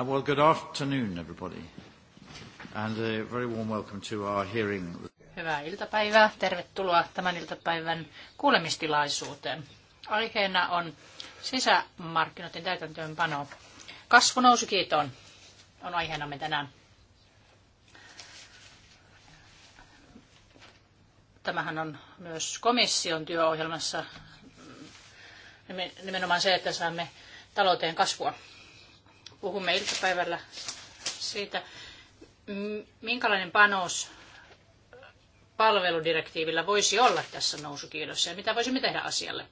Uh, well, good afternoon, everybody. And a very warm welcome to our hearing. Hyvää iltapäivää. Tervetuloa tämän iltapäivän kuulemistilaisuuteen. Aiheena on sisämarkkinoiden täytäntöönpano. Kasvu nousu kiitoon on aiheenamme tänään. Tämähän on myös komission työohjelmassa nimenomaan se, että saamme talouteen kasvua. Puhumme iltapäivällä siitä, minkälainen panos palveludirektiivillä voisi olla tässä nousukiidossa ja mitä voisimme tehdä asialle.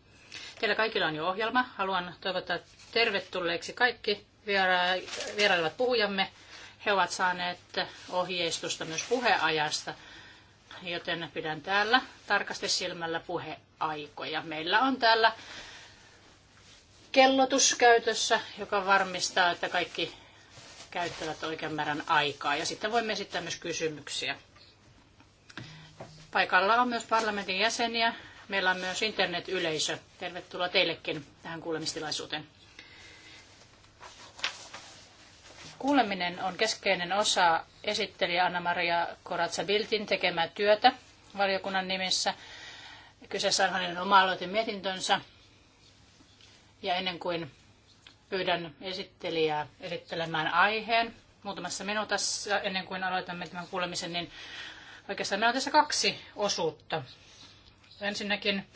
Teillä kaikilla on jo ohjelma. Haluan toivottaa tervetulleeksi kaikki vierailevat puhujamme. He ovat saaneet ohjeistusta myös puheajasta, joten pidän täällä tarkasti silmällä puheaikoja. Meillä on täällä kellotus käytössä, joka varmistaa, että kaikki käyttävät oikean määrän aikaa. Ja sitten voimme esittää myös kysymyksiä. Paikalla on myös parlamentin jäseniä. Meillä on myös internetyleisö. Tervetuloa teillekin tähän kuulemistilaisuuteen. Kuuleminen on keskeinen osa esittelijä Anna-Maria Koratsa-Biltin tekemää työtä valiokunnan nimissä. Kyseessä on hänen oma-aloitemietintönsä, ja ennen kuin pyydän esittelijää esittelemään aiheen muutamassa minuutassa ennen kuin aloitamme tämän kuulemisen, niin oikeastaan meillä on tässä kaksi osuutta. Ensinnäkin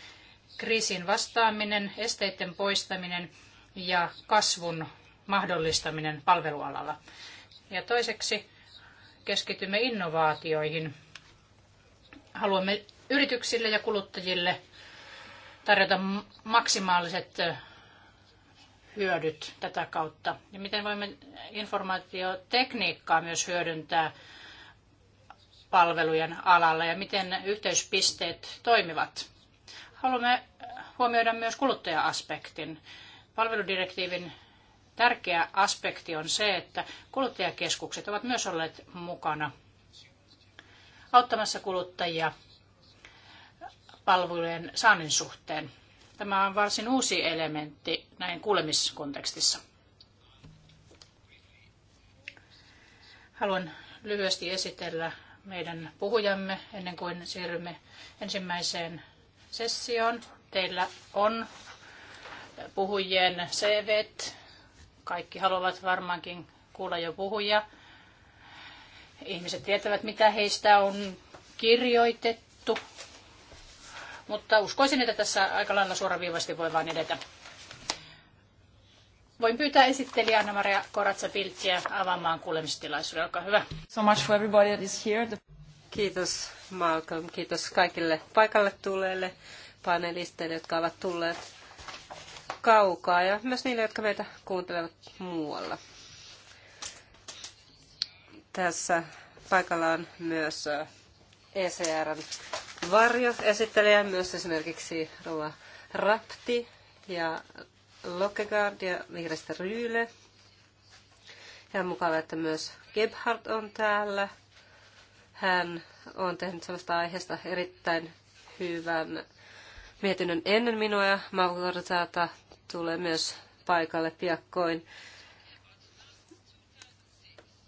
kriisin vastaaminen, esteiden poistaminen ja kasvun mahdollistaminen palvelualalla. Ja toiseksi keskitymme innovaatioihin. Haluamme yrityksille ja kuluttajille tarjota maksimaaliset hyödyt tätä kautta? Ja miten voimme informaatiotekniikkaa myös hyödyntää palvelujen alalla ja miten yhteyspisteet toimivat? Haluamme huomioida myös kuluttaja-aspektin. Palveludirektiivin tärkeä aspekti on se, että kuluttajakeskukset ovat myös olleet mukana auttamassa kuluttajia palvelujen saannin suhteen. Tämä on varsin uusi elementti näin kuulemiskontekstissa. Haluan lyhyesti esitellä meidän puhujamme ennen kuin siirrymme ensimmäiseen sessioon. Teillä on puhujien cv -t. Kaikki haluavat varmaankin kuulla jo puhuja. Ihmiset tietävät, mitä heistä on kirjoitettu mutta uskoisin, että tässä aika lailla suoraviivaisesti voi vain edetä. Voin pyytää esittelijä Anna-Maria Koratsa-Pilttiä avaamaan kuulemistilaisuuden. Olkaa hyvä. So much for everybody that is here. Kiitos Malcolm, kiitos kaikille paikalle tulleille panelisteille, jotka ovat tulleet kaukaa ja myös niille, jotka meitä kuuntelevat muualla. Tässä paikalla on myös ECRn esittelee myös esimerkiksi Rova Rapti ja Lokegaard ja Vihreistä Ryyle. Ja mukava, että myös Gebhardt on täällä. Hän on tehnyt sellaista aiheesta erittäin hyvän mietinnön ennen minua ja Mavgorzaata tulee myös paikalle piakkoin.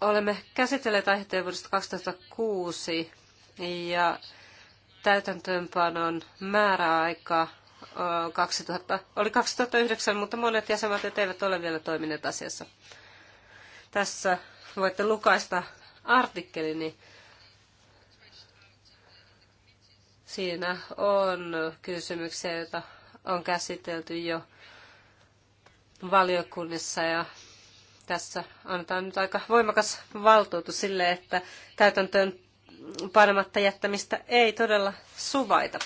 Olemme käsitelleet aiheita vuodesta 2006 ja täytäntöönpanon määräaika 2000, oli 2009, mutta monet jäsenvaltiot eivät ole vielä toimineet asiassa. Tässä voitte lukaista artikkelini. Siinä on kysymyksiä, joita on käsitelty jo valiokunnissa ja tässä annetaan nyt aika voimakas valtuutus sille, että täytäntöön panematta jättämistä ei todella suvaita.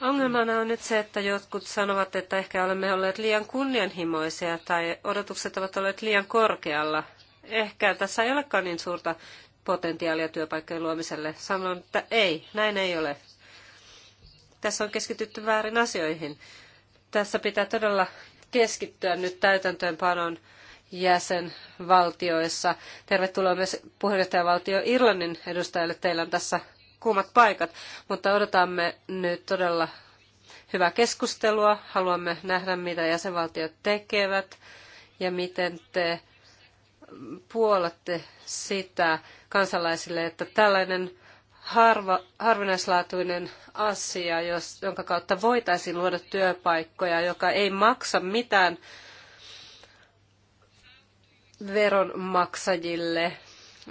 Ongelmana on nyt se, että jotkut sanovat, että ehkä olemme olleet liian kunnianhimoisia tai odotukset ovat olleet liian korkealla. Ehkä tässä ei olekaan niin suurta potentiaalia työpaikkojen luomiselle. Sanon, että ei, näin ei ole. Tässä on keskitytty väärin asioihin. Tässä pitää todella keskittyä nyt täytäntöönpanon jäsenvaltioissa. Tervetuloa myös puheenjohtajavaltio Irlannin edustajille. Teillä on tässä kuumat paikat, mutta odotamme nyt todella hyvää keskustelua. Haluamme nähdä, mitä jäsenvaltiot tekevät ja miten te puolatte sitä kansalaisille, että tällainen harva, harvinaislaatuinen asia, jos, jonka kautta voitaisiin luoda työpaikkoja, joka ei maksa mitään veronmaksajille,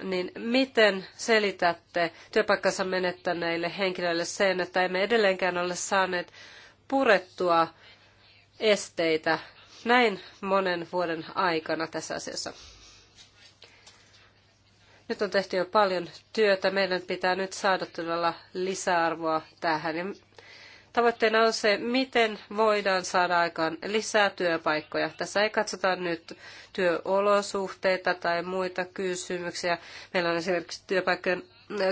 niin miten selitätte työpaikkansa menettäneille henkilöille sen, että emme edelleenkään ole saaneet purettua esteitä näin monen vuoden aikana tässä asiassa? Nyt on tehty jo paljon työtä. Meidän pitää nyt saada todella lisäarvoa tähän. Ja Tavoitteena on se, miten voidaan saada aikaan lisää työpaikkoja. Tässä ei katsota nyt työolosuhteita tai muita kysymyksiä. Meillä on esimerkiksi työpaikkojen,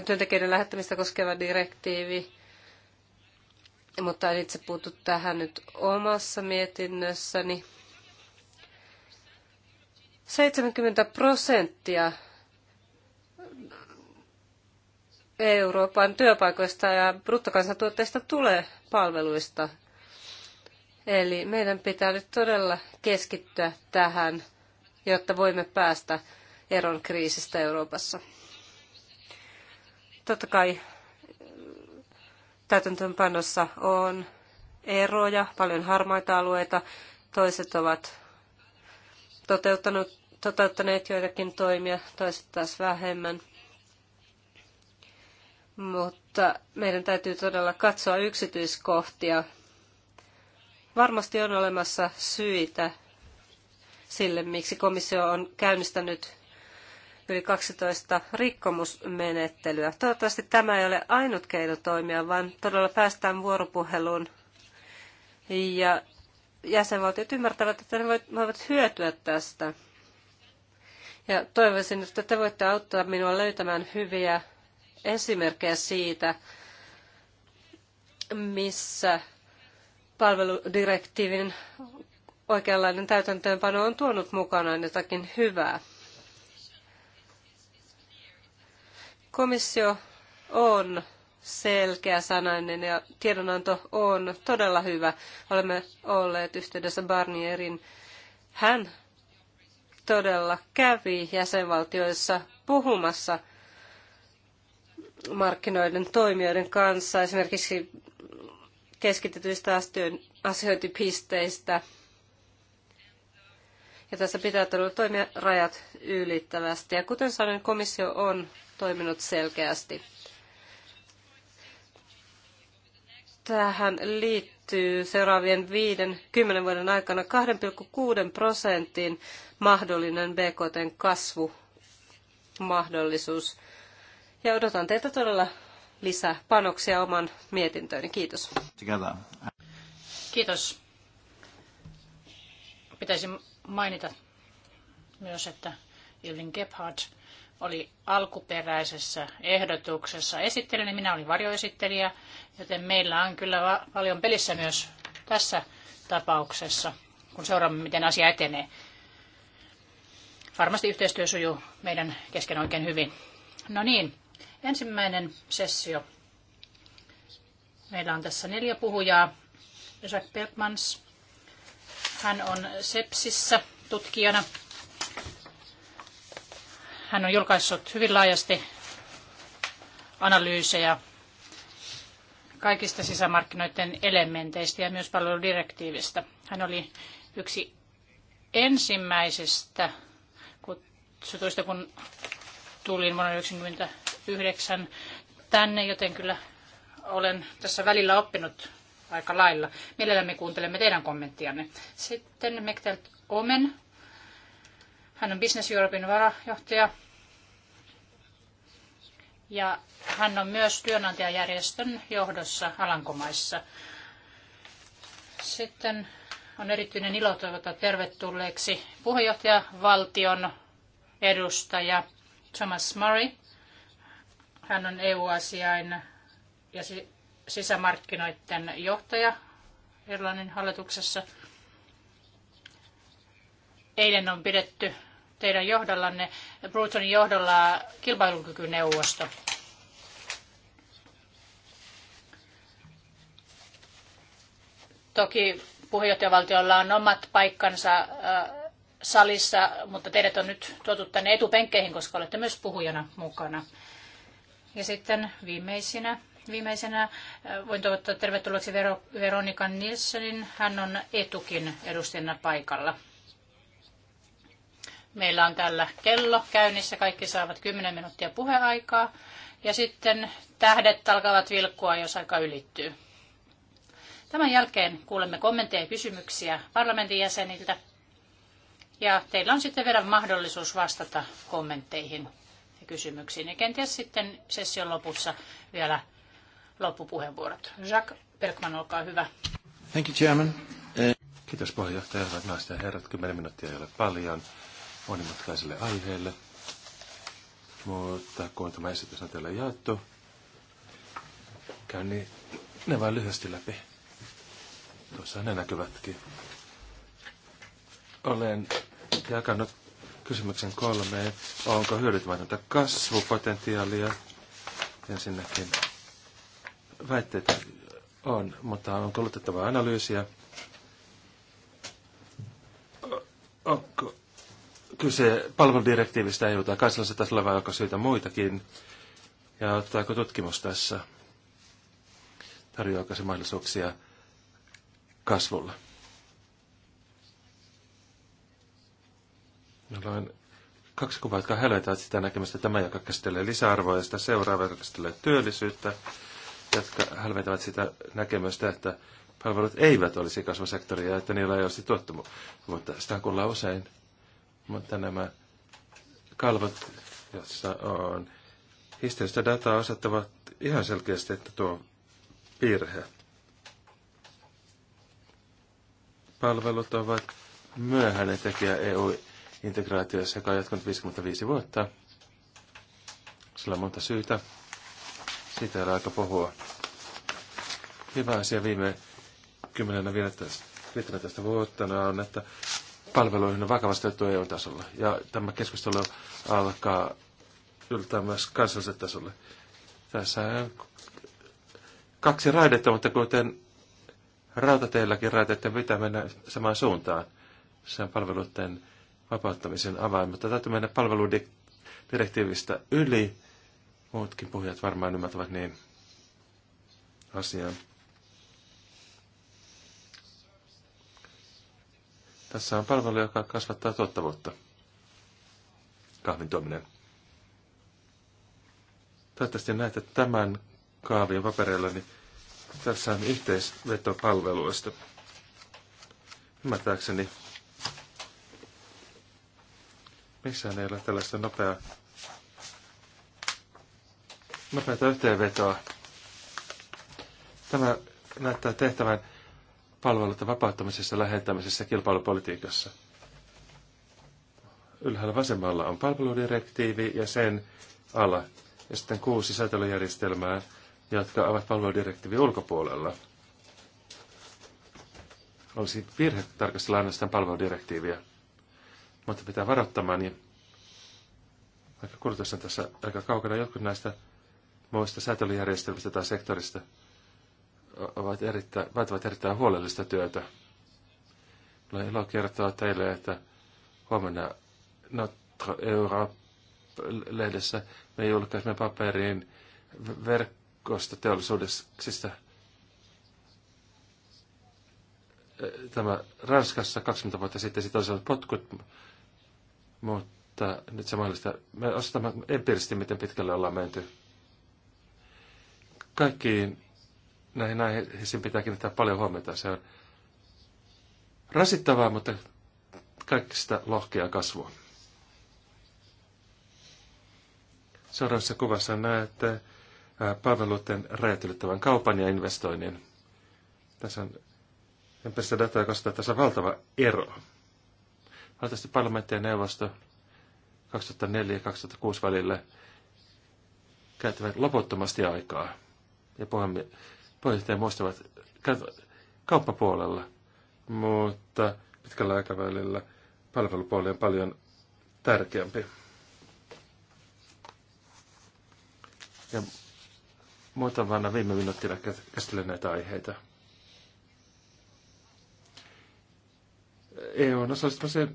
työntekijöiden lähettämistä koskeva direktiivi, mutta en itse puutu tähän nyt omassa mietinnössäni. 70 prosenttia Euroopan työpaikoista ja bruttokansantuotteista tulee palveluista. Eli meidän pitää nyt todella keskittyä tähän, jotta voimme päästä eron kriisistä Euroopassa. Totta kai täytäntöönpanossa on eroja, paljon harmaita alueita. Toiset ovat toteuttaneet joitakin toimia, toiset taas vähemmän – mutta meidän täytyy todella katsoa yksityiskohtia. Varmasti on olemassa syitä sille, miksi komissio on käynnistänyt yli 12 rikkomusmenettelyä. Toivottavasti tämä ei ole ainut keino toimia, vaan todella päästään vuoropuheluun ja jäsenvaltiot ymmärtävät, että ne voivat hyötyä tästä. Ja toivoisin, että te voitte auttaa minua löytämään hyviä esimerkkejä siitä, missä palveludirektiivin oikeanlainen täytäntöönpano on tuonut mukanaan jotakin hyvää. Komissio on selkeä sanainen ja tiedonanto on todella hyvä. Olemme olleet yhteydessä Barnierin. Hän todella kävi jäsenvaltioissa puhumassa – markkinoiden toimijoiden kanssa, esimerkiksi keskitetyistä asiointipisteistä. Ja tässä pitää todella toimia rajat ylittävästi. Ja kuten sanoin, komissio on toiminut selkeästi. Tähän liittyy seuraavien viiden, kymmenen vuoden aikana 2,6 prosentin mahdollinen BKTn kasvumahdollisuus. mahdollisuus ja odotan teiltä todella lisää panoksia oman mietintööni. Kiitos. Kiitos. Pitäisi mainita myös, että Ilvin Gebhardt oli alkuperäisessä ehdotuksessa esittelijä, niin minä olin varjoesittelijä, joten meillä on kyllä paljon pelissä myös tässä tapauksessa, kun seuraamme, miten asia etenee. Varmasti yhteistyö sujuu meidän kesken oikein hyvin. No niin, Ensimmäinen sessio. Meillä on tässä neljä puhujaa. Jacques Bergmans. Hän on Sepsissä tutkijana. Hän on julkaissut hyvin laajasti analyysejä kaikista sisämarkkinoiden elementeistä ja myös palveludirektiivistä. Hän oli yksi ensimmäisistä kutsutuista, kun tulin vuonna 1990 Yhdeksän tänne, joten kyllä olen tässä välillä oppinut aika lailla. Mielellämme kuuntelemme teidän kommenttianne. Sitten Mektelt Omen. Hän on Business Europein varajohtaja. Ja hän on myös työnantajajärjestön johdossa Alankomaissa. Sitten on erityinen ilo toivottaa tervetulleeksi valtion edustaja Thomas Murray. Hän on EU-asiain ja sisämarkkinoiden johtaja Irlannin hallituksessa. Eilen on pidetty teidän johdollanne, Brutonin johdolla kilpailukykyneuvosto. Toki puheenjohtajavaltiolla on omat paikkansa äh, salissa, mutta teidät on nyt tuotu tänne etupenkkeihin, koska olette myös puhujana mukana. Ja sitten viimeisenä, viimeisenä äh, voin toivottaa tervetulleeksi Vero, Veronika Nilssonin. Hän on etukin edustajana paikalla. Meillä on tällä kello käynnissä. Kaikki saavat 10 minuuttia puheaikaa. Ja sitten tähdet alkavat vilkkua, jos aika ylittyy. Tämän jälkeen kuulemme kommentteja ja kysymyksiä parlamentin jäseniltä. Ja teillä on sitten vielä mahdollisuus vastata kommentteihin kysymyksiin. Ja kenties sitten session lopussa vielä loppupuheenvuorot. Jacques Bergman, olkaa hyvä. Thank you, Chairman. Eh, Kiitos puheenjohtaja, hyvät naiset ja herrat. Kymmenen minuuttia ei ole paljon monimutkaiselle aiheelle. Mutta kun tämä esitys on teille jaettu, käyn niin ne vain lyhyesti läpi. Tuossa ne näkyvätkin. Olen jakanut kysymyksen kolme. Onko hyödyntämätöntä kasvupotentiaalia? Ensinnäkin väitteitä on, mutta on kulutettavaa analyysiä. Onko kyse palveludirektiivistä EU- tai kansallisella tasolla vai onko syytä muitakin? Ja ottaako tutkimus tässä? Tarjoaako se mahdollisuuksia kasvulle? Meillä on kaksi kuvaa, jotka hälöitävät sitä näkemystä. Tämä, joka käsittelee lisäarvoa, ja sitä seuraava, joka käsittelee työllisyyttä, jotka hälytävät sitä näkemystä, että palvelut eivät olisi kasvusektoria ja että niillä ei olisi tuottamu. Mutta sitä kuullaan usein. Mutta nämä kalvot, joissa on historiallista dataa, osoittavat ihan selkeästi, että tuo virhe. Palvelut ovat myöhäinen tekijä EU- integraatiossa, joka on jatkunut 55 vuotta. Sillä on monta syytä. Siitä ei ole aika puhua. Hyvä asia viime 10-15 vuotta on, että palveluihin on vakavasti otettu EU-tasolla. Ja tämä keskustelu alkaa yltää myös kansalliselle tasolle. Tässä on kaksi raidetta, mutta kuten rautateilläkin raiteiden pitää mennä samaan suuntaan sen palveluiden vapauttamisen avain, mutta täytyy mennä palveludirektiivistä yli. Muutkin puhujat varmaan ymmärtävät niin asiaan. Tässä on palvelu, joka kasvattaa tuottavuutta. Kahvin tuominen. Toivottavasti näette tämän kaavion papereilla, niin tässä on yhteisveto palveluista. Ymmärtääkseni Missään ei ole tällaista nopeaa, nopeata yhteenvetoa. Tämä näyttää tehtävän palveluiden vapauttamisessa, lähentämisessä kilpailupolitiikassa. Ylhäällä vasemmalla on palveludirektiivi ja sen ala, ja sitten kuusi säätelyjärjestelmää, jotka ovat palveludirektiivin ulkopuolella. Olisi virhe tarkastella ainoastaan palveludirektiiviä mutta pitää varoittamaan, niin vaikka kulutus on tässä aika kaukana. Jotkut näistä muista säätelyjärjestelmistä tai sektorista ovat erittäin, vaativat erittäin huolellista työtä. Mulla on ilo kertoa teille, että huomenna Notre Europe-lehdessä me julkaisimme paperiin verkosta teollisuudesta. Tämä Ranskassa 20 vuotta sitten, sitten olisivat potkut mutta nyt se mahdollista. Me ostamme empiirisesti, miten pitkälle ollaan menty. Kaikkiin näihin aiheisiin pitää kiinnittää paljon huomiota. Se on rasittavaa, mutta kaikista lohkea kasvua. Seuraavassa kuvassa näette palveluiden rajat ylittävän kaupan ja investoinnin. Tässä on empiristä dataa, koska tässä on valtava ero. Valitettavasti parlamentti ja neuvosto 2004-2006 välillä käyttävät loputtomasti aikaa. Ja puheenjohtaja muistavat kauppapuolella, mutta pitkällä aikavälillä palvelupuoli on paljon tärkeämpi. Ja muutamana viime minuuttina käsittelen näitä aiheita. EUn se,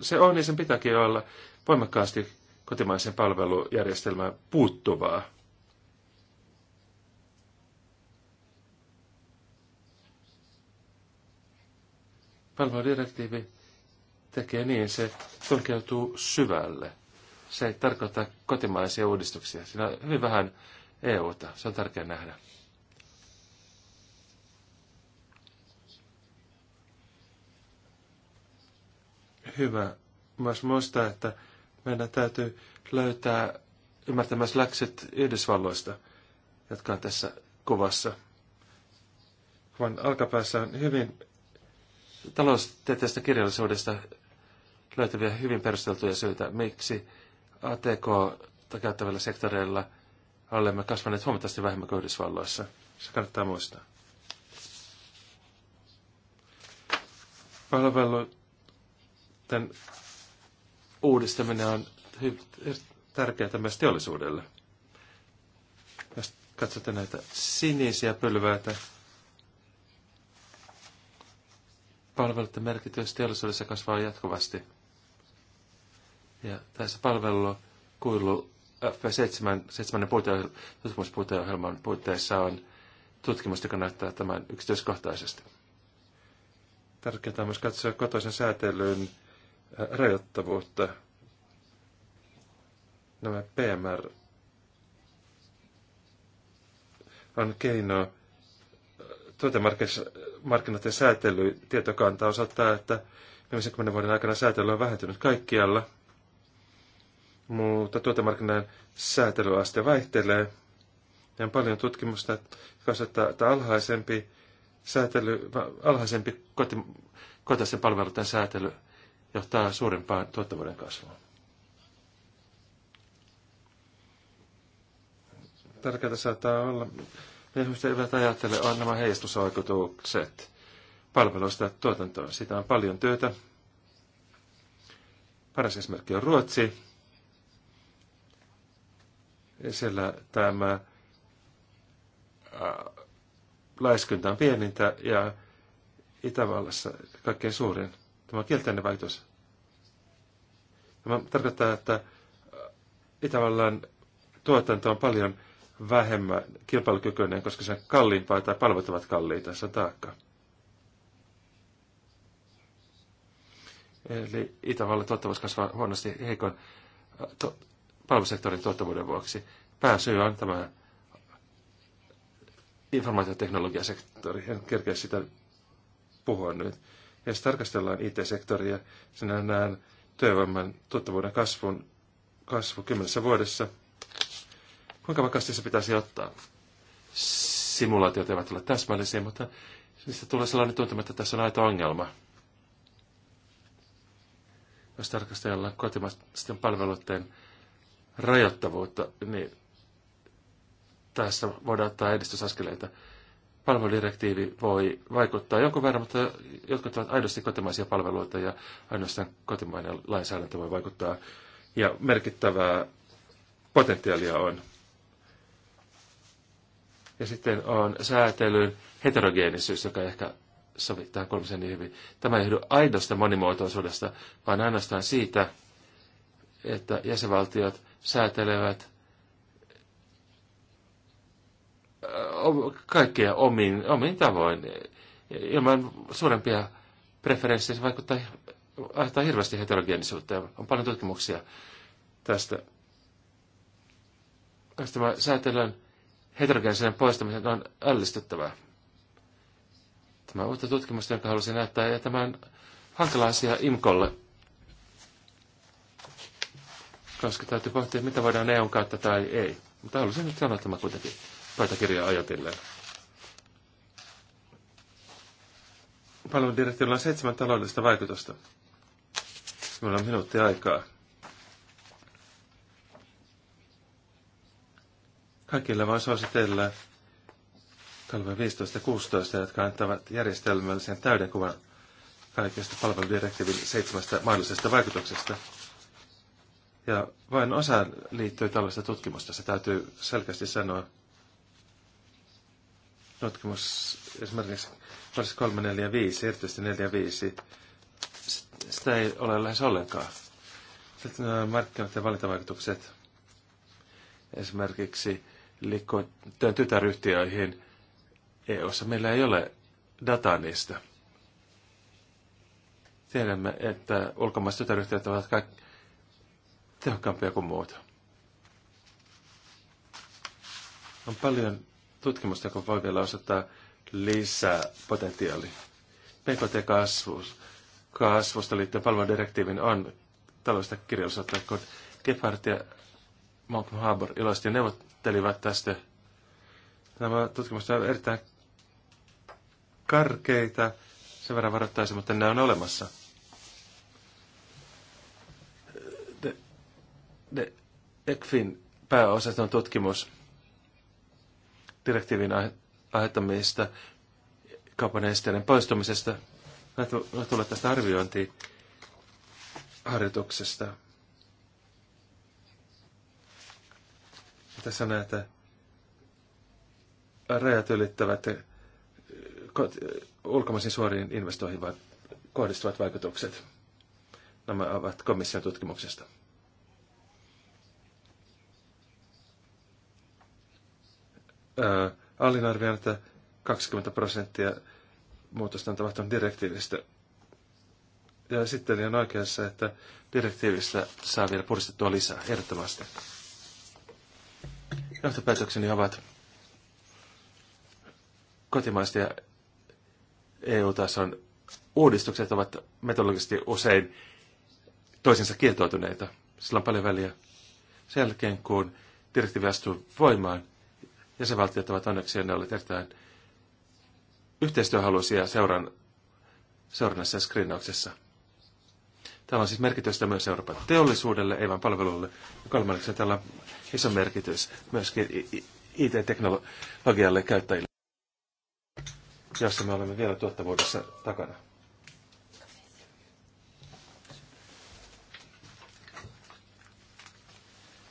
se on ja sen pitääkin olla voimakkaasti kotimaisen palvelujärjestelmään puuttuvaa. Palveludirektiivi tekee niin, se tunkeutuu syvälle. Se ei tarkoita kotimaisia uudistuksia. Siinä on hyvin vähän EUta. Se on tärkeää nähdä. hyvä myös muistaa, että meidän täytyy löytää ymmärtämässä läkset Yhdysvalloista, jotka on tässä kuvassa. Kuvan alkapäässä on hyvin taloustieteestä kirjallisuudesta löytyviä hyvin perusteltuja syitä, miksi ATK käyttävällä sektoreilla olemme kasvaneet huomattavasti vähemmän kuin Yhdysvalloissa. Se kannattaa muistaa. Palvelut Tämän uudistaminen on tärkeää myös teollisuudelle. Jos katsotte näitä sinisiä pölyväitä, palveluiden merkitys teollisuudessa kasvaa jatkuvasti. Ja tässä palvelu kuilu f 7 7. tutkimuspuiteohjelman puitteissa on tutkimusta, joka näyttää tämän yksityiskohtaisesti. Tärkeää on myös katsoa kotoisen säätelyn rajoittavuutta. Nämä PMR on keino äh, tuotemarkkinat ja säätely tietokanta osoittaa, että viimeisen kymmenen vuoden aikana säätely on vähentynyt kaikkialla, mutta tuotemarkkinan säätelyaste vaihtelee. Ja on paljon tutkimusta, joka osoittaa, että alhaisempi, säätely, alhaisempi koti, kotisen palveluiden säätely johtaa suurempaan tuottavuuden kasvuun. Tärkeää saattaa olla, ihmiset eivät ajattele, on nämä heijastusvaikutukset palveluista tuotantoon. Sitä on paljon työtä. Paras esimerkki on Ruotsi. Siellä tämä äh, laiskyntä on pienintä ja Itävallassa kaikkein suurin. Tämä on kielteinen vaikutus. Tämä tarkoittaa, että Itävallan tuotanto on paljon vähemmän kilpailukykyinen, koska se on kalliimpaa tai palvelut ovat kalliita, se on taakka. Eli Itävallan tuottavuus kasvaa huonosti heikon äh, to, palvelusektorin tuottavuuden vuoksi. Pääsyy on tämä informaatioteknologiasektori. En kerkeä sitä puhua nyt. Jos tarkastellaan IT-sektoria, sen nähdään työvoiman tuottavuuden kasvun, kasvu kymmenessä vuodessa. Kuinka vakasti se pitäisi ottaa? Simulaatiot eivät ole täsmällisiä, mutta niistä tulee sellainen tuntuma, että tässä on aito ongelma. Jos tarkastellaan kotimaisten palveluiden rajoittavuutta, niin tässä voidaan ottaa edistysaskeleita palveludirektiivi voi vaikuttaa jonkun verran, mutta jotkut ovat aidosti kotimaisia palveluita ja ainoastaan kotimainen lainsäädäntö voi vaikuttaa. Ja merkittävää potentiaalia on. Ja sitten on säätelyn heterogeenisyys, joka ehkä sovittaa kolmisen niin hyvin. Tämä ei johdu aidosta monimuotoisuudesta, vaan ainoastaan siitä, että jäsenvaltiot säätelevät kaikkea omin, omin tavoin, ilman suurempia preferenssejä. Se vaikuttaa, aiheuttaa hirveästi heterogeenisuutta on paljon tutkimuksia tästä. Tästä mä säätelyn heterogeenisen poistamisen on ällistyttävää. Tämä uutta tutkimusta, jonka halusin näyttää, ja tämän hankala asia IMKOlle. Koska täytyy pohtia, mitä voidaan EUn kautta tai ei. Mutta halusin nyt sanoa tämä kuitenkin pöytäkirjaa ajatellen. Palveludirektiivillä on seitsemän taloudellista vaikutusta. Meillä on minuutti aikaa. Kaikille voin suositella kalvoja 15 ja 16, jotka antavat järjestelmällisen täyden kuvan kaikesta palveludirektiivin seitsemästä mahdollisesta vaikutuksesta. Ja vain osa liittyy tällaista tutkimusta, se täytyy selkeästi sanoa notkemus esimerkiksi varsin 3, 4, 5, erityisesti 4, 5, sitä ei ole lähes ollenkaan. Sitten nämä äh, markkinat ja valintavaikutukset esimerkiksi liikkuen tytäryhtiöihin EU-ssa meillä ei ole dataa niistä. Tiedämme, että ulkomaiset tytäryhtiöt ovat kaikki tehokkaampia kuin muuta. On paljon tutkimusta, joka voi vielä osoittaa lisää potentiaalia. pkt kasvus, kasvusta liittyen palveludirektiivin on taloudesta kirjallisuutta, kun Gephardt ja Malcolm Harbour iloisesti neuvottelivat tästä. Nämä tutkimukset ovat erittäin karkeita, sen verran varoittaisin, mutta ne on olemassa. De, de ECFin pääosaston tutkimus direktiivin aiheuttamista kaupan esteiden poistumisesta. Mä tulen tästä arviointiharjoituksesta. Tässä näitä rajat ylittävät ulkomaisiin suoriin investoihin kohdistuvat vaikutukset. Nämä ovat komission tutkimuksesta. Allin arvioin, että 20 prosenttia muutosta on tapahtunut direktiivistä. Ja sitten on oikeassa, että direktiivistä saa vielä puristettua lisää, ehdottomasti. Johtopäätökseni ovat kotimaista ja EU-tason uudistukset ovat metodologisesti usein toisensa kietoutuneita. Sillä on paljon väliä. Sen jälkeen, kun direktiivi astuu voimaan, jäsenvaltiot ovat onneksi ne olleet erittäin yhteistyöhaluisia seuran, seurannassa ja screenauksessa. Tällä on siis merkitystä myös Euroopan teollisuudelle, ei vain palveluille. Ja kolmanneksi tällä on iso merkitys myöskin IT-teknologialle käyttäjille, jossa me olemme vielä tuottavuudessa takana.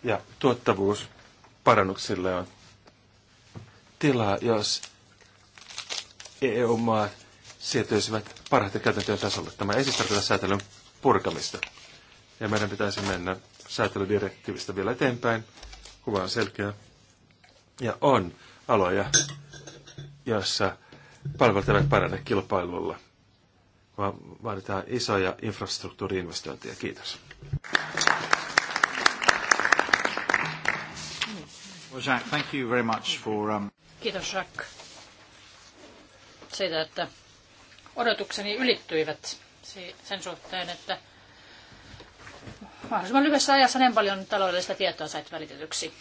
Ja tuottavuus parannuksille on tilaa, jos EU-maat siirtyisivät parhaiten käytäntöjen tasolle. Tämä ei siis tarkoita säätelyn purkamista. Ja meidän pitäisi mennä säätelydirektiivistä vielä eteenpäin. Kuva on selkeä. Ja on aloja, joissa palvelut eivät parane kilpailulla, vaan vaaditaan isoja infrastruktuuriinvestointeja. Kiitos. Well, Jacques, thank you very much for, um... Kiitos Jack siitä, että odotukseni ylittyivät sen suhteen, että mahdollisimman lyhyessä ajassa niin paljon taloudellista tietoa sait välitetyksi.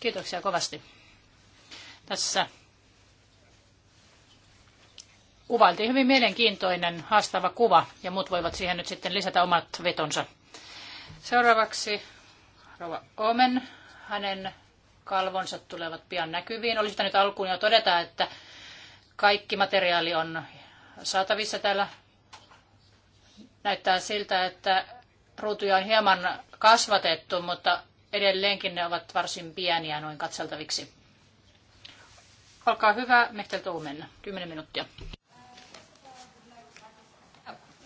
Kiitoksia kovasti. Tässä kuvailtiin hyvin mielenkiintoinen, haastava kuva, ja muut voivat siihen nyt sitten lisätä omat vetonsa. Seuraavaksi Rova Omen, hänen kalvonsa tulevat pian näkyviin. Olisi nyt alkuun jo todeta, että kaikki materiaali on saatavissa täällä. Näyttää siltä, että ruutuja on hieman kasvatettu, mutta edelleenkin ne ovat varsin pieniä noin katseltaviksi. Olkaa hyvä, Mehtel Tuumen, 10 minuuttia.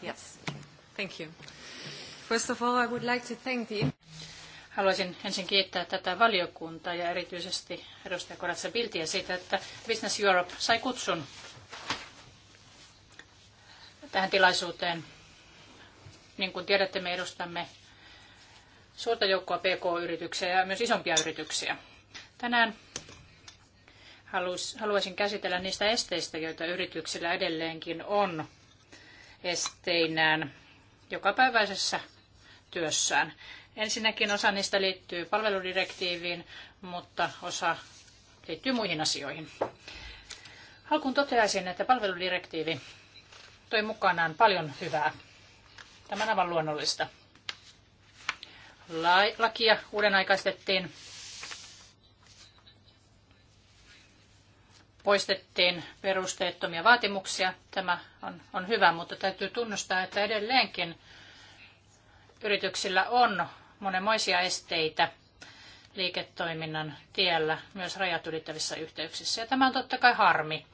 Yes, thank you. First of all, I would like to thank the... Haluaisin ensin kiittää tätä valiokuntaa ja erityisesti edustaja Koratsa Biltiä siitä, että Business Europe sai kutsun tähän tilaisuuteen. Niin kuin tiedätte, me edustamme suurta joukkoa PK-yrityksiä ja myös isompia yrityksiä. Tänään haluaisin käsitellä niistä esteistä, joita yrityksillä edelleenkin on esteinään jokapäiväisessä työssään. Ensinnäkin osa niistä liittyy palveludirektiiviin, mutta osa liittyy muihin asioihin. Alkuun toteaisin, että palveludirektiivi toi mukanaan paljon hyvää. Tämä on aivan luonnollista. Lakia uudenaikaistettiin, poistettiin perusteettomia vaatimuksia. Tämä on, on hyvä, mutta täytyy tunnustaa, että edelleenkin yrityksillä on monenmoisia esteitä liiketoiminnan tiellä myös rajat ylittävissä yhteyksissä. Ja tämä on totta kai harmi.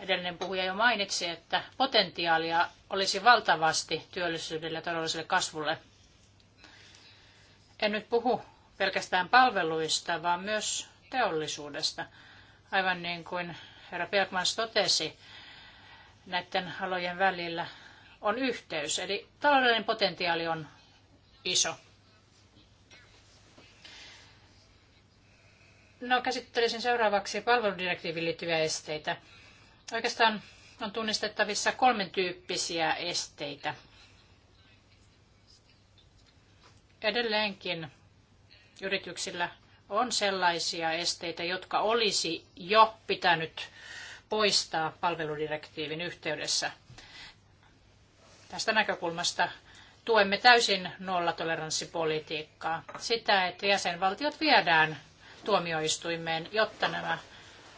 Edellinen puhuja jo mainitsi, että potentiaalia olisi valtavasti työllisyydelle ja todelliselle kasvulle. En nyt puhu pelkästään palveluista, vaan myös teollisuudesta. Aivan niin kuin herra Pelkmans totesi, näiden alojen välillä on yhteys. Eli taloudellinen potentiaali on iso. No, käsittelisin seuraavaksi palveludirektiiviin liittyviä esteitä. Oikeastaan on tunnistettavissa kolmen tyyppisiä esteitä. Edelleenkin yrityksillä on sellaisia esteitä, jotka olisi jo pitänyt poistaa palveludirektiivin yhteydessä. Tästä näkökulmasta tuemme täysin nollatoleranssipolitiikkaa. Sitä, että jäsenvaltiot viedään tuomioistuimeen, jotta nämä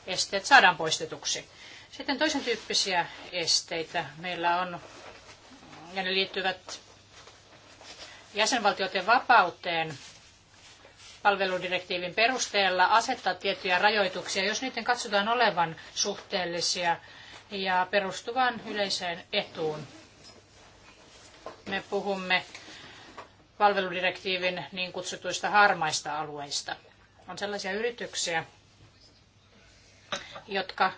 esteet saadaan poistetuksi. Sitten toisen tyyppisiä esteitä meillä on, ja ne liittyvät jäsenvaltioiden vapauteen palveludirektiivin perusteella asettaa tiettyjä rajoituksia, jos niiden katsotaan olevan suhteellisia ja perustuvan yleiseen etuun me puhumme palveludirektiivin niin kutsutuista harmaista alueista. On sellaisia yrityksiä, jotka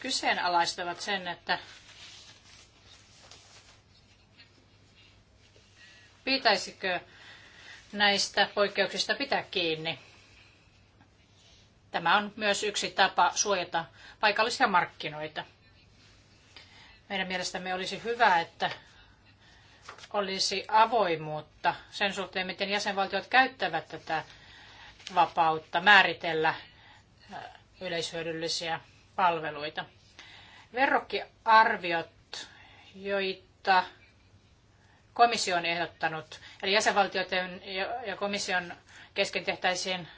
kyseenalaistavat sen, että pitäisikö näistä poikkeuksista pitää kiinni. Tämä on myös yksi tapa suojata paikallisia markkinoita. Meidän mielestämme olisi hyvä, että olisi avoimuutta sen suhteen, miten jäsenvaltiot käyttävät tätä vapautta määritellä yleishyödyllisiä palveluita. Verrokkiarviot, joita komissio on ehdottanut, eli jäsenvaltioiden ja komission kesken tehtäisiin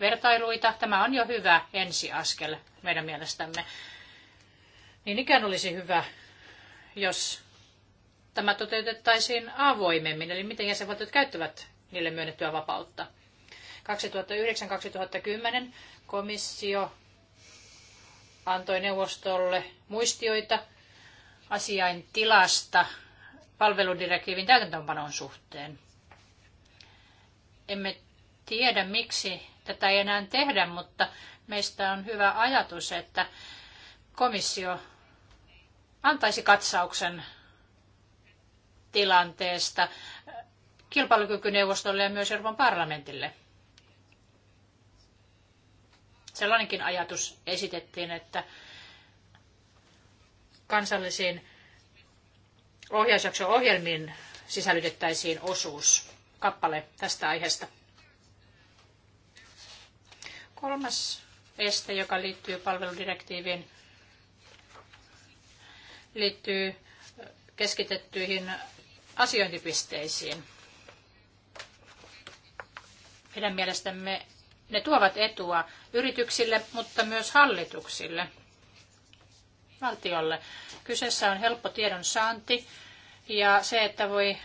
vertailuita. Tämä on jo hyvä ensiaskel meidän mielestämme. Niin ikään olisi hyvä, jos tämä toteutettaisiin avoimemmin, eli miten jäsenvaltiot käyttävät niille myönnettyä vapautta. 2009-2010 komissio antoi neuvostolle muistioita asiain tilasta palveludirektiivin täytäntöönpanon suhteen. Emme tiedä, miksi tätä ei enää tehdä, mutta meistä on hyvä ajatus, että komissio antaisi katsauksen tilanteesta kilpailukykyneuvostolle ja myös Euroopan parlamentille. Sellainenkin ajatus esitettiin, että kansallisiin ohjausjakso ohjelmiin sisällytettäisiin osuus, kappale tästä aiheesta. Kolmas este, joka liittyy palveludirektiiviin, liittyy keskitettyihin asiointipisteisiin. Meidän mielestämme ne tuovat etua yrityksille, mutta myös hallituksille, valtiolle. Kyseessä on helppo tiedon saanti ja se, että voi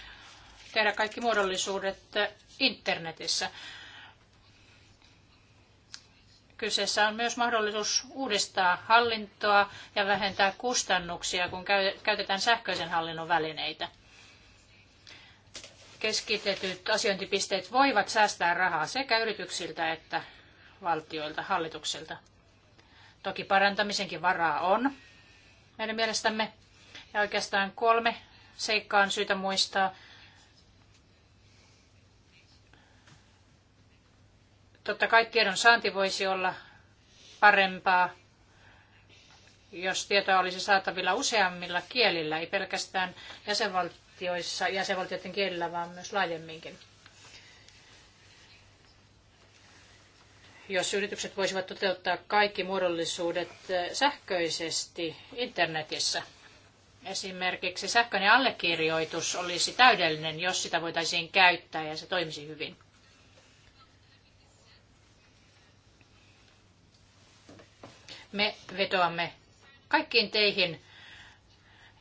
tehdä kaikki muodollisuudet internetissä. Kyseessä on myös mahdollisuus uudistaa hallintoa ja vähentää kustannuksia, kun käytetään sähköisen hallinnon välineitä keskitetyt asiointipisteet voivat säästää rahaa sekä yrityksiltä että valtioilta, hallituksilta. Toki parantamisenkin varaa on meidän mielestämme. Ja oikeastaan kolme seikkaa on syytä muistaa. Totta kai tiedon saanti voisi olla parempaa, jos tietoa olisi saatavilla useammilla kielillä, ei pelkästään jäsenvaltioilla jäsenvaltioissa jäsenvaltioiden kielellä, vaan myös laajemminkin. Jos yritykset voisivat toteuttaa kaikki muodollisuudet eh, sähköisesti internetissä, esimerkiksi sähköinen allekirjoitus olisi täydellinen, jos sitä voitaisiin käyttää ja se toimisi hyvin. Me vetoamme kaikkiin teihin,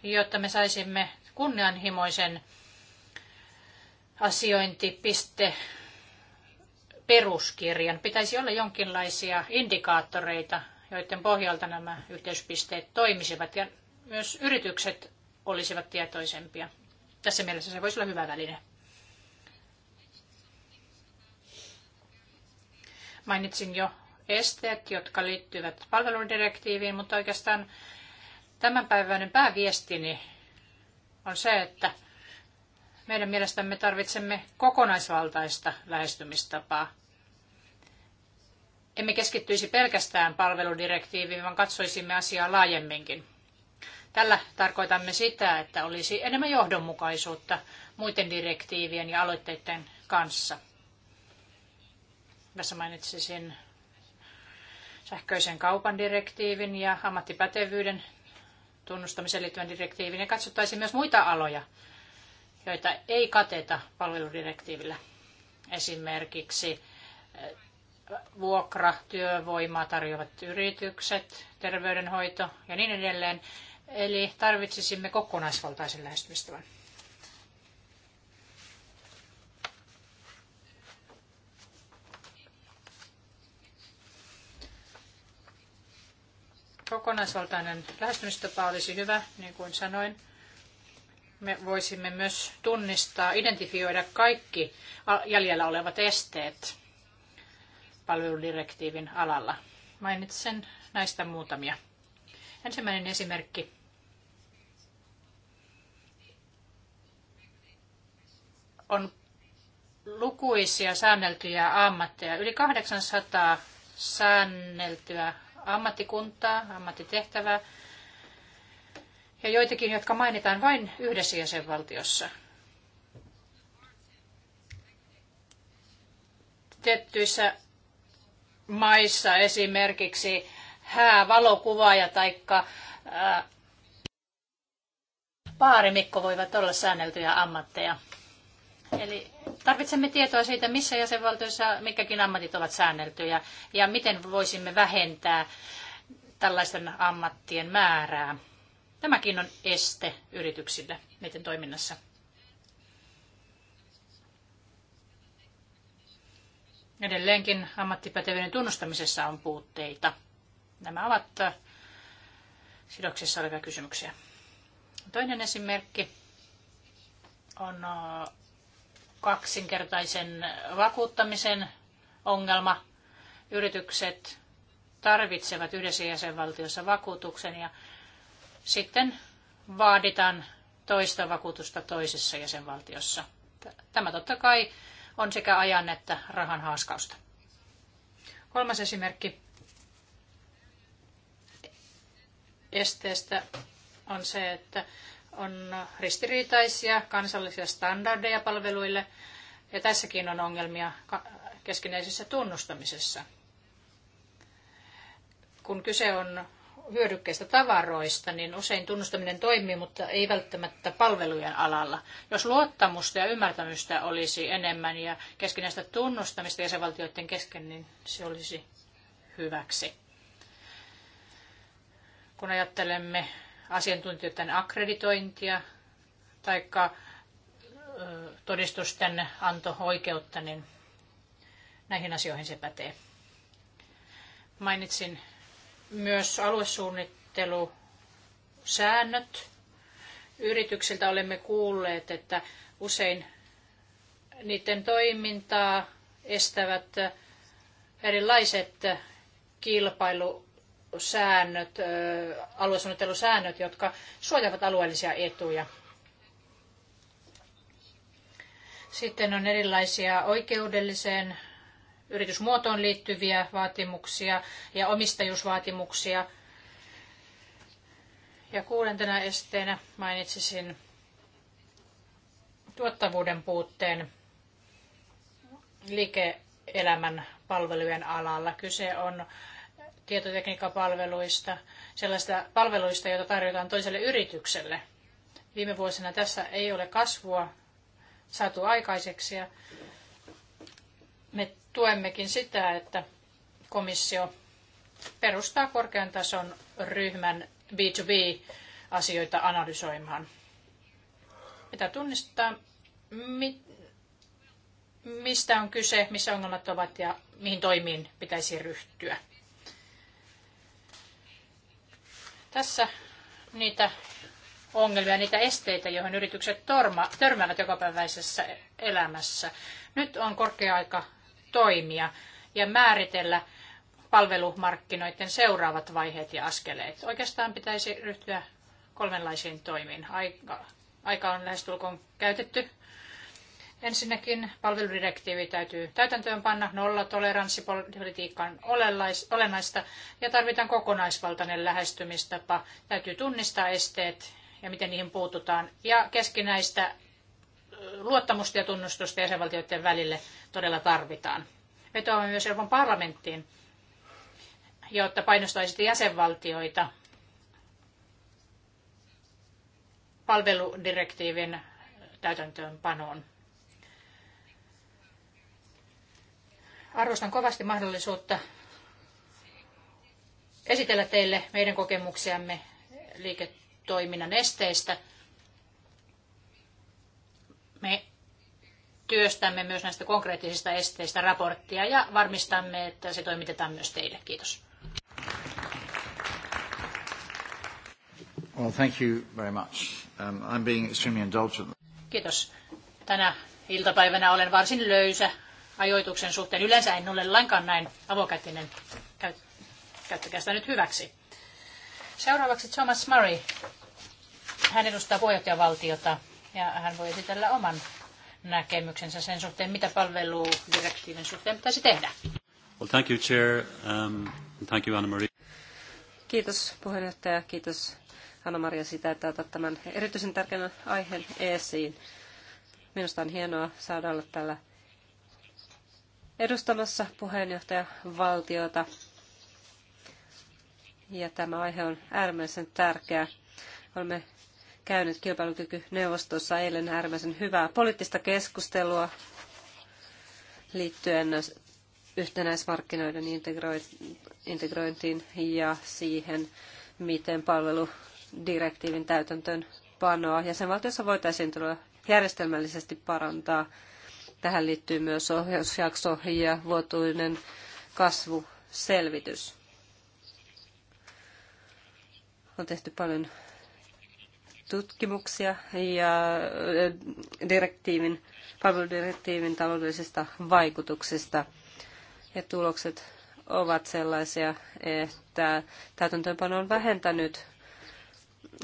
jotta me saisimme kunnianhimoisen asiointipiste peruskirjan. Pitäisi olla jonkinlaisia indikaattoreita, joiden pohjalta nämä yhteyspisteet toimisivat ja myös yritykset olisivat tietoisempia. Tässä mielessä se voisi olla hyvä väline. Mainitsin jo esteet, jotka liittyvät palveludirektiiviin, mutta oikeastaan tämänpäiväinen pääviestini on se, että meidän mielestämme tarvitsemme kokonaisvaltaista lähestymistapaa. Emme keskittyisi pelkästään palveludirektiiviin, vaan katsoisimme asiaa laajemminkin. Tällä tarkoitamme sitä, että olisi enemmän johdonmukaisuutta muiden direktiivien ja aloitteiden kanssa. Tässä mainitsisin sähköisen kaupan direktiivin ja ammattipätevyyden tunnustamiseen liittyvän direktiivin ja katsottaisiin myös muita aloja, joita ei kateta palveludirektiivillä. Esimerkiksi eh, vuokra, työvoimaa tarjoavat yritykset, terveydenhoito ja niin edelleen. Eli tarvitsisimme kokonaisvaltaisen lähestymistavan. Kokonaisvaltainen lähestymistapa olisi hyvä, niin kuin sanoin. Me voisimme myös tunnistaa, identifioida kaikki jäljellä olevat esteet palveludirektiivin alalla. Mainitsen näistä muutamia. Ensimmäinen esimerkki on lukuisia säänneltyjä ammatteja, yli 800 säänneltyä ammattikuntaa, ammattitehtävää, ja joitakin, jotka mainitaan vain yhdessä jäsenvaltiossa. Tiettyissä maissa esimerkiksi häävalokuvaaja tai paarimikko voivat olla säänneltyjä ammatteja. Eli tarvitsemme tietoa siitä, missä jäsenvaltioissa mikäkin ammatit ovat säänneltyjä ja miten voisimme vähentää tällaisten ammattien määrää. Tämäkin on este yrityksille niiden toiminnassa. Edelleenkin ammattipätevyyden tunnustamisessa on puutteita. Nämä ovat äh, sidoksissa olevia kysymyksiä. Toinen esimerkki on äh, kaksinkertaisen vakuuttamisen ongelma. Yritykset tarvitsevat yhdessä jäsenvaltiossa vakuutuksen ja sitten vaaditaan toista vakuutusta toisessa jäsenvaltiossa. Tämä totta kai on sekä ajan että rahan haaskausta. Kolmas esimerkki esteestä on se, että on ristiriitaisia kansallisia standardeja palveluille, ja tässäkin on ongelmia keskinäisessä tunnustamisessa. Kun kyse on hyödykkeistä tavaroista, niin usein tunnustaminen toimii, mutta ei välttämättä palvelujen alalla. Jos luottamusta ja ymmärtämystä olisi enemmän ja keskinäistä tunnustamista jäsenvaltioiden kesken, niin se olisi hyväksi. Kun ajattelemme asiantuntijoiden akkreditointia tai todistusten anto-oikeutta, niin näihin asioihin se pätee. Mainitsin myös aluesuunnittelusäännöt. Yrityksiltä olemme kuulleet, että usein niiden toimintaa estävät erilaiset kilpailu säännöt, aluesuunnittelusäännöt, jotka suojaavat alueellisia etuja. Sitten on erilaisia oikeudelliseen yritysmuotoon liittyviä vaatimuksia ja omistajuusvaatimuksia. Ja kuudentena esteenä mainitsisin tuottavuuden puutteen liike-elämän palvelujen alalla. Kyse on tietotekniikkapalveluista, sellaista palveluista, joita tarjotaan toiselle yritykselle. Viime vuosina tässä ei ole kasvua saatu aikaiseksi ja me tuemmekin sitä, että komissio perustaa korkean tason ryhmän B2B-asioita analysoimaan. Mitä tunnistaa, mit, mistä on kyse, missä ongelmat ovat ja mihin toimiin pitäisi ryhtyä. Tässä niitä ongelmia, niitä esteitä, joihin yritykset torma, törmäävät jokapäiväisessä elämässä. Nyt on korkea aika toimia ja määritellä palvelumarkkinoiden seuraavat vaiheet ja askeleet. Oikeastaan pitäisi ryhtyä kolmenlaisiin toimiin. Aika, aika on lähestulkoon käytetty Ensinnäkin palveludirektiivi täytyy täytäntöönpanna, nolla toleranssipolitiikan olennaista ja tarvitaan kokonaisvaltainen lähestymistapa. Täytyy tunnistaa esteet ja miten niihin puututaan ja keskinäistä luottamusta ja tunnustusta jäsenvaltioiden välille todella tarvitaan. Vetoamme myös Euroopan parlamenttiin, jotta painostaisitte jäsenvaltioita palveludirektiivin täytäntöönpanoon. Arvostan kovasti mahdollisuutta esitellä teille meidän kokemuksiamme liiketoiminnan esteistä. Me työstämme myös näistä konkreettisista esteistä raporttia ja varmistamme, että se toimitetaan myös teille. Kiitos. Well, thank you very much. Um, I'm being extremely indulgent. Kiitos. Tänä iltapäivänä olen varsin löysä ajoituksen suhteen. Yleensä en ole lainkaan näin avokätinen. Käyttäkää sitä nyt hyväksi. Seuraavaksi Thomas Murray. Hän edustaa puheenjohtajavaltiota ja hän voi esitellä oman näkemyksensä sen suhteen, mitä palveludirektiivin suhteen pitäisi tehdä. Well, thank you, Chair. Um, thank you, Anna-Maria. Kiitos puheenjohtaja, kiitos Anna-Maria sitä, että otat tämän erityisen tärkeän aiheen esiin. Minusta on hienoa saada olla täällä edustamassa puheenjohtajavaltiota. Ja tämä aihe on äärimmäisen tärkeä. Olemme käyneet kilpailukykyneuvostossa eilen äärimmäisen hyvää poliittista keskustelua liittyen yhtenäismarkkinoiden integrointiin ja siihen, miten palveludirektiivin täytäntöön panoa jäsenvaltiossa voitaisiin tulla järjestelmällisesti parantaa – Tähän liittyy myös ohjausjakso ja vuotuinen kasvuselvitys. On tehty paljon tutkimuksia ja direktiivin, palveludirektiivin taloudellisista vaikutuksista. Ja tulokset ovat sellaisia, että täytäntöönpano on vähentänyt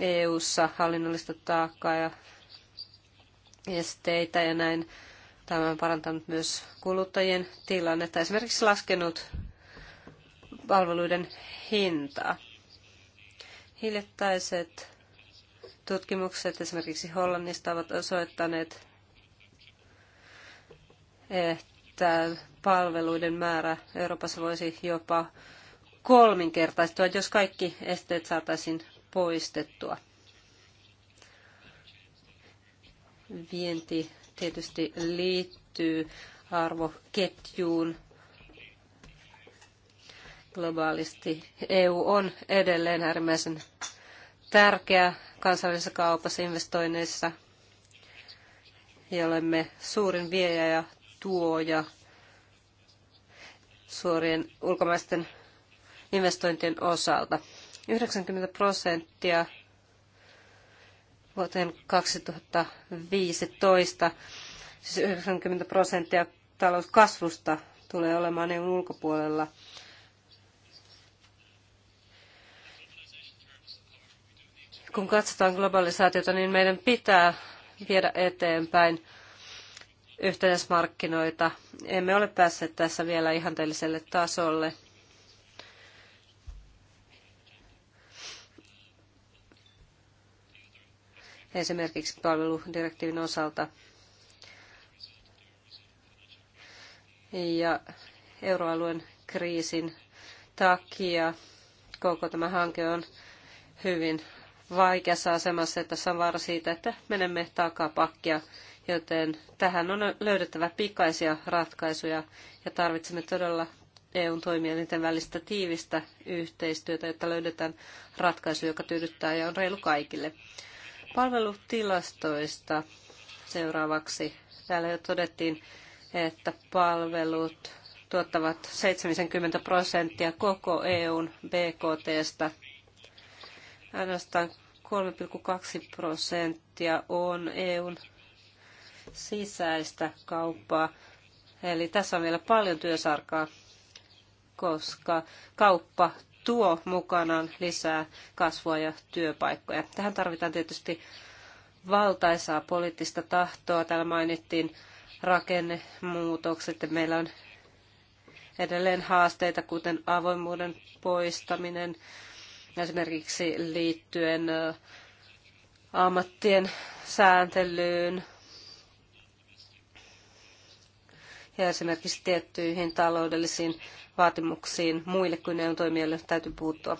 EU-ssa hallinnollista taakkaa ja esteitä ja näin Tämä on parantanut myös kuluttajien tilannetta, esimerkiksi laskenut palveluiden hintaa. Hiljattaiset tutkimukset esimerkiksi Hollannista ovat osoittaneet, että palveluiden määrä Euroopassa voisi jopa kolminkertaistua, jos kaikki esteet saataisiin poistettua. Vienti tietysti liittyy arvoketjuun globaalisti. EU on edelleen äärimmäisen tärkeä kansallisessa kaupassa, investoinneissa, ja olemme suurin viejä ja tuoja suorien ulkomaisten investointien osalta. 90 prosenttia vuoteen 2015, siis 90 prosenttia talouskasvusta tulee olemaan EUn ulkopuolella. Kun katsotaan globalisaatiota, niin meidän pitää viedä eteenpäin yhteismarkkinoita. Emme ole päässeet tässä vielä ihanteelliselle tasolle. esimerkiksi palveludirektiivin osalta. Ja euroalueen kriisin takia koko tämä hanke on hyvin vaikeassa asemassa, että on vaara siitä, että menemme takapakkia, joten tähän on löydettävä pikaisia ratkaisuja ja tarvitsemme todella EUn toimielinten välistä tiivistä yhteistyötä, jotta löydetään ratkaisu, joka tyydyttää ja on reilu kaikille. Palvelutilastoista seuraavaksi. Täällä jo todettiin, että palvelut tuottavat 70 prosenttia koko EUn BKTstä. Ainoastaan 3,2 prosenttia on EUn sisäistä kauppaa. Eli tässä on vielä paljon työsarkaa, koska kauppa tuo mukanaan lisää kasvua ja työpaikkoja. Tähän tarvitaan tietysti valtaisaa poliittista tahtoa. Täällä mainittiin rakennemuutokset ja meillä on edelleen haasteita, kuten avoimuuden poistaminen esimerkiksi liittyen ammattien sääntelyyn ja esimerkiksi tiettyihin taloudellisiin vaatimuksiin muille kuin EUn toimijoille täytyy puuttua.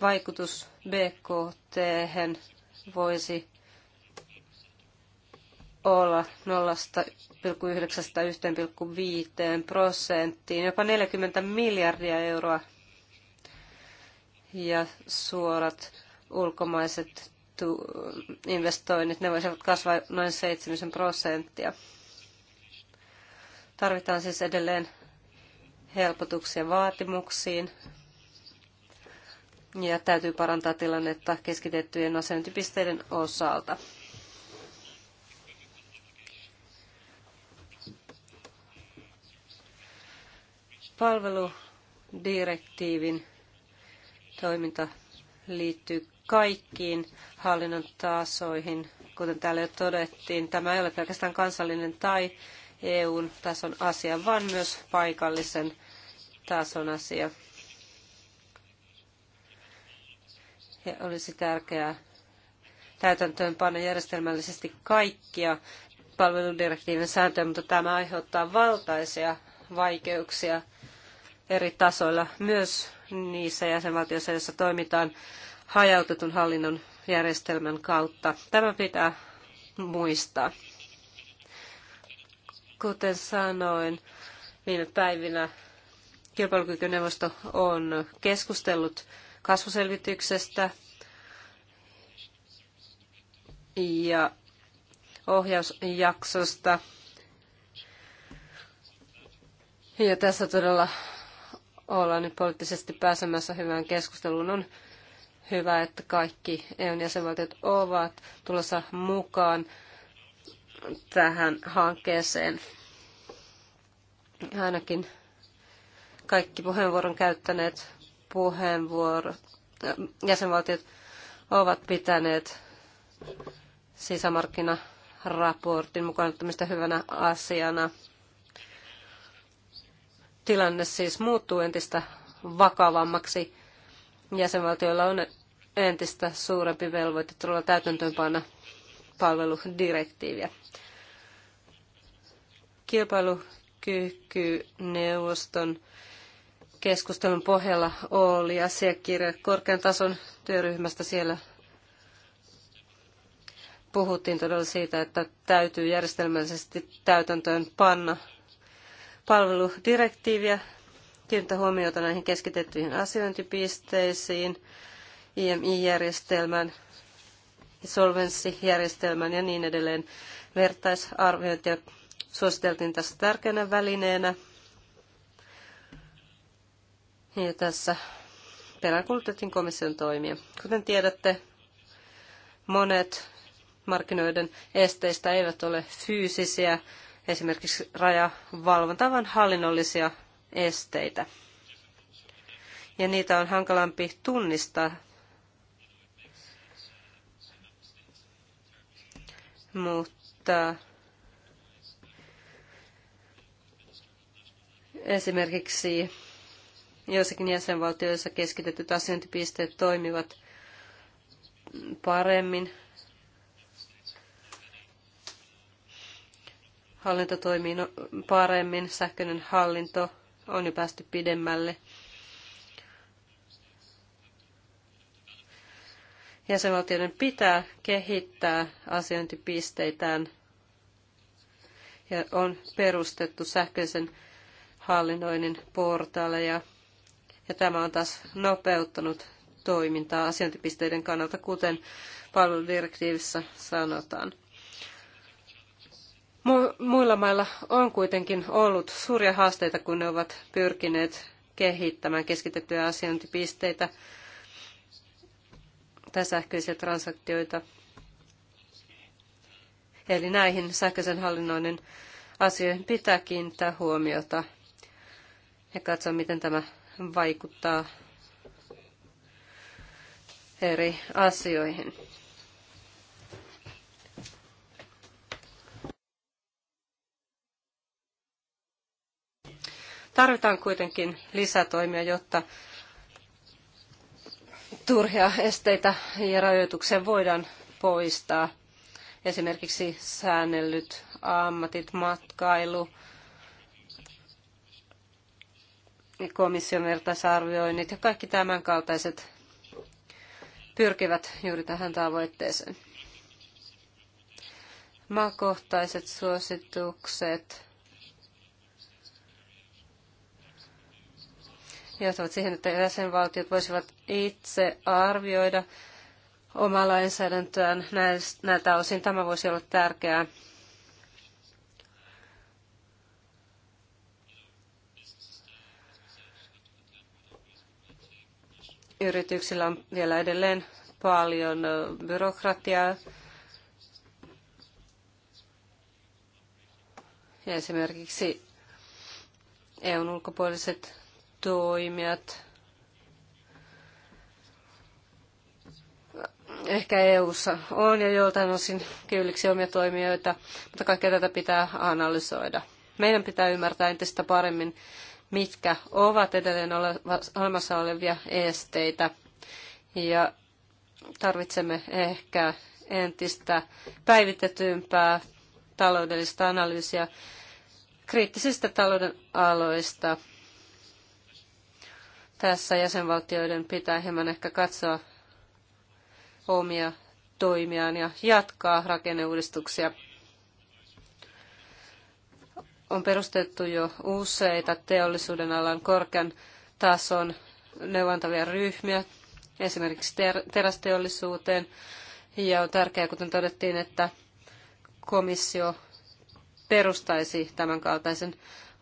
Vaikutus BKT voisi olla 0,9-1,5 prosenttiin, jopa 40 miljardia euroa. Ja suorat ulkomaiset investoinnit, ne voisivat kasvaa noin 7 prosenttia. Tarvitaan siis edelleen helpotuksia vaatimuksiin ja täytyy parantaa tilannetta keskitettyjen asiointipisteiden osalta. Palveludirektiivin toiminta liittyy kaikkiin hallinnon tasoihin. Kuten täällä jo todettiin, tämä ei ole pelkästään kansallinen tai EUn tason asia, vaan myös paikallisen tason asia. Ja olisi tärkeää täytäntöönpanna järjestelmällisesti kaikkia palveludirektiivin sääntöjä, mutta tämä aiheuttaa valtaisia vaikeuksia eri tasoilla, myös niissä jäsenvaltioissa, joissa toimitaan hajautetun hallinnon järjestelmän kautta. Tämä pitää muistaa. Kuten sanoin, viime niin päivinä kilpailukykyneuvosto on keskustellut kasvuselvityksestä ja ohjausjaksosta. Ja tässä todella ollaan nyt poliittisesti pääsemässä hyvään keskusteluun. On hyvä, että kaikki EUn jäsenvaltiot ovat tulossa mukaan tähän hankkeeseen. Ainakin kaikki puheenvuoron käyttäneet puheenvuorot, äh, jäsenvaltiot ovat pitäneet sisämarkkinaraportin mukaan ottamista hyvänä asiana. Tilanne siis muuttuu entistä vakavammaksi. Jäsenvaltioilla on entistä suurempi velvoite tulla täytäntöönpana palveludirektiiviä. Kilpailukykyneuvoston keskustelun pohjalla oli asiakirja korkean tason työryhmästä siellä puhuttiin todella siitä, että täytyy järjestelmällisesti täytäntöön panna palveludirektiiviä, kiinnittää huomiota näihin keskitettyihin asiointipisteisiin, IMI-järjestelmään solvenssijärjestelmän ja niin edelleen vertaisarviointia suositeltiin tässä tärkeänä välineenä. Ja tässä peräänkuulutettiin komission toimia. Kuten tiedätte, monet markkinoiden esteistä eivät ole fyysisiä, esimerkiksi rajavalvonta, vaan hallinnollisia esteitä. Ja niitä on hankalampi tunnistaa mutta esimerkiksi joissakin jäsenvaltioissa keskitetyt asiointipisteet toimivat paremmin. Hallinto toimii no- paremmin, sähköinen hallinto on jo päästy pidemmälle. jäsenvaltioiden pitää kehittää asiointipisteitään ja on perustettu sähköisen hallinnoinnin portaaleja. Ja tämä on taas nopeuttanut toimintaa asiointipisteiden kannalta, kuten palveludirektiivissä sanotaan. Mu- muilla mailla on kuitenkin ollut suuria haasteita, kun ne ovat pyrkineet kehittämään keskitettyjä asiointipisteitä tai sähköisiä transaktioita. Eli näihin sähköisen hallinnoinnin asioihin pitää kiinnittää huomiota ja katsoa, miten tämä vaikuttaa eri asioihin. Tarvitaan kuitenkin lisätoimia, jotta turhia esteitä ja rajoituksia voidaan poistaa. Esimerkiksi säännellyt ammatit, matkailu, komission vertaisarvioinnit ja kaikki tämän kaltaiset pyrkivät juuri tähän tavoitteeseen. Maakohtaiset suositukset johtavat siihen, että jäsenvaltiot voisivat itse arvioida omaa lainsäädäntöään näiltä osin. Tämä voisi olla tärkeää. Yrityksillä on vielä edelleen paljon byrokratiaa. Ja esimerkiksi EUn ulkopuoliset toimijat, ehkä EU:ssa on ja joltain osin kylliksi omia toimijoita, mutta kaikkea tätä pitää analysoida. Meidän pitää ymmärtää entistä paremmin, mitkä ovat edelleen olemassa olevia esteitä ja tarvitsemme ehkä entistä päivitetympää taloudellista analyysiä kriittisistä talouden aloista tässä jäsenvaltioiden pitää hieman ehkä katsoa omia toimiaan ja jatkaa rakenneuudistuksia. On perustettu jo useita teollisuuden alan korkean tason neuvontavia ryhmiä, esimerkiksi ter- terästeollisuuteen. Ja on tärkeää, kuten todettiin, että komissio perustaisi tämän kaltaisen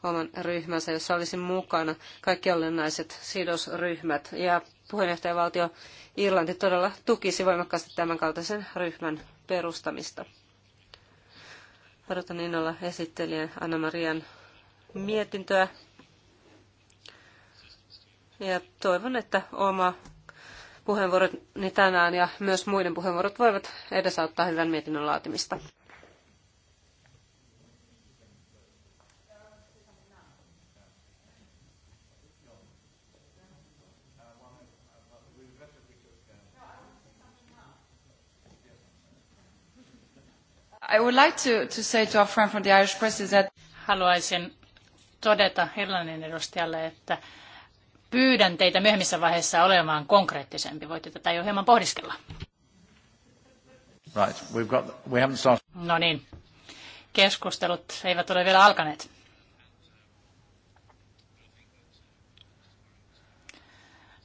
oman ryhmänsä, jossa olisin mukana kaikki olennaiset sidosryhmät. Ja puheenjohtajavaltio Irlanti todella tukisi voimakkaasti tämän kaltaisen ryhmän perustamista. Odotan innolla esittelijän Anna-Marian mietintöä. Ja toivon, että oma puheenvuoroni tänään ja myös muiden puheenvuorot voivat edesauttaa hyvän mietinnön laatimista. I would like to, to say to our friend from the Irish press is that... Haluaisin todeta Irlannin edustajalle, että pyydän teitä myöhemmissä vaiheissa olemaan konkreettisempi. Voitte tätä jo hieman pohdiskella. Right. We've got, we haven't started. No niin. Keskustelut eivät ole vielä alkaneet.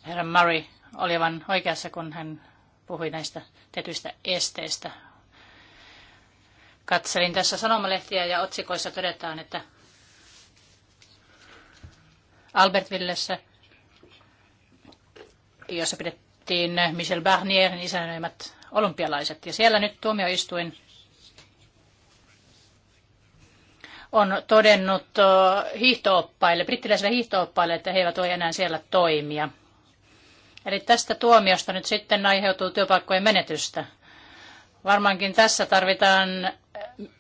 Herra Murray oli aivan oikeassa, kun hän puhui näistä tietyistä esteistä Katselin tässä sanomalehtiä ja otsikoissa todetaan, että Albertvillessä, jossa pidettiin Michel Barnierin niin isännöimät olympialaiset. Ja siellä nyt tuomioistuin on todennut hiihtooppaille, brittiläisille hiihtooppaille, että he eivät voi enää siellä toimia. Eli tästä tuomiosta nyt sitten aiheutuu työpaikkojen menetystä. Varmaankin tässä tarvitaan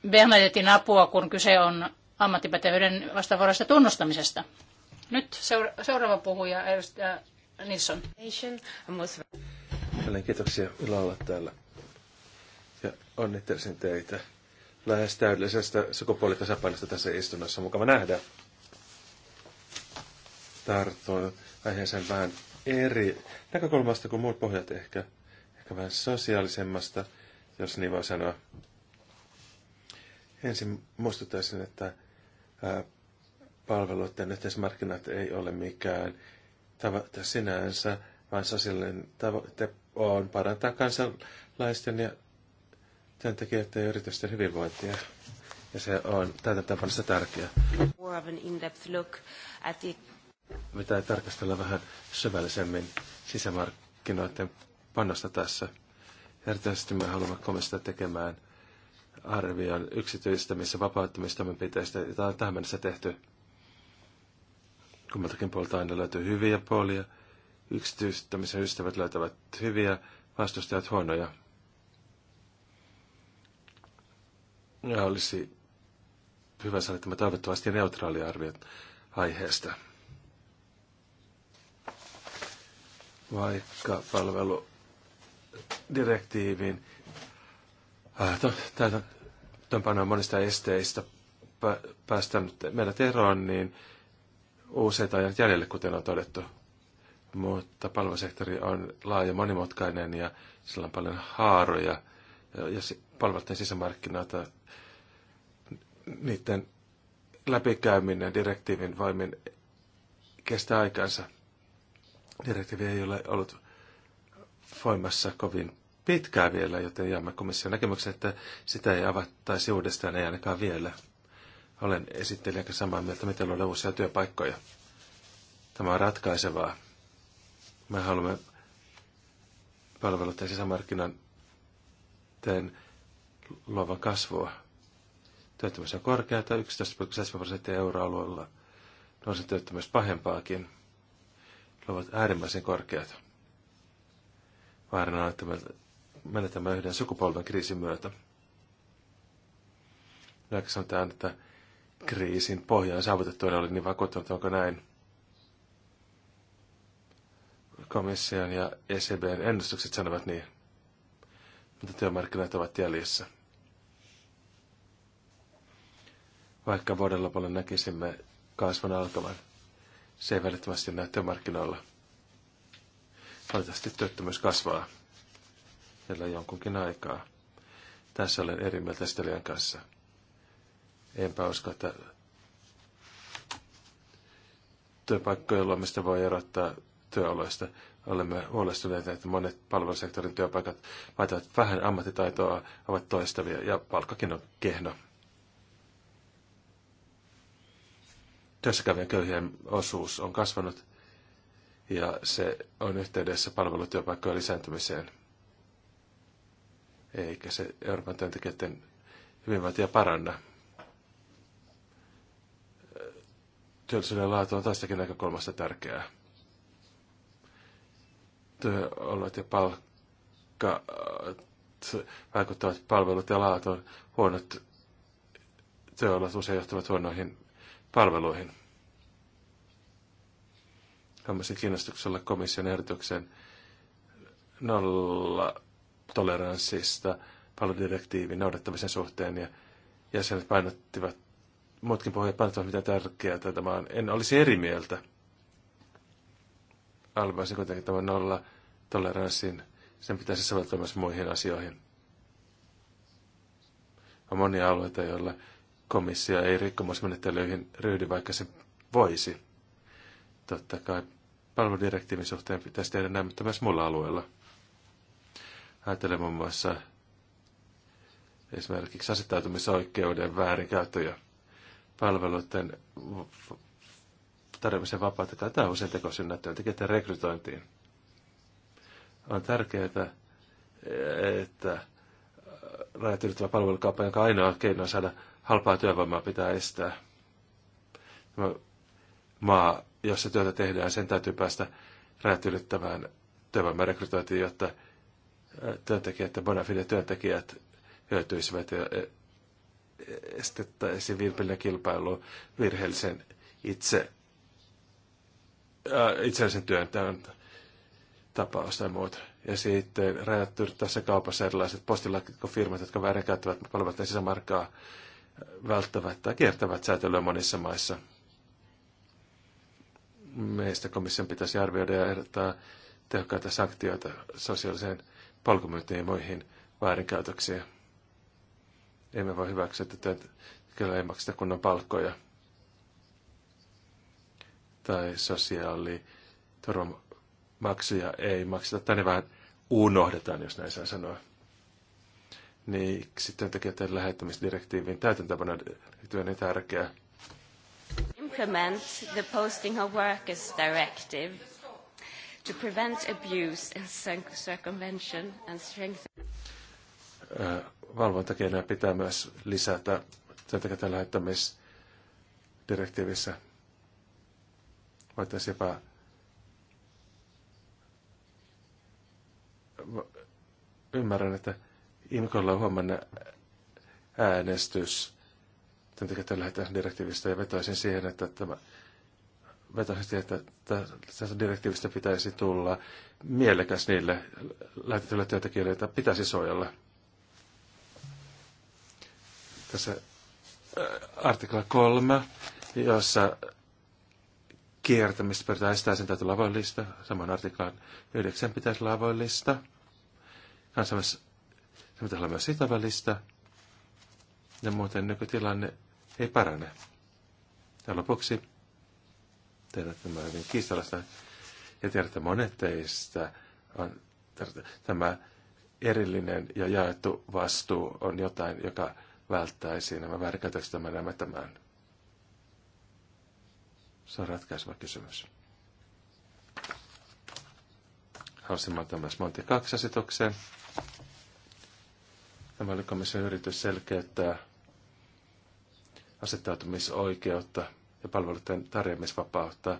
Bernadettin apua, kun kyse on ammattipätevyyden vastavuoroista tunnustamisesta. Nyt seuraava puhuja, edustaja Nilsson. Olen kiitoksia ilolla täällä. Ja onnittelisin teitä lähes täydellisestä sukupuolitasapainosta tässä istunnossa. Mukava nähdä. Tartun aiheeseen vähän eri näkökulmasta kuin muut pohjat ehkä. Ehkä vähän sosiaalisemmasta, jos niin voi sanoa. Ensin muistuttaisin, että palveluiden yhteismarkkinat ei ole mikään tavoite sinänsä, vaan sosiaalinen tavoite on parantaa kansalaisten ja työntekijöiden ja yritysten hyvinvointia. Ja se on täytäntöönpanossa tärkeää. More Mitä tarkastella vähän syvällisemmin sisämarkkinoiden panosta tässä. Erityisesti me haluamme komissiota tekemään – arvion yksityistämis- ja vapauttamistoimenpiteistä, joita on tähän mennessä tehty. Kummaltakin puolta aina löytyy hyviä puolia. Yksityistämisen ystävät löytävät hyviä, vastustajat huonoja. Ja olisi hyvä saada tämä toivottavasti neutraali arvio aiheesta. Vaikka palveludirektiivin ah, täytäntöönpano täytäntöönpanoa monista esteistä päästä meidät eroon, niin useat ajat jäljelle, kuten on todettu. Mutta palvelusektori on laaja, monimutkainen ja sillä on paljon haaroja ja palveluiden sisämarkkinoita. Niiden läpikäyminen direktiivin voimin kestää aikansa. Direktiivi ei ole ollut voimassa kovin pitkään vielä, joten jaamme komission näkemyksen, että sitä ei avattaisi uudestaan, ei ainakaan vielä. Olen esittelijänkä samaa mieltä, miten luoda uusia työpaikkoja. Tämä on ratkaisevaa. Me haluamme palvelut ja teen luovan kasvua. Työttömyys on korkeata, 11,7 prosenttia euroalueella. työttömyys pahempaakin. Luovat äärimmäisen korkeat. Vaarana on, että meiltä menetämme yhden sukupolven kriisin myötä. Minäkin sanotaan, että kriisin pohja on saavutettu, niin vakuuttunut, onko näin. Komission ja ECBn ennustukset sanovat niin, mutta työmarkkinat ovat jäljessä. Vaikka vuoden lopulla näkisimme kasvun alkavan, se ei välittömästi näy työmarkkinoilla. Valitettavasti työttömyys kasvaa siellä jonkunkin aikaa. Tässä olen eri mieltä Stelian kanssa. Enpä usko, että työpaikkojen luomista voi erottaa työoloista. Olemme huolestuneita, että monet palvelusektorin työpaikat vaativat vähän ammattitaitoa, ovat toistavia ja palkkakin on kehno. Työssäkävien köyhien osuus on kasvanut ja se on yhteydessä palvelutyöpaikkojen lisääntymiseen – eikä se Euroopan työntekijöiden hyvinvointia paranna. Työllisyyden laatu on tästäkin näkökulmasta tärkeää. Työolot ja palkka vaikuttavat palvelut ja on Huonot työolot usein johtavat huonoihin palveluihin. Hommasin kiinnostuksella komission ehdotuksen nolla toleranssista palodirektiivin noudattamisen suhteen ja jäsenet painottivat, muutkin pohjat painottivat, mitä tärkeää tämä on. En olisi eri mieltä. Alvaisin kuitenkin tämän nolla toleranssin. Sen pitäisi soveltaa myös muihin asioihin. On monia alueita, joilla komissio ei rikkomusmenettelyihin ryhdy, vaikka se voisi. Totta kai palveludirektiivin suhteen pitäisi tehdä näin, mutta myös muilla alueilla. Ajattelen muun muassa esimerkiksi asettautumisoikeuden väärinkäyttöjä, palveluiden tarjoamisen vapautta tai tämä on usein tekosynnä työntekijöiden rekrytointiin. On tärkeää, että rajat ylittävä palvelukauppa, jonka ainoa keino saada halpaa työvoimaa, pitää estää. Tämä maa, jossa työtä tehdään, sen täytyy päästä rajat ylittävään työvoimarekrytointiin, jotta työntekijät ja bonafide työntekijät hyötyisivät ja e, estettäisiin vilpillinen kilpailu virheellisen itse, äh, itsenäisen työn tapaus tai muuta. Ja sitten rajattu tässä kaupassa erilaiset postilaatikkofirmat, jotka väärinkäyttävät palveluiden sisämarkkaa, välttävät tai kiertävät säätelyä monissa maissa. Meistä komission pitäisi arvioida ja ehdottaa tehokkaita sanktioita sosiaaliseen palkomyyteemoihin väärinkäytöksiä. Emme voi hyväksyä, että kyllä ei makseta kunnon palkkoja tai sosiaaliturvamaksuja ei makseta, tai ne vähän unohdetaan, jos näin saa sanoa. Niin sitten tämän lähettämisdirektiivin täytäntöpano liittyy tärkeä. Implement the posting of workers directive to prevent abuse and circumvention and strengthen. Äh, valvontakeinoja pitää myös lisätä Sen takia tällä lähettämisdirektiivissä. Voitaisiin jopa ymmärrän, että IMKOlla on huomenna äänestys takia tällä lähettämisdirektiivistä ja vetoisin siihen, että tämä vetoisesti, että tästä direktiivistä pitäisi tulla mielekäs niille lähetetyille työntekijöille, joita pitäisi suojella. Tässä äh, artikla 3, jossa kiertämistä pitää estää, sen täytyy olla Samoin artiklan 9 pitäisi olla avoin lista. pitäisi olla myös sitova Ja muuten nykytilanne ei parane. Ja lopuksi tehdä tämä hyvin kiistalaista. Ja tiedän, että monet teistä on tämä erillinen ja jaettu vastuu on jotain, joka välttäisi nämä väärinkäytökset, me näemme tämän. Se on ratkaiseva kysymys. Haluaisin antaa myös Monti 2-asetukseen. Tämä oli komission yritys selkeyttää asettautumisoikeutta ja palveluiden tarjoamisvapautta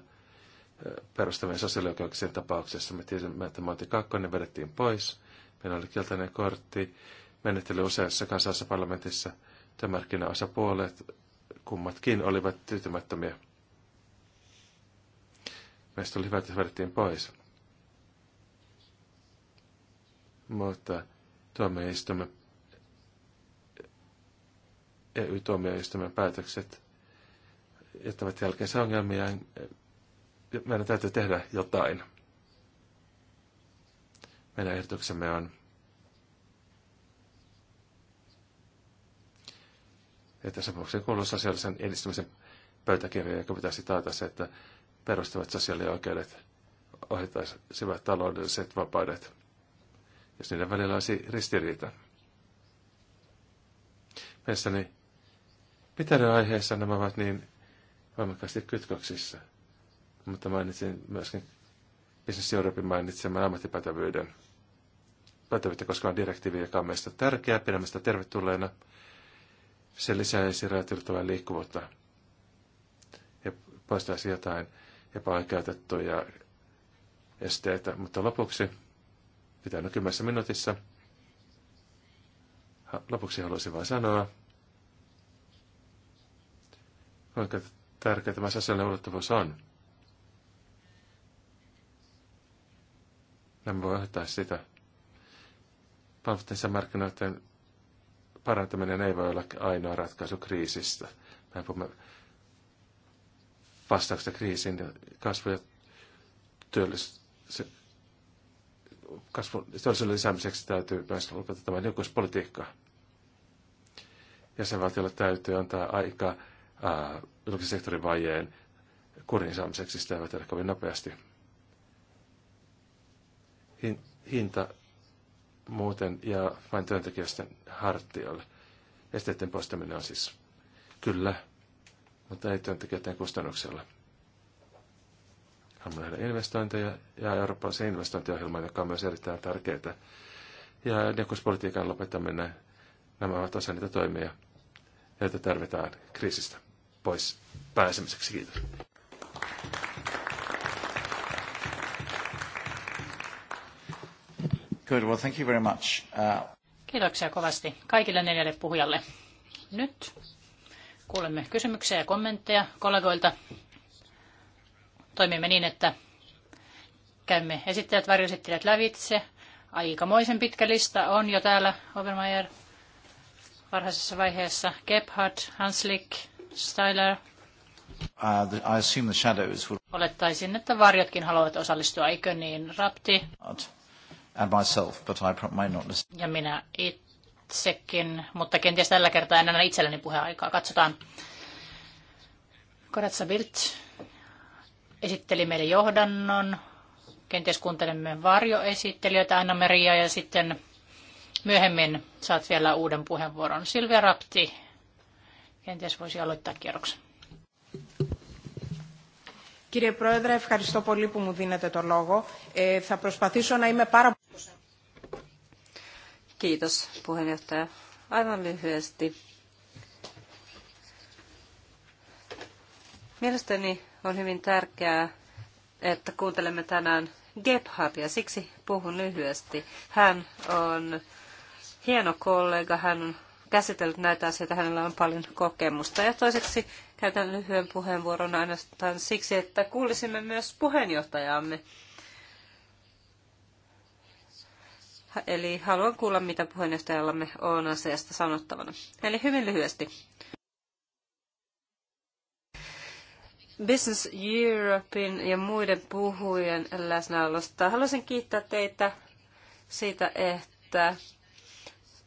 perustavien sosiaalioikeuksien tapauksessa. Me tiedämme, että Monti 2 vedettiin pois. Meillä oli keltainen kortti. Menettely useassa kansallisessa parlamentissa. Työmarkkinaosapuolet kummatkin olivat tyytymättömiä. Meistä oli hyvä, että se vedettiin pois. Mutta tuomioistuimen EU-tuomioistuimen päätökset jättävät jälkeensä ongelmia. Niin, eh, meidän täytyy tehdä jotain. Meidän ehdotuksemme on, että sopimuksen kuuluu sosiaalisen edistymisen pöytäkirja, joka pitäisi taata se, että perustavat sosiaalioikeudet ohittaisivat taloudelliset vapaudet, jos niiden välillä olisi ristiriita. Mielestäni mitä aiheessa nämä ovat niin voimakkaasti kytköksissä. Mutta mainitsin myöskin Business Europein mainitseman ammattipätevyyden pätevyyttä koskevan direktiivi, joka on meistä tärkeää, pidämme sitä tervetulleena. Se lisäisi rajoitettavaa liikkuvuutta ja poistaisi jotain epäoikeutettuja esteitä. Mutta lopuksi, pitää no kymmenessä minuutissa, lopuksi haluaisin vain sanoa, kuinka tärkeä tämä sosiaalinen ulottuvuus on. Nämä voi ottaa sitä. Palveluiden markkinoiden parantaminen ei voi olla ainoa ratkaisu kriisistä. Me puhumme vastauksesta kriisiin kasvu- ja työllis- se, kasvu- työllisyyden lisäämiseksi täytyy myös lukata tämä niukkuuspolitiikka. Jäsenvaltiolle täytyy antaa aikaa julkisen sektorin vajeen kurin saamiseksi. Sitä ei tehdä kovin nopeasti. Hinta muuten ja vain työntekijöiden hartioille. Esteiden poistaminen on siis kyllä, mutta ei työntekijöiden kustannuksella. Haluamme nähdä investointeja ja eurooppalaisen investointiohjelman, joka on myös erittäin tärkeää. Ja neuvostopolitiikan lopettaminen, nämä ovat osa niitä toimia, joita tarvitaan kriisistä pois pääsemiseksi. Kiitos. Good. Well, thank you very much. Uh... Kiitoksia kovasti kaikille neljälle puhujalle. Nyt kuulemme kysymyksiä ja kommentteja kollegoilta. Toimimme niin, että käymme esittäjät, varjoesittelijät lävitse. Aikamoisen pitkä lista on jo täällä Overmeyer varhaisessa vaiheessa. Gebhard, Hanslik, Styler. Uh, the, I assume the shadows Olettaisin, että varjotkin haluavat osallistua, eikö niin, Rapti? And myself, but I might not listen. Ja minä itsekin, mutta kenties tällä kertaa en anna itselleni puheaikaa. Katsotaan. Koratsa Birt esitteli meille johdannon. Kenties kuuntelemme varjoesittelijöitä Anna-Maria ja sitten myöhemmin saat vielä uuden puheenvuoron. Silvia Rapti kenties voisi aloittaa kierroksen. Κύριε Πρόεδρε, ευχαριστώ πολύ που μου δίνετε το λόγο. Ε, θα προσπαθήσω να είμαι πάρα πολύ... Kiitos, puheenjohtaja. Aivan lyhyesti. Mielestäni on hyvin tärkeää, että kuuntelemme tänään Gebhardt ja siksi puhun lyhyesti. Hän on hieno kollega, hän on käsitellyt näitä asioita, hänellä on paljon kokemusta. Ja toiseksi käytän lyhyen puheenvuoron ainoastaan siksi, että kuulisimme myös puheenjohtajaamme. Eli haluan kuulla, mitä puheenjohtajallamme on asiasta sanottavana. Eli hyvin lyhyesti. Business Europein ja muiden puhujien läsnäolosta. Haluaisin kiittää teitä siitä, että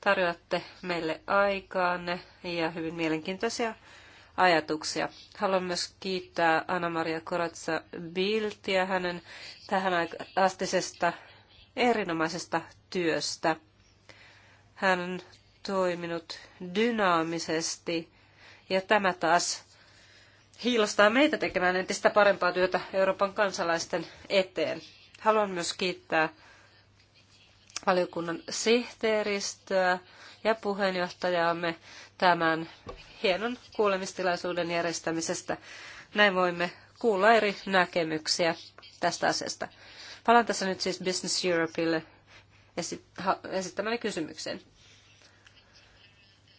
tarjoatte meille aikaanne ja hyvin mielenkiintoisia ajatuksia. Haluan myös kiittää Anna-Maria Koratsa Biltiä hänen tähän astisesta erinomaisesta työstä. Hän on toiminut dynaamisesti ja tämä taas hiilostaa meitä tekemään entistä parempaa työtä Euroopan kansalaisten eteen. Haluan myös kiittää valiokunnan sihteeristöä ja puheenjohtajaamme tämän hienon kuulemistilaisuuden järjestämisestä. Näin voimme kuulla eri näkemyksiä tästä asiasta. Palaan tässä nyt siis Business Europeille esittämäni kysymykseen.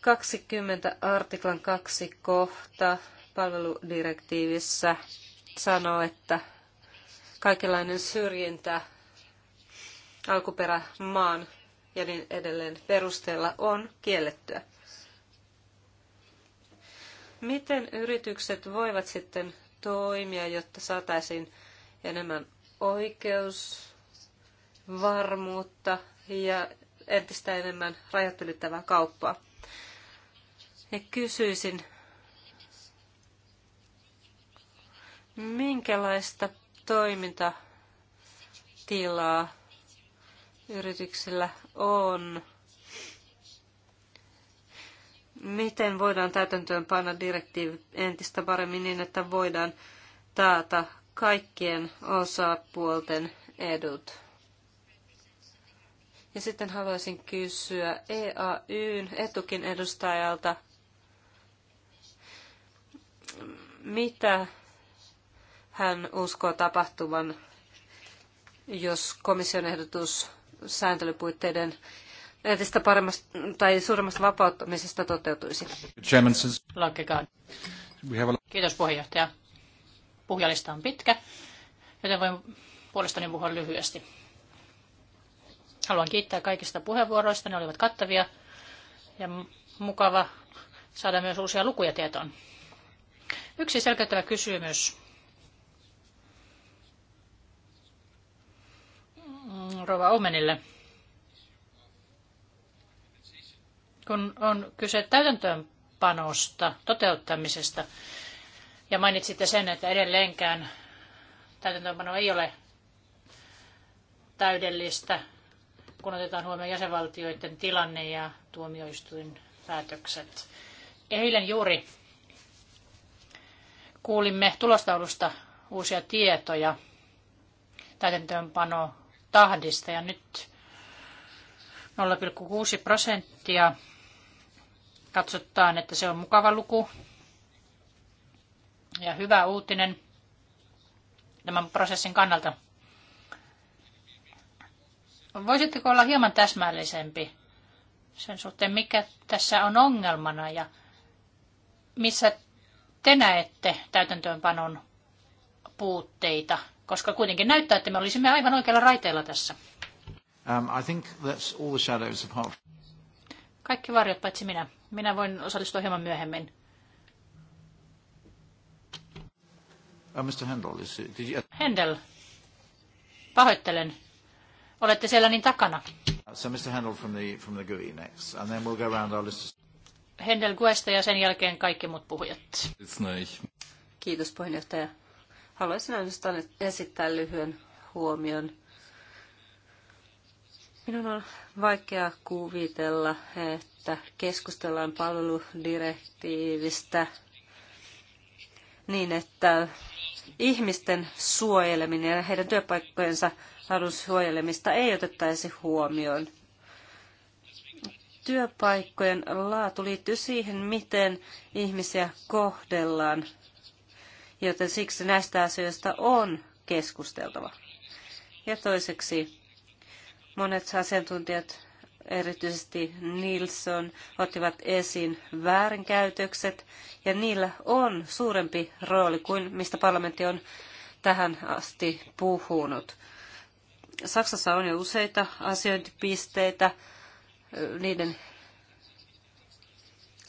20 artiklan 2 kohta palveludirektiivissä sanoo, että kaikenlainen syrjintä alkuperämaan ja niin edelleen perusteella on kiellettyä. Miten yritykset voivat sitten toimia, jotta saataisiin enemmän oikeusvarmuutta ja entistä enemmän rajat ylittävää kauppaa? Ja kysyisin, minkälaista toimintatilaa Yrityksellä on. Miten voidaan täytäntöön panna direktiivi entistä paremmin niin, että voidaan taata kaikkien osapuolten edut? Ja sitten haluaisin kysyä EAYn etukin edustajalta, mitä hän uskoo tapahtuvan, jos komission ehdotus sääntelypuitteiden entistä paremmasta tai suuremmasta vapauttamisesta toteutuisi. Kiitos puheenjohtaja. Puhujalista on pitkä, joten voin puolestani puhua lyhyesti. Haluan kiittää kaikista puheenvuoroista, ne olivat kattavia ja mukava saada myös uusia lukuja tietoon. Yksi selkeyttävä kysymys Rova Omenille. Kun on kyse täytäntöönpanosta, toteuttamisesta, ja mainitsitte sen, että edelleenkään täytäntöönpano ei ole täydellistä, kun otetaan huomioon jäsenvaltioiden tilanne ja tuomioistuin päätökset. Eilen juuri kuulimme tulostaulusta uusia tietoja täytäntöönpano tahdista ja nyt 0,6 prosenttia katsotaan, että se on mukava luku ja hyvä uutinen tämän prosessin kannalta. Voisitteko olla hieman täsmällisempi sen suhteen, mikä tässä on ongelmana ja missä te näette täytäntöönpanon puutteita koska kuitenkin näyttää, että me olisimme aivan oikealla raiteella tässä. Um, I think that's all the shadows apart. Kaikki varjot paitsi minä. Minä voin osallistua hieman myöhemmin. Uh, Mr. Handel, is, did you... Handel, pahoittelen. Olette siellä niin takana. So Mr. Handel from the, from the GUI next, and then we'll go around our list. Handel Guesta ja sen jälkeen kaikki muut puhujat. Kiitos puheenjohtaja. Haluaisin ainoastaan esittää lyhyen huomion. Minun on vaikea kuvitella, että keskustellaan palveludirektiivistä niin, että ihmisten suojeleminen ja heidän työpaikkojensa laadun suojelemista ei otettaisi huomioon. Työpaikkojen laatu liittyy siihen, miten ihmisiä kohdellaan joten siksi näistä asioista on keskusteltava. Ja toiseksi monet asiantuntijat, erityisesti Nilsson, ottivat esiin väärinkäytökset, ja niillä on suurempi rooli kuin mistä parlamentti on tähän asti puhunut. Saksassa on jo useita asiointipisteitä, niiden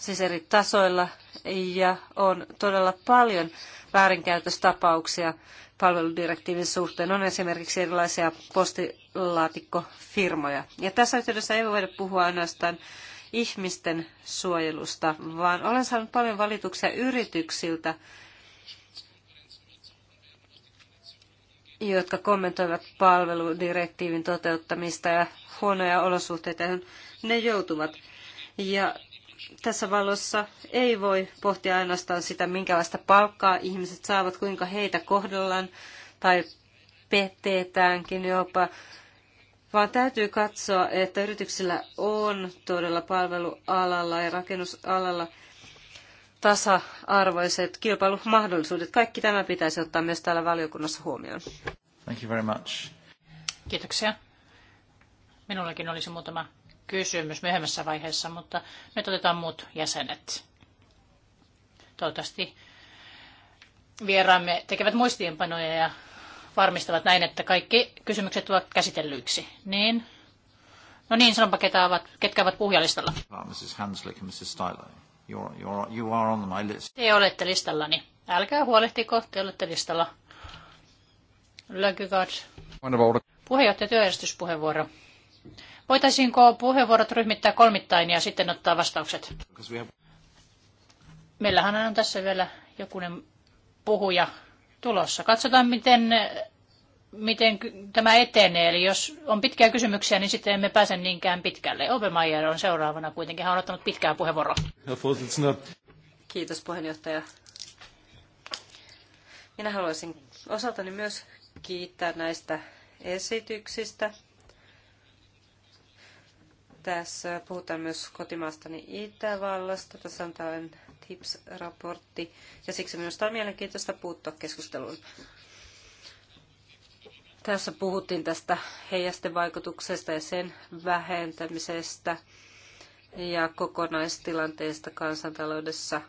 siis eri tasoilla, ja on todella paljon väärinkäytöstapauksia palveludirektiivin suhteen. On esimerkiksi erilaisia postilaatikkofirmoja. Ja tässä yhteydessä ei voida puhua ainoastaan ihmisten suojelusta, vaan olen saanut paljon valituksia yrityksiltä, jotka kommentoivat palveludirektiivin toteuttamista ja huonoja olosuhteita, joihin ne joutuvat. Ja tässä valossa ei voi pohtia ainoastaan sitä, minkälaista palkkaa ihmiset saavat, kuinka heitä kohdellaan tai petetäänkin jopa, vaan täytyy katsoa, että yrityksillä on todella palvelualalla ja rakennusalalla tasa-arvoiset kilpailumahdollisuudet. Kaikki tämä pitäisi ottaa myös täällä valiokunnassa huomioon. Thank you very much. Kiitoksia. Minullakin olisi muutama kysymys myöhemmässä vaiheessa, mutta nyt otetaan muut jäsenet. Toivottavasti vieraamme tekevät muistiinpanoja ja varmistavat näin, että kaikki kysymykset ovat käsitellyiksi. Niin. No niin, sanonpa, ketä ovat, ketkä ovat puhujalistalla. Mrs. Hanslick Mrs. you are on my list. Te olette listallani. Älkää huolehtiko, te olette listalla. Lökykaat. Puheenjohtaja työjärjestyspuheenvuoro. Voitaisiinko puheenvuorot ryhmittää kolmittain ja sitten ottaa vastaukset? Meillähän on tässä vielä jokunen puhuja tulossa. Katsotaan, miten, miten tämä etenee. Eli jos on pitkiä kysymyksiä, niin sitten emme pääse niinkään pitkälle. Obermeier on seuraavana kuitenkin. Hän on ottanut pitkää puheenvuoroa. Kiitos puheenjohtaja. Minä haluaisin osaltani myös kiittää näistä esityksistä. Tässä puhutaan myös kotimaastani Itävallasta. Tässä on tällainen TIPS-raportti. Ja siksi minusta on mielenkiintoista puuttua keskusteluun. Tässä puhuttiin tästä heijastevaikutuksesta ja sen vähentämisestä ja kokonaistilanteesta kansantaloudessa.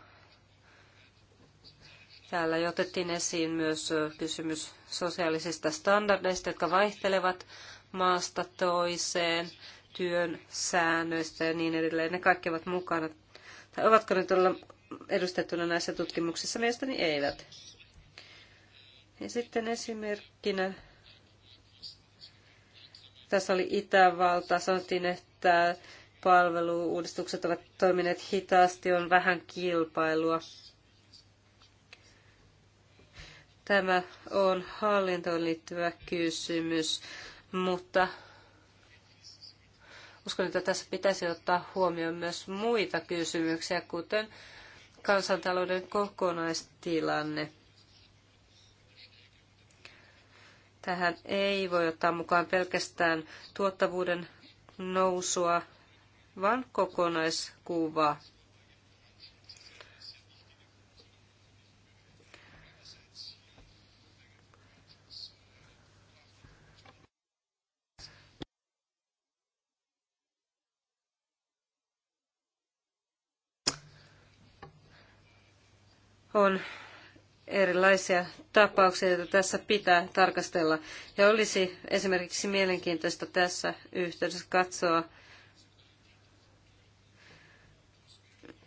Täällä jo otettiin esiin myös kysymys sosiaalisista standardeista, jotka vaihtelevat maasta toiseen työn säännöistä ja niin edelleen. Ne kaikki ovat mukana. Tai ovatko ne todella edustettuna näissä tutkimuksissa? Mielestäni eivät. Ja sitten esimerkkinä tässä oli Itävalta. Sanottiin, että palveluuudistukset ovat toimineet hitaasti, on vähän kilpailua. Tämä on hallintoon liittyvä kysymys, mutta Uskon, että tässä pitäisi ottaa huomioon myös muita kysymyksiä, kuten kansantalouden kokonaistilanne. Tähän ei voi ottaa mukaan pelkästään tuottavuuden nousua, vaan kokonaiskuvaa. on erilaisia tapauksia, joita tässä pitää tarkastella. Ja olisi esimerkiksi mielenkiintoista tässä yhteydessä katsoa,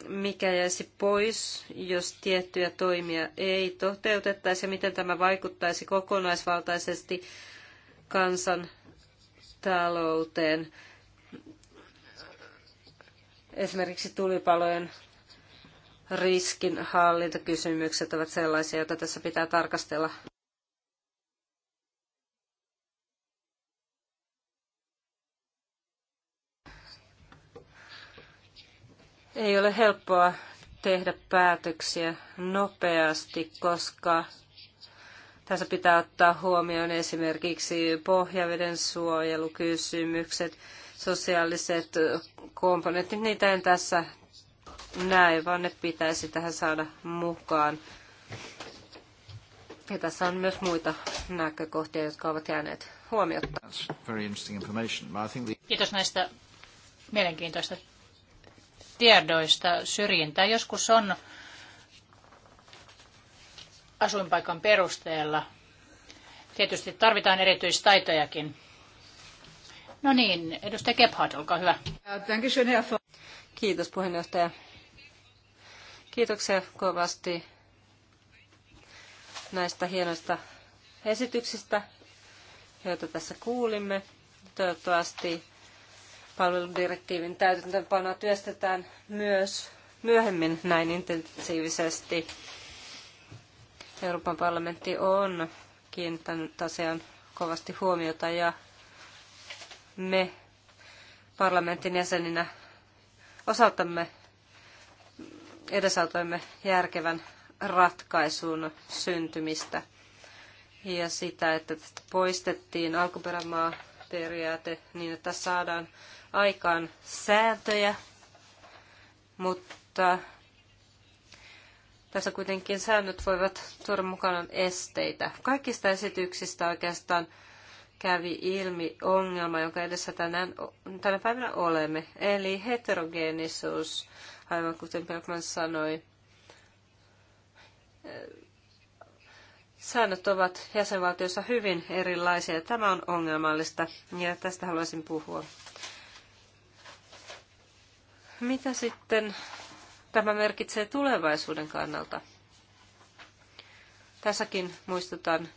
mikä jäisi pois, jos tiettyjä toimia ei toteutettaisi ja miten tämä vaikuttaisi kokonaisvaltaisesti kansan talouteen. Esimerkiksi tulipalojen riskinhallintakysymykset ovat sellaisia, joita tässä pitää tarkastella. Ei ole helppoa tehdä päätöksiä nopeasti, koska tässä pitää ottaa huomioon esimerkiksi pohjaveden suojelukysymykset, sosiaaliset komponentit. Niitä en tässä näin vaan ne pitäisi tähän saada mukaan. Ja tässä on myös muita näkökohtia, jotka ovat jääneet huomiotta. Kiitos näistä mielenkiintoista tiedoista. Syrjintää joskus on asuinpaikan perusteella. Tietysti tarvitaan erityistaitojakin. No niin, edustaja Gebhardt, olkaa hyvä. Kiitos puheenjohtaja. Kiitoksia kovasti näistä hienoista esityksistä, joita tässä kuulimme. Toivottavasti palveludirektiivin täytäntöönpanoa työstetään myös myöhemmin näin intensiivisesti. Euroopan parlamentti on kiinnittänyt asiaan kovasti huomiota ja me parlamentin jäseninä osaltamme edesautoimme järkevän ratkaisun syntymistä ja sitä, että poistettiin alkuperämaa periaate niin, että saadaan aikaan sääntöjä, mutta tässä kuitenkin säännöt voivat tuoda mukanaan esteitä. Kaikista esityksistä oikeastaan kävi ilmi ongelma, jonka edessä tänään, tänä päivänä olemme, eli heterogeenisuus aivan kuten Bergman sanoi. Säännöt ovat jäsenvaltioissa hyvin erilaisia ja tämä on ongelmallista ja tästä haluaisin puhua. Mitä sitten tämä merkitsee tulevaisuuden kannalta? Tässäkin muistutan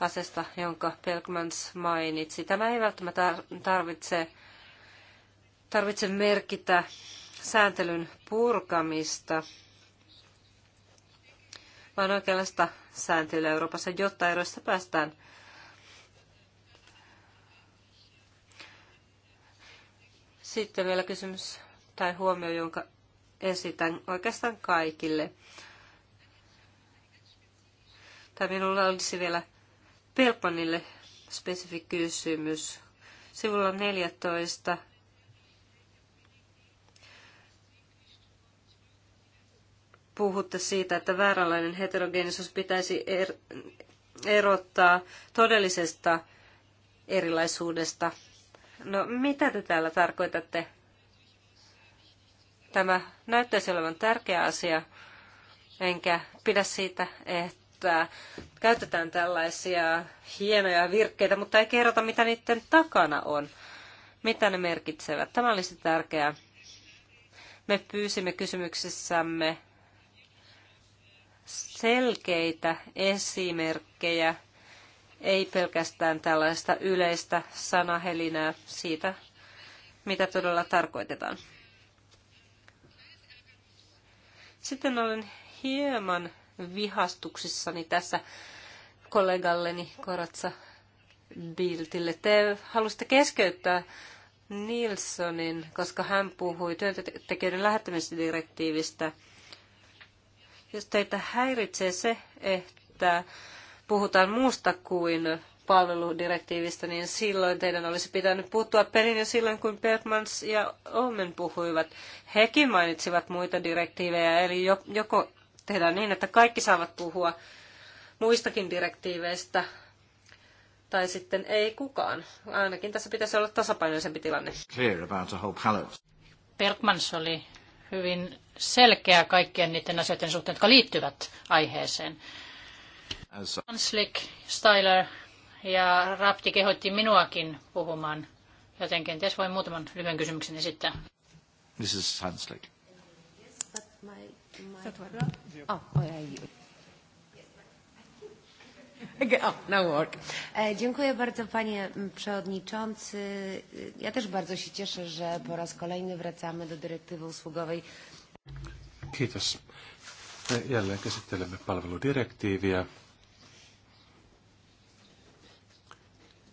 asesta, jonka Pelkmans mainitsi. Tämä ei välttämättä tarvitse, tarvitse merkitä sääntelyn purkamista, vaan oikeanlaista sääntelyä Euroopassa, jotta eroista päästään Sitten vielä kysymys tai huomio, jonka esitän oikeastaan kaikille. Tai minulla olisi vielä Pelpanille spesifi kysymys. Sivulla 14 puhutte siitä, että vääränlainen heterogeenisuus pitäisi er, erottaa todellisesta erilaisuudesta. No, mitä te täällä tarkoitatte? Tämä näyttäisi olevan tärkeä asia, enkä pidä siitä, että käytetään tällaisia hienoja virkkeitä, mutta ei kerrota, mitä niiden takana on, mitä ne merkitsevät. Tämä olisi tärkeää. Me pyysimme kysymyksissämme selkeitä esimerkkejä, ei pelkästään tällaista yleistä sanahelinää siitä, mitä todella tarkoitetaan. Sitten olen hieman vihastuksissani tässä kollegalleni Koratsa Biltille. Te halusitte keskeyttää Nilssonin, koska hän puhui työntekijöiden lähettämisdirektiivistä jos teitä häiritsee se, että puhutaan muusta kuin palveludirektiivistä, niin silloin teidän olisi pitänyt puuttua perin jo silloin, kun Bergmans ja Omen puhuivat. Hekin mainitsivat muita direktiivejä, eli joko tehdään niin, että kaikki saavat puhua muistakin direktiiveistä, tai sitten ei kukaan. Ainakin tässä pitäisi olla tasapainoisempi tilanne. Bergmans oli hyvin selkeä kaikkien niiden asioiden suhteen, jotka liittyvät aiheeseen. Hanslik, Styler ja Rapti kehotti minuakin puhumaan, joten kenties voin muutaman lyhyen kysymyksen esittää. This is Hanslik. Yes, but my, my... Oh, oh, yeah, you. E, dziękuję bardzo panie przewodniczący. Ja też bardzo się cieszę, że po raz kolejny wracamy do dyrektywy usługowej. Kiitos. Me jälleen käsittelemme palveludirektiiviä.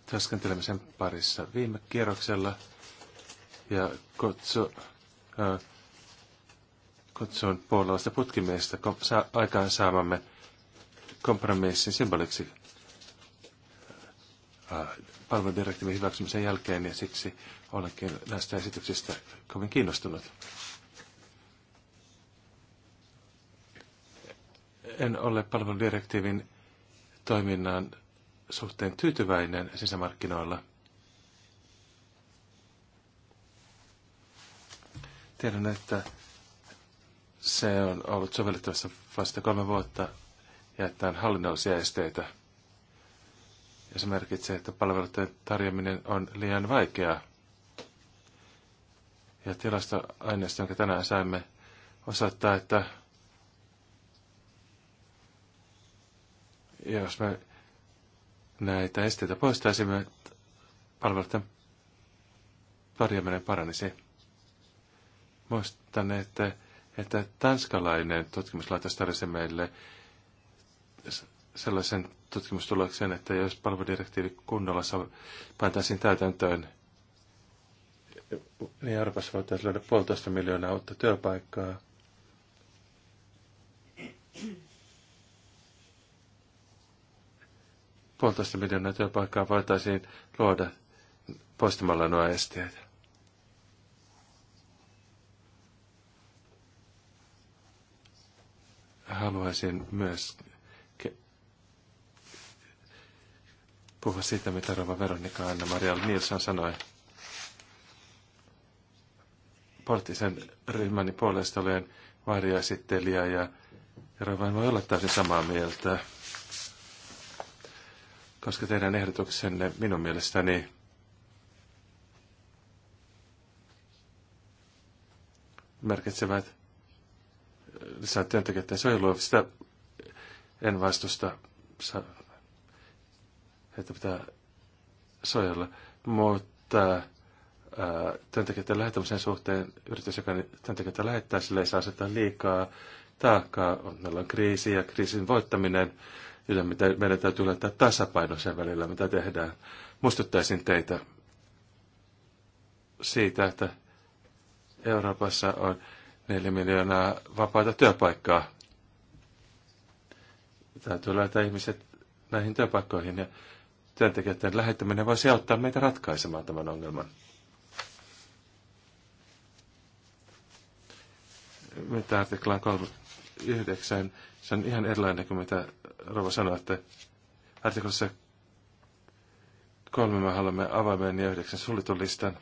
Taskentelemme sen parissa viime kierroksella ja kutsu, äh, kutsun puolalaista putkimiestä aikaan saamamme kompromissin symboliksi palveludirektiivin hyväksymisen jälkeen ja siksi olenkin näistä esityksistä kovin kiinnostunut. En ole palveludirektiivin toiminnan suhteen tyytyväinen sisämarkkinoilla. Tiedän, että se on ollut sovellettavassa vasta kolme vuotta ja että on hallinnollisia esteitä. Ja se merkitsee, että palveluiden tarjoaminen on liian vaikeaa. Ja tilastoaineisto, jonka tänään saimme, osoittaa, että jos me näitä esteitä poistaisimme, palveluiden tarjoaminen paranisi. Muistan, että, että tanskalainen tutkimuslaitos tarjosi meille sellaisen tutkimustuloksen, että jos palveludirektiivi kunnolla pantaisiin täytäntöön, niin Euroopassa voitaisiin löydä puolitoista miljoonaa uutta työpaikkaa. Puolitoista miljoonaa työpaikkaa voitaisiin luoda poistamalla nuo esteet. Haluaisin myös puhua siitä, mitä Rova Veronika Anna-Maria Nilsson sanoi. Poliittisen ryhmäni puolesta olen varjaesittelijä ja Rova voi olla täysin samaa mieltä, koska teidän ehdotuksenne minun mielestäni merkitsevät lisää työntekijöiden suojelua. Sitä en vastusta että pitää suojella. Mutta työntekijöiden lähettämisen suhteen yritys, joka työntekijöitä lähettää, sille ei saa asettaa liikaa taakkaa. Meillä on kriisi ja kriisin voittaminen. mitä meidän täytyy löytää tasapaino sen välillä, mitä tehdään. Muistuttaisin teitä siitä, että Euroopassa on 4 miljoonaa vapaita työpaikkaa. Täytyy löytää ihmiset näihin työpaikkoihin ja työntekijöiden lähettäminen voisi auttaa meitä ratkaisemaan tämän ongelman. Mitä artiklaan 39, se on ihan erilainen kuin mitä Rova sanoi, että artiklassa kolme me haluamme avaimen ja yhdeksän suljetun listan.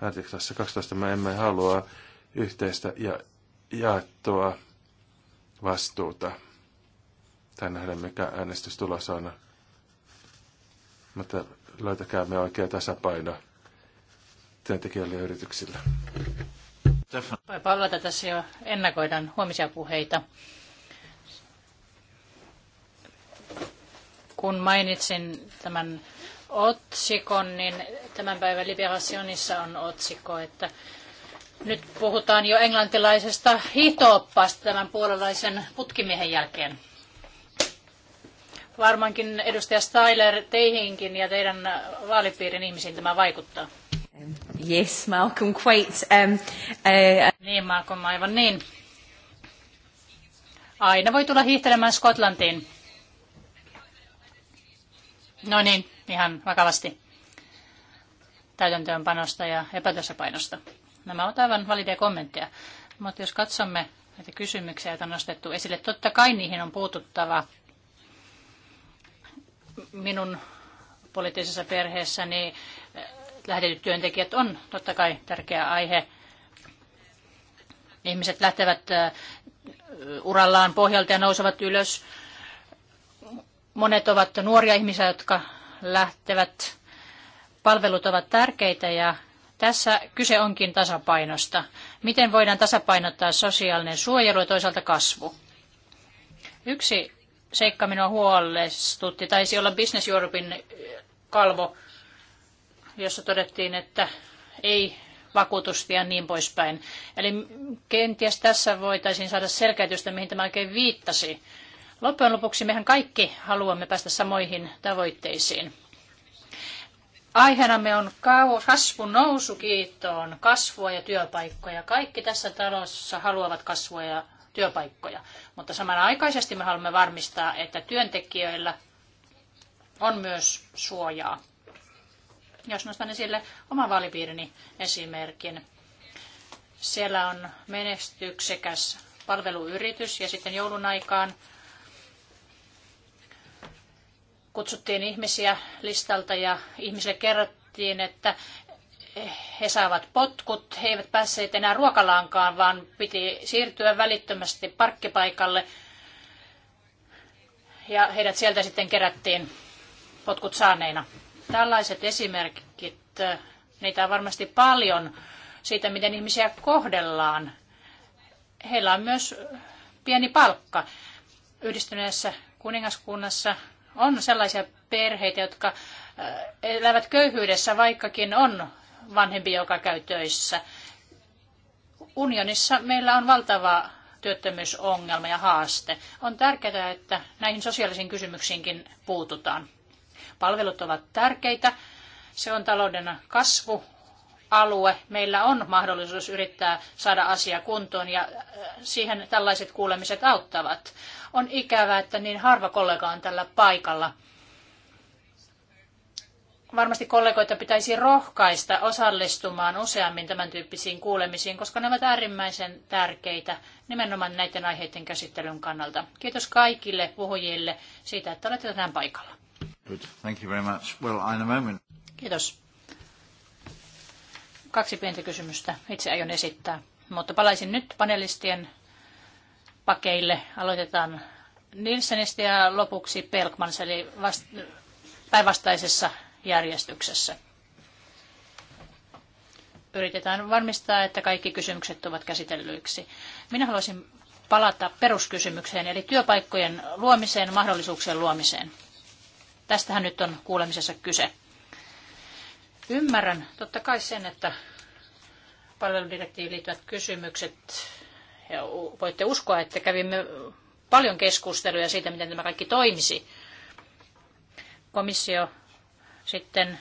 Artiklassa 12 me emme halua yhteistä ja jaettua vastuuta. Tai nähdään, mikä äänestystulos on. Mutta löytäkäämme oikea tasapaino työntekijöille ja yrityksille. Voi palata tässä jo ennakoidaan huomisia puheita. Kun mainitsin tämän otsikon, niin tämän päivän Liberationissa on otsikko, että nyt puhutaan jo englantilaisesta hiihtooppaasta tämän puolalaisen putkimiehen jälkeen. Varmaankin edustaja Styler teihinkin ja teidän vaalipiirin ihmisiin tämä vaikuttaa. Yes, Malcolm, quite. Um, uh, uh, niin, Malcolm, aivan niin. Aina voi tulla hiihtelemään Skotlantiin. No niin, ihan vakavasti. Täytäntöönpanosta ja epätasapainosta. Nämä ovat aivan valideja kommentteja. Mutta jos katsomme näitä kysymyksiä, joita on nostettu esille, totta kai niihin on puututtava minun poliittisessa perheessäni eh, lähdetyt työntekijät on totta kai tärkeä aihe. Ihmiset lähtevät eh, urallaan pohjalta ja nousevat ylös. Monet ovat nuoria ihmisiä, jotka lähtevät. Palvelut ovat tärkeitä ja tässä kyse onkin tasapainosta. Miten voidaan tasapainottaa sosiaalinen suojelu ja toisaalta kasvu? Yksi seikka minua huolestutti. Taisi olla Business Europein kalvo, jossa todettiin, että ei vakuutusta ja niin poispäin. Eli kenties tässä voitaisiin saada selkeytystä, mihin tämä oikein viittasi. Loppujen lopuksi mehän kaikki haluamme päästä samoihin tavoitteisiin. Aiheenamme on kasvun nousu kiitoon kasvua ja työpaikkoja. Kaikki tässä talossa haluavat kasvua ja työpaikkoja. Mutta samanaikaisesti me haluamme varmistaa, että työntekijöillä on myös suojaa. Jos nostan esille oman vaalipiirini esimerkin. Siellä on menestyksekäs palveluyritys ja sitten joulun aikaan kutsuttiin ihmisiä listalta ja ihmisille kerrottiin, että he saavat potkut, he eivät päässeet enää ruokalaankaan, vaan piti siirtyä välittömästi parkkipaikalle. Ja heidät sieltä sitten kerättiin potkut saaneina. Tällaiset esimerkit, äh, niitä on varmasti paljon siitä, miten ihmisiä kohdellaan. Heillä on myös pieni palkka. Yhdistyneessä kuningaskunnassa on sellaisia perheitä, jotka äh, elävät köyhyydessä, vaikkakin on vanhempi joka käy töissä. Unionissa meillä on valtava työttömyysongelma ja haaste. On tärkeää, että näihin sosiaalisiin kysymyksiinkin puututaan. Palvelut ovat tärkeitä. Se on talouden kasvu, alue. Meillä on mahdollisuus yrittää saada asia kuntoon ja äh, siihen tällaiset kuulemiset auttavat. On ikävää, että niin harva kollega on tällä paikalla varmasti kollegoita pitäisi rohkaista osallistumaan useammin tämän tyyppisiin kuulemisiin, koska ne ovat äärimmäisen tärkeitä nimenomaan näiden aiheiden käsittelyn kannalta. Kiitos kaikille puhujille siitä, että olette tänään paikalla. Good. Thank you very much. Well, in a moment. Kiitos. Kaksi pientä kysymystä itse aion esittää, mutta palaisin nyt panelistien pakeille. Aloitetaan Nilsenistä ja lopuksi Pelkmans, eli vast- päinvastaisessa järjestyksessä. Yritetään varmistaa, että kaikki kysymykset ovat käsitellyiksi. Minä haluaisin palata peruskysymykseen, eli työpaikkojen luomiseen, mahdollisuuksien luomiseen. Tästähän nyt on kuulemisessa kyse. Ymmärrän totta kai sen, että palveludirektiiviin liittyvät kysymykset, ja voitte uskoa, että kävimme paljon keskusteluja siitä, miten tämä kaikki toimisi. Komissio sitten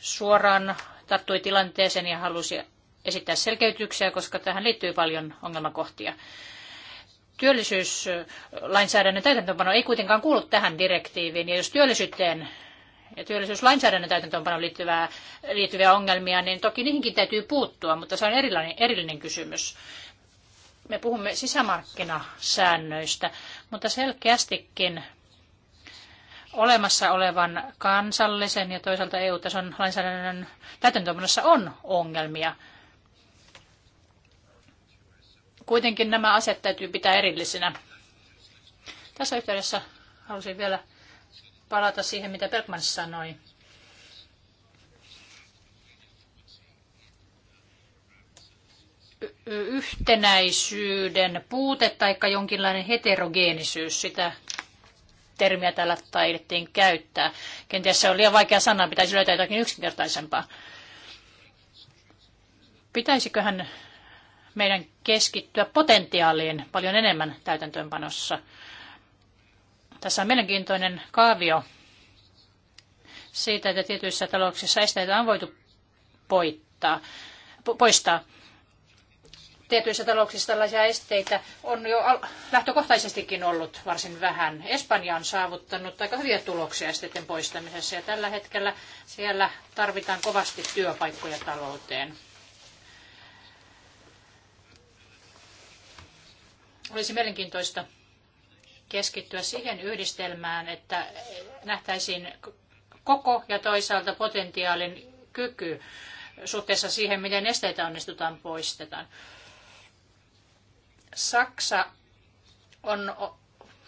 suoraan tarttui tilanteeseen ja halusi esittää selkeytyksiä, koska tähän liittyy paljon ongelmakohtia. Työllisyyslainsäädännön täytäntöönpano ei kuitenkaan kuulu tähän direktiiviin, ja jos työllisyyteen ja työllisyyslainsäädännön täytäntöönpanoon liittyvää, liittyviä ongelmia, niin toki niihinkin täytyy puuttua, mutta se on erilainen, erillinen kysymys. Me puhumme sisämarkkinasäännöistä, mutta selkeästikin olemassa olevan kansallisen ja toisaalta EU-tason lainsäädännön täytäntöönpanossa on ongelmia. Kuitenkin nämä asiat täytyy pitää erillisinä. Tässä yhteydessä halusin vielä palata siihen, mitä Bergman sanoi. yhtenäisyyden puute tai jonkinlainen heterogeenisyys, sitä termiä täällä taidettiin käyttää. Kenties se on liian vaikea sana, pitäisi löytää jotakin yksinkertaisempaa. Pitäisiköhän meidän keskittyä potentiaaliin paljon enemmän täytäntöönpanossa? Tässä on mielenkiintoinen kaavio siitä, että tietyissä talouksissa esteitä on voitu poittaa, po- poistaa tietyissä talouksissa tällaisia esteitä on jo lähtökohtaisestikin ollut varsin vähän. Espanja on saavuttanut aika hyviä tuloksia esteiden poistamisessa ja tällä hetkellä siellä tarvitaan kovasti työpaikkoja talouteen. Olisi mielenkiintoista keskittyä siihen yhdistelmään, että nähtäisiin koko ja toisaalta potentiaalin kyky suhteessa siihen, miten esteitä onnistutaan poistetaan. Saksa on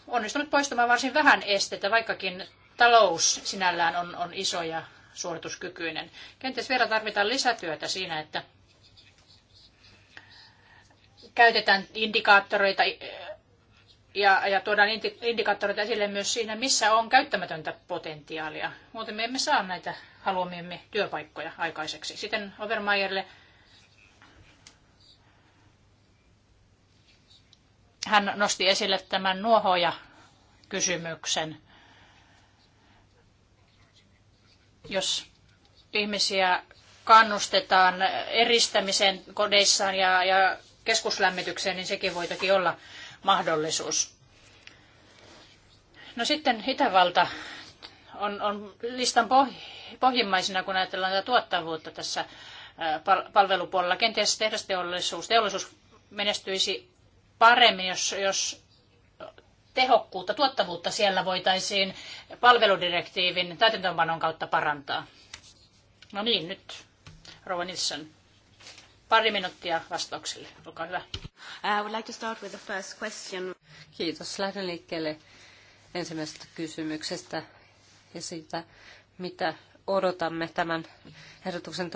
onnistunut poistamaan varsin vähän esteitä, vaikkakin talous sinällään on, on iso ja suorituskykyinen. Kenties vielä tarvitaan lisätyötä siinä, että käytetään indikaattoreita ja, ja tuodaan indikaattoreita esille myös siinä, missä on käyttämätöntä potentiaalia. Muuten me emme saa näitä haluamiemme työpaikkoja aikaiseksi. Sitten Overmeierille Hän nosti esille tämän nuohoja-kysymyksen. Jos ihmisiä kannustetaan eristämiseen kodeissaan ja, ja keskuslämmitykseen, niin sekin voi toki olla mahdollisuus. No sitten Itävalta on, on listan pohjimmaisena, kun ajatellaan tätä tuottavuutta tässä palvelupuolella. Kenties tehdasteollisuus teollisuus menestyisi paremmin, jos, jos tehokkuutta, tuottavuutta siellä voitaisiin palveludirektiivin täytäntöönpanon kautta parantaa? No niin, nyt Rova Nilsson. Pari minuuttia vastauksille. Olkaa hyvä. Uh, I would like to start with the first question. Kiitos. Lähden liikkeelle ensimmäisestä kysymyksestä ja siitä, mitä odotamme tämän ehdotuksen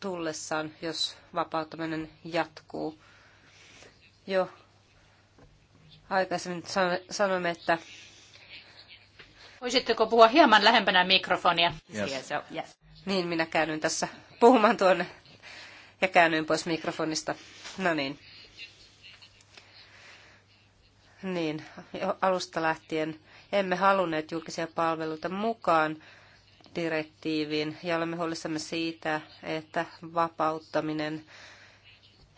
tullessaan, jos vapauttaminen jatkuu. Jo Aikaisemmin sanoimme, että... Voisitteko puhua hieman lähempänä mikrofonia? Yes. Yes, yes. Niin, minä käännyin tässä puhumaan tuonne ja käännyin pois mikrofonista. No niin. Niin, alusta lähtien emme halunneet julkisia palveluita mukaan direktiiviin ja olemme huolissamme siitä, että vapauttaminen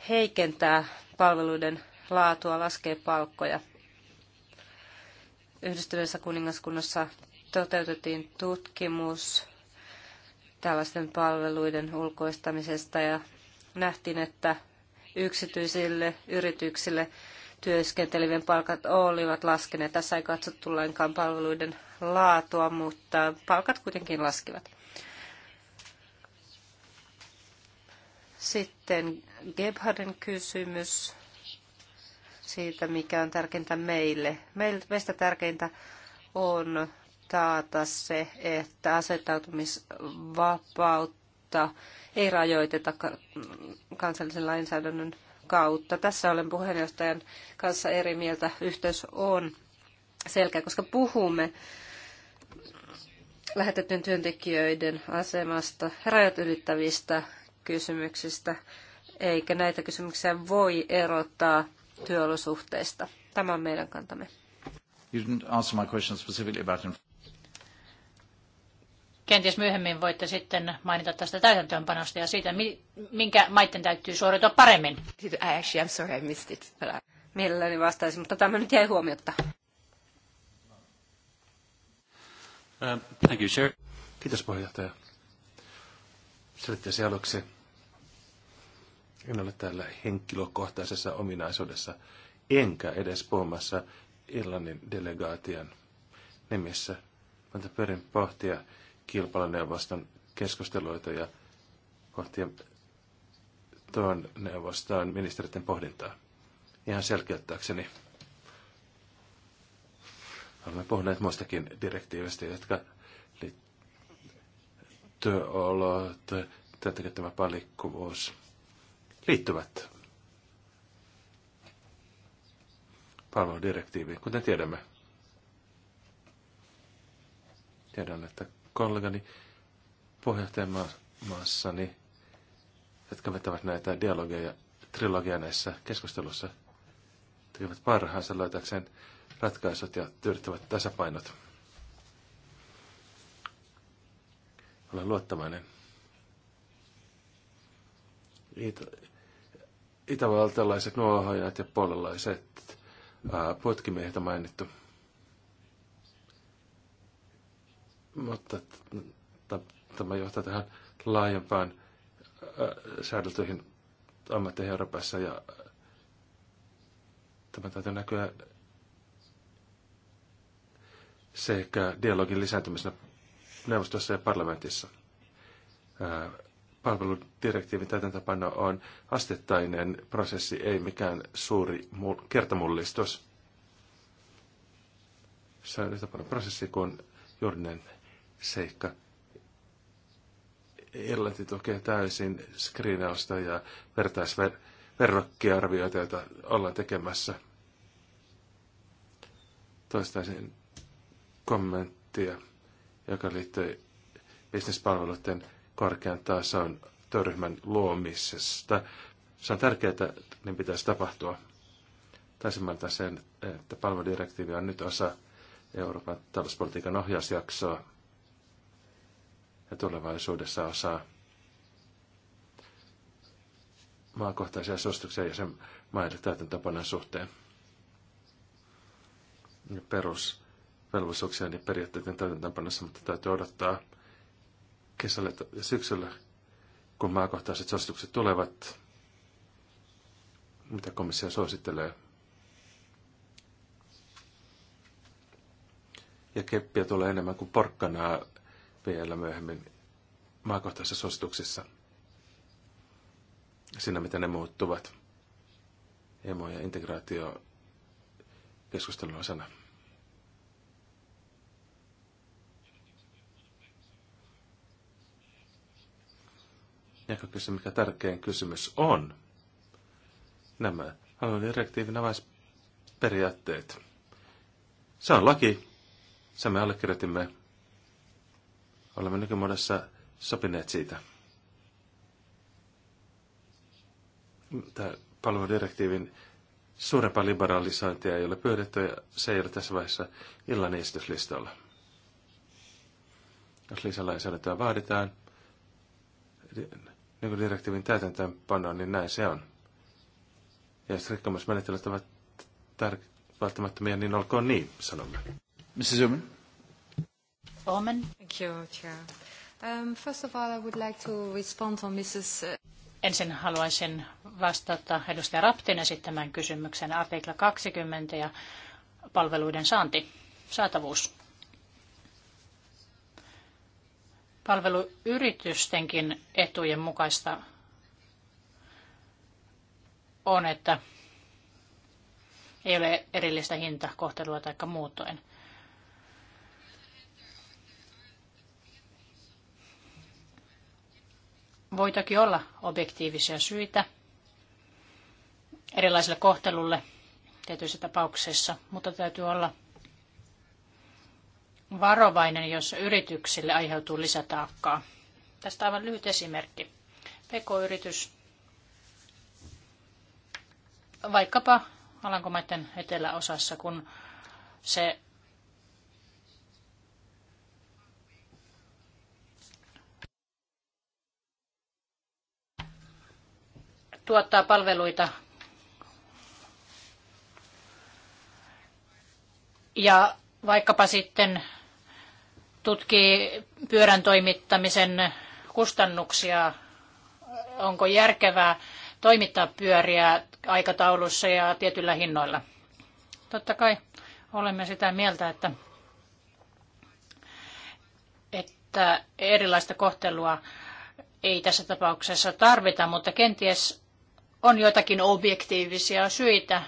heikentää palveluiden laatua, laskee palkkoja. Yhdistyneessä kuningaskunnassa toteutettiin tutkimus tällaisten palveluiden ulkoistamisesta ja nähtiin, että yksityisille yrityksille työskentelevien palkat olivat laskeneet. Tässä ei katsottu lainkaan palveluiden laatua, mutta palkat kuitenkin laskivat. Sitten Gebharden kysymys siitä, mikä on tärkeintä meille. Meistä tärkeintä on taata se, että asettautumisvapautta ei rajoiteta kansallisen lainsäädännön kautta. Tässä olen puheenjohtajan kanssa eri mieltä. Yhteys on selkeä, koska puhumme lähetettyjen työntekijöiden asemasta, rajat ylittävistä kysymyksistä, eikä näitä kysymyksiä voi erottaa työolosuhteista. Tämä on meidän kantamme. You didn't answer my question specifically about Kenties myöhemmin voitte sitten mainita tästä täytäntöönpanosta ja siitä, minkä maiden täytyy suoriutua paremmin. I actually, I'm sorry, I missed it. But I... Mielelläni vastaisin, mutta tämä nyt jäi huomiotta. Uh, thank you, sir. Kiitos puheenjohtaja. Selitteesi aluksi en ole täällä henkilökohtaisessa ominaisuudessa, enkä edes puhumassa Irlannin delegaation nimissä, mutta pyrin pohtia kilpailuneuvoston keskusteluita ja pohtia tuon neuvoston ministeriöiden pohdintaa. Ihan selkeyttääkseni. Olemme puhuneet muistakin direktiivistä, jotka liittyvät työolot, työntekijättämä palikkuvuus, liittyvät palveludirektiiviin, kuten tiedämme. Tiedän, että kollegani puheenjohtajan maassani, jotka vetävät näitä dialogeja ja trilogia näissä keskustelussa, tekevät parhaansa löytääkseen ratkaisut ja tyydyttävät tasapainot. Olen luottavainen itävaltalaiset nuohojat ja puolalaiset putkimiehet on mainittu. Mutta tämä johtaa tähän laajempaan säädeltyihin ammatteihin Euroopassa ja tämä täytyy näkyä sekä dialogin lisääntymisenä neuvostossa ja parlamentissa palveludirektiivin täytäntöpano on astettainen prosessi, ei mikään suuri kertamullistus. Se on yhtä paljon prosessi kuin juridinen seikka. Irlanti tukee täysin skriinausta ja vertaisverrokkiarvioita, joita ollaan tekemässä. Toistaisin kommenttia, joka liittyy bisnespalveluiden korkean tason työryhmän luomisesta. Se on tärkeää, että niin pitäisi tapahtua. Taisin sen, että palveludirektiivi on nyt osa Euroopan talouspolitiikan ohjausjaksoa ja tulevaisuudessa osaa maakohtaisia suosituksia ja sen maille täytäntöpanon suhteen. Perusvelvollisuuksia ja periaatteiden täytäntöpanossa, mutta täytyy odottaa kesällä ja syksyllä, kun maakohtaiset suositukset tulevat, mitä komissio suosittelee. Ja keppiä tulee enemmän kuin porkkanaa vielä myöhemmin maakohtaisissa suosituksissa. Siinä, mitä ne muuttuvat. Emo- ja integraatio keskustelun osana. joka se, mikä tärkein kysymys on. Nämä aluedirektiivin avaisperiaatteet. Se on laki. Se me allekirjoitimme. Olemme nykymuodossa sopineet siitä. Tämä palveludirektiivin suurempaa liberalisointia ei ole pyydetty ja se ei ole tässä vaiheessa illan esityslistalla. Jos lisälainsäädäntöä vaaditaan, niin kuin täytäntöön pannaan, niin näin se on. Ja jos rikkomusmenettelyt ovat tär- välttämättömiä, niin olkoon niin, sanomme. Mrs. Zuman. Omen. Thank you, Chair. Um, first of all, I would like to respond on Mrs. Uh, Ensin haluaisin vastata edustaja Raptin esittämään kysymyksen artikla 20 ja palveluiden saanti, saatavuus. palveluyritystenkin etujen mukaista on, että ei ole erillistä hintakohtelua tai muutoin. Voi toki olla objektiivisia syitä erilaiselle kohtelulle tietyissä tapauksissa, mutta täytyy olla varovainen, jos yrityksille aiheutuu lisätaakkaa. Tästä aivan lyhyt esimerkki. PK-yritys, vaikkapa Alankomaiden eteläosassa, kun se tuottaa palveluita ja vaikkapa sitten tutkii pyörän toimittamisen kustannuksia, onko järkevää toimittaa pyöriä aikataulussa ja tietyillä hinnoilla. Totta kai olemme sitä mieltä, että, että erilaista kohtelua ei tässä tapauksessa tarvita, mutta kenties on joitakin objektiivisia syitä,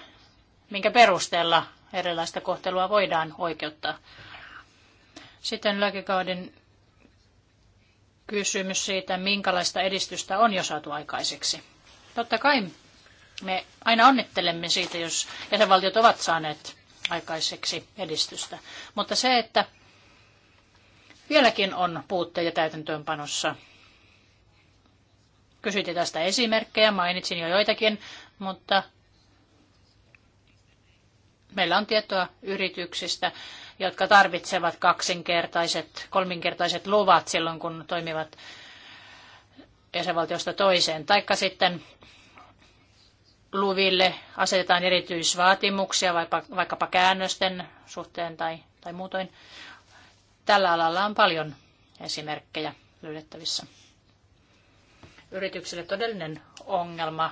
minkä perusteella erilaista kohtelua voidaan oikeuttaa. Sitten lääkekauden kysymys siitä, minkälaista edistystä on jo saatu aikaiseksi. Totta kai me aina onnittelemme siitä, jos jäsenvaltiot ovat saaneet aikaiseksi edistystä. Mutta se, että vieläkin on puutteita täytäntöönpanossa. Kysytte tästä esimerkkejä, mainitsin jo joitakin, mutta meillä on tietoa yrityksistä, jotka tarvitsevat kaksinkertaiset, kolminkertaiset luvat silloin, kun toimivat jäsenvaltiosta toiseen. Taikka sitten luville asetetaan erityisvaatimuksia vaikka vaikkapa käännösten suhteen tai, tai muutoin. Tällä alalla on paljon esimerkkejä löydettävissä. Yritykselle todellinen ongelma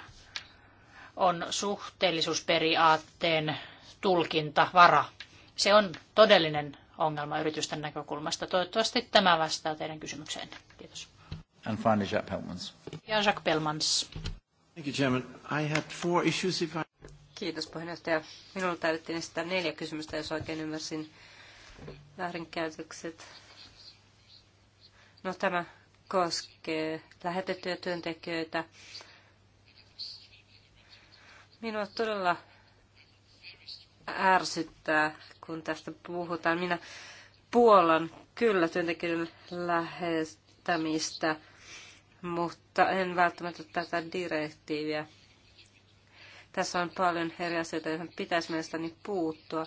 on suhteellisuusperiaatteen tulkintavara. Se on todellinen ongelma yritysten näkökulmasta. Toivottavasti tämä vastaa teidän kysymykseen. Kiitos. And finally, Jacques Pelmans. Ja Jacques Pelmans. Thank you, Chairman. I had four issues if I... Kiitos puheenjohtaja. Minulla täytyy esittää neljä kysymystä, jos oikein ymmärsin väärinkäytökset. No tämä koskee lähetettyjä työntekijöitä. Minua todella ärsyttää, kun tästä puhutaan. Minä puolan kyllä työntekijöiden lähestämistä, mutta en välttämättä tätä direktiiviä. Tässä on paljon eri asioita, joihin pitäisi mielestäni puuttua.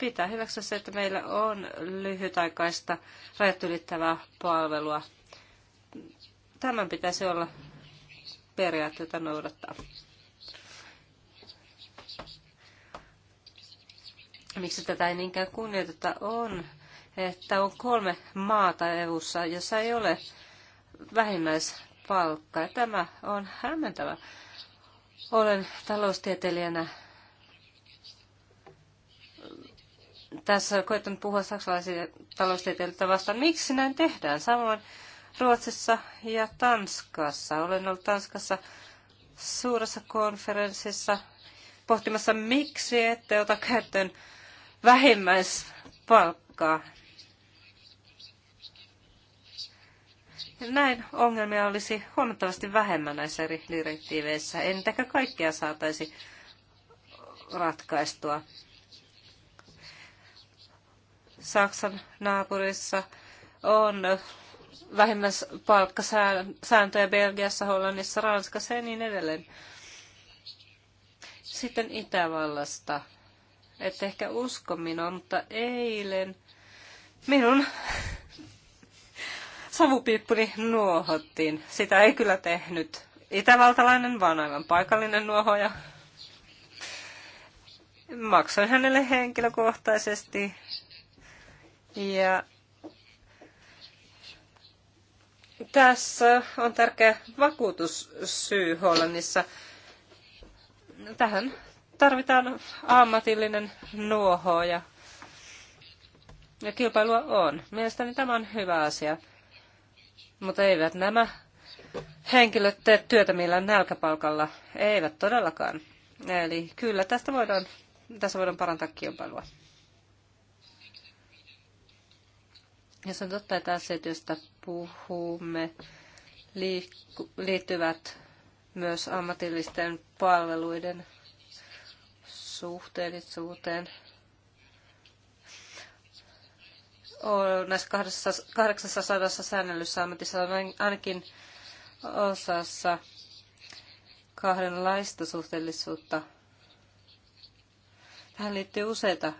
Pitää hyväksyä se, että meillä on lyhytaikaista rajat ylittävää palvelua. Tämän pitäisi olla periaatteita noudattaa. miksi tätä ei niinkään kunnioiteta, on, että on kolme maata EU-ssa, jossa ei ole vähimmäispalkkaa. Ja tämä on hämmentävä. Olen taloustieteilijänä tässä koetan puhua saksalaisia taloustieteilijöitä vastaan. Miksi näin tehdään? Samoin Ruotsissa ja Tanskassa. Olen ollut Tanskassa suuressa konferenssissa pohtimassa, miksi ette ota käyttöön vähimmäispalkkaa. Näin ongelmia olisi huomattavasti vähemmän näissä eri direktiiveissä, entäkä kaikkea saataisi ratkaistua. Saksan naapurissa on vähimmäispalkkasääntöjä Belgiassa, Hollannissa, Ranskassa ja niin edelleen. Sitten Itävallasta. Et ehkä usko minua, mutta eilen minun savupiippuni nuohottiin. Sitä ei kyllä tehnyt itävaltalainen, vaan aivan paikallinen nuohoja. Maksoin hänelle henkilökohtaisesti ja tässä on tärkeä syy Hollannissa. Tähän tarvitaan ammatillinen nuohoja. Ja kilpailua on. Mielestäni tämä on hyvä asia. Mutta eivät nämä henkilöt tee työtä millään nälkäpalkalla. Eivät todellakaan. Eli kyllä tästä voidaan, tässä voidaan parantaa kilpailua. se on totta, että asiat, joista puhumme, liittyvät myös ammatillisten palveluiden suhteellisuuteen. Näissä 800 säännellyssä ammatissa on ainakin osassa kahdenlaista suhteellisuutta. Tähän liittyy useita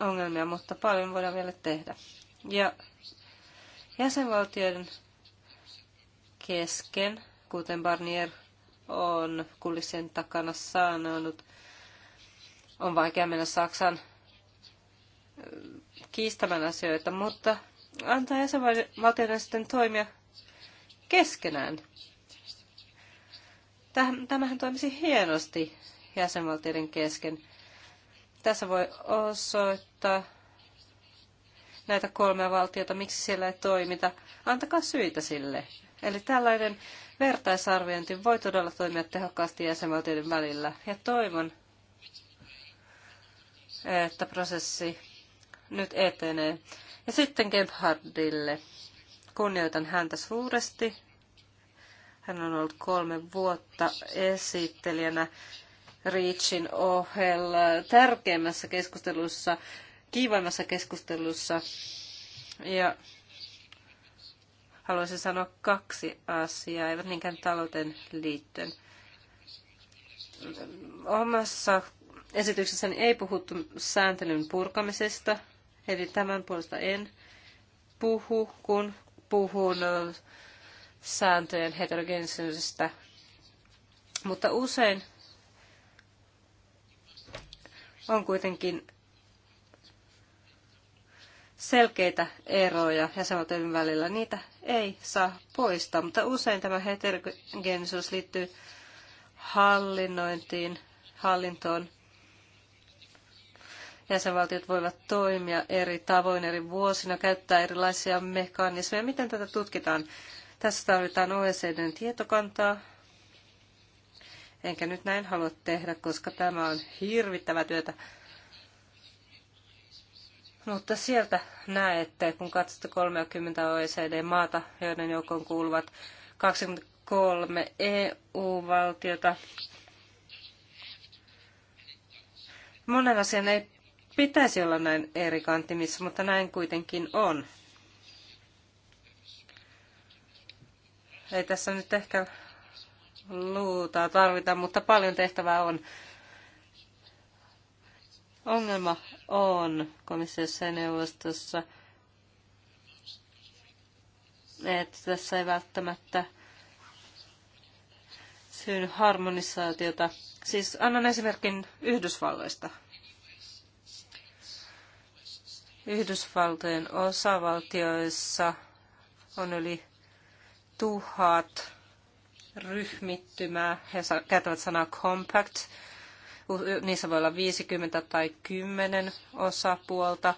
ongelmia, mutta paljon voidaan vielä tehdä. Ja jäsenvaltioiden kesken, kuten Barnier on kulissien takana saanut. On vaikea mennä Saksan kiistämään asioita, mutta antaa jäsenvaltioiden sitten toimia keskenään. Tämähän toimisi hienosti jäsenvaltioiden kesken. Tässä voi osoittaa näitä kolmea valtiota, miksi siellä ei toimita. Antakaa syitä sille. Eli tällainen vertaisarviointi voi todella toimia tehokkaasti jäsenvaltioiden välillä. Ja toivon, että prosessi nyt etenee. Ja sitten Gebhardille. Kunnioitan häntä suuresti. Hän on ollut kolme vuotta esittelijänä Reachin ohella tärkeimmässä keskustelussa, kiivaimmassa keskustelussa. Ja haluaisin sanoa kaksi asiaa, eivät niinkään talouteen liittyen. Omassa esityksessäni ei puhuttu sääntelyn purkamisesta, eli tämän puolesta en puhu, kun puhun sääntöjen heterogeenisyydestä. Mutta usein on kuitenkin selkeitä eroja jäsenvaltioiden välillä. Niitä ei saa poistaa, mutta usein tämä heterogeenisuus liittyy hallinnointiin, hallintoon jäsenvaltiot voivat toimia eri tavoin eri vuosina, käyttää erilaisia mekanismeja. Miten tätä tutkitaan? Tässä tarvitaan OECDn tietokantaa. Enkä nyt näin halua tehdä, koska tämä on hirvittävä työtä. Mutta sieltä näette, kun katsotte 30 OECD-maata, joiden joukkoon kuuluvat 23 EU-valtiota. Monen asian ei pitäisi olla näin eri kantimissa, mutta näin kuitenkin on. Ei tässä nyt ehkä luuta tarvita, mutta paljon tehtävää on. Ongelma on komissiossa ja neuvostossa, että tässä ei välttämättä syyn harmonisaatiota. Siis annan esimerkin Yhdysvalloista. Yhdysvaltojen osavaltioissa on yli tuhat ryhmittymää. He käyttävät sanaa compact. Niissä voi olla 50 tai 10 osapuolta.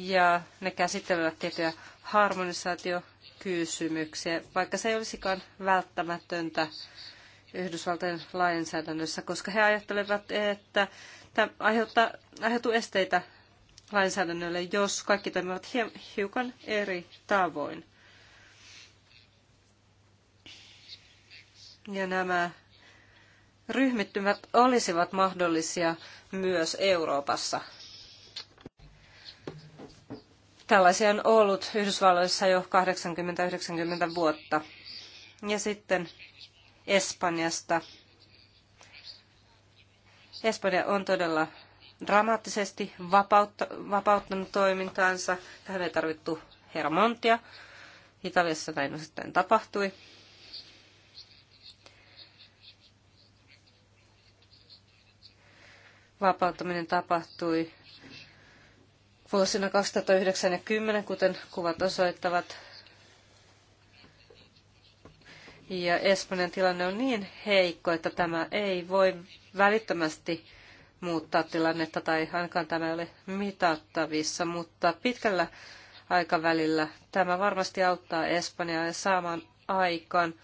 Ja ne käsittelevät tiettyjä harmonisaatiokysymyksiä, vaikka se ei olisikaan välttämätöntä Yhdysvaltojen lainsäädännössä, koska he ajattelevat, että tämä aiheuttaa, aiheutuu esteitä lainsäädännölle, jos kaikki toimivat hiukan eri tavoin. Ja nämä ryhmittymät olisivat mahdollisia myös Euroopassa. Tällaisia on ollut Yhdysvalloissa jo 80-90 vuotta. Ja sitten Espanjasta. Espanja on todella dramaattisesti vapautta, vapauttanut toimintaansa. Tähän ei tarvittu Hermontia. Italiassa näin osittain tapahtui. Vapauttaminen tapahtui vuosina 2009 ja 10, kuten kuvat osoittavat. Ja Espanjan tilanne on niin heikko, että tämä ei voi välittömästi muuttaa tilannetta tai ainakaan tämä ei ole mitattavissa, mutta pitkällä aikavälillä tämä varmasti auttaa Espanjaa ja saamaan aikaan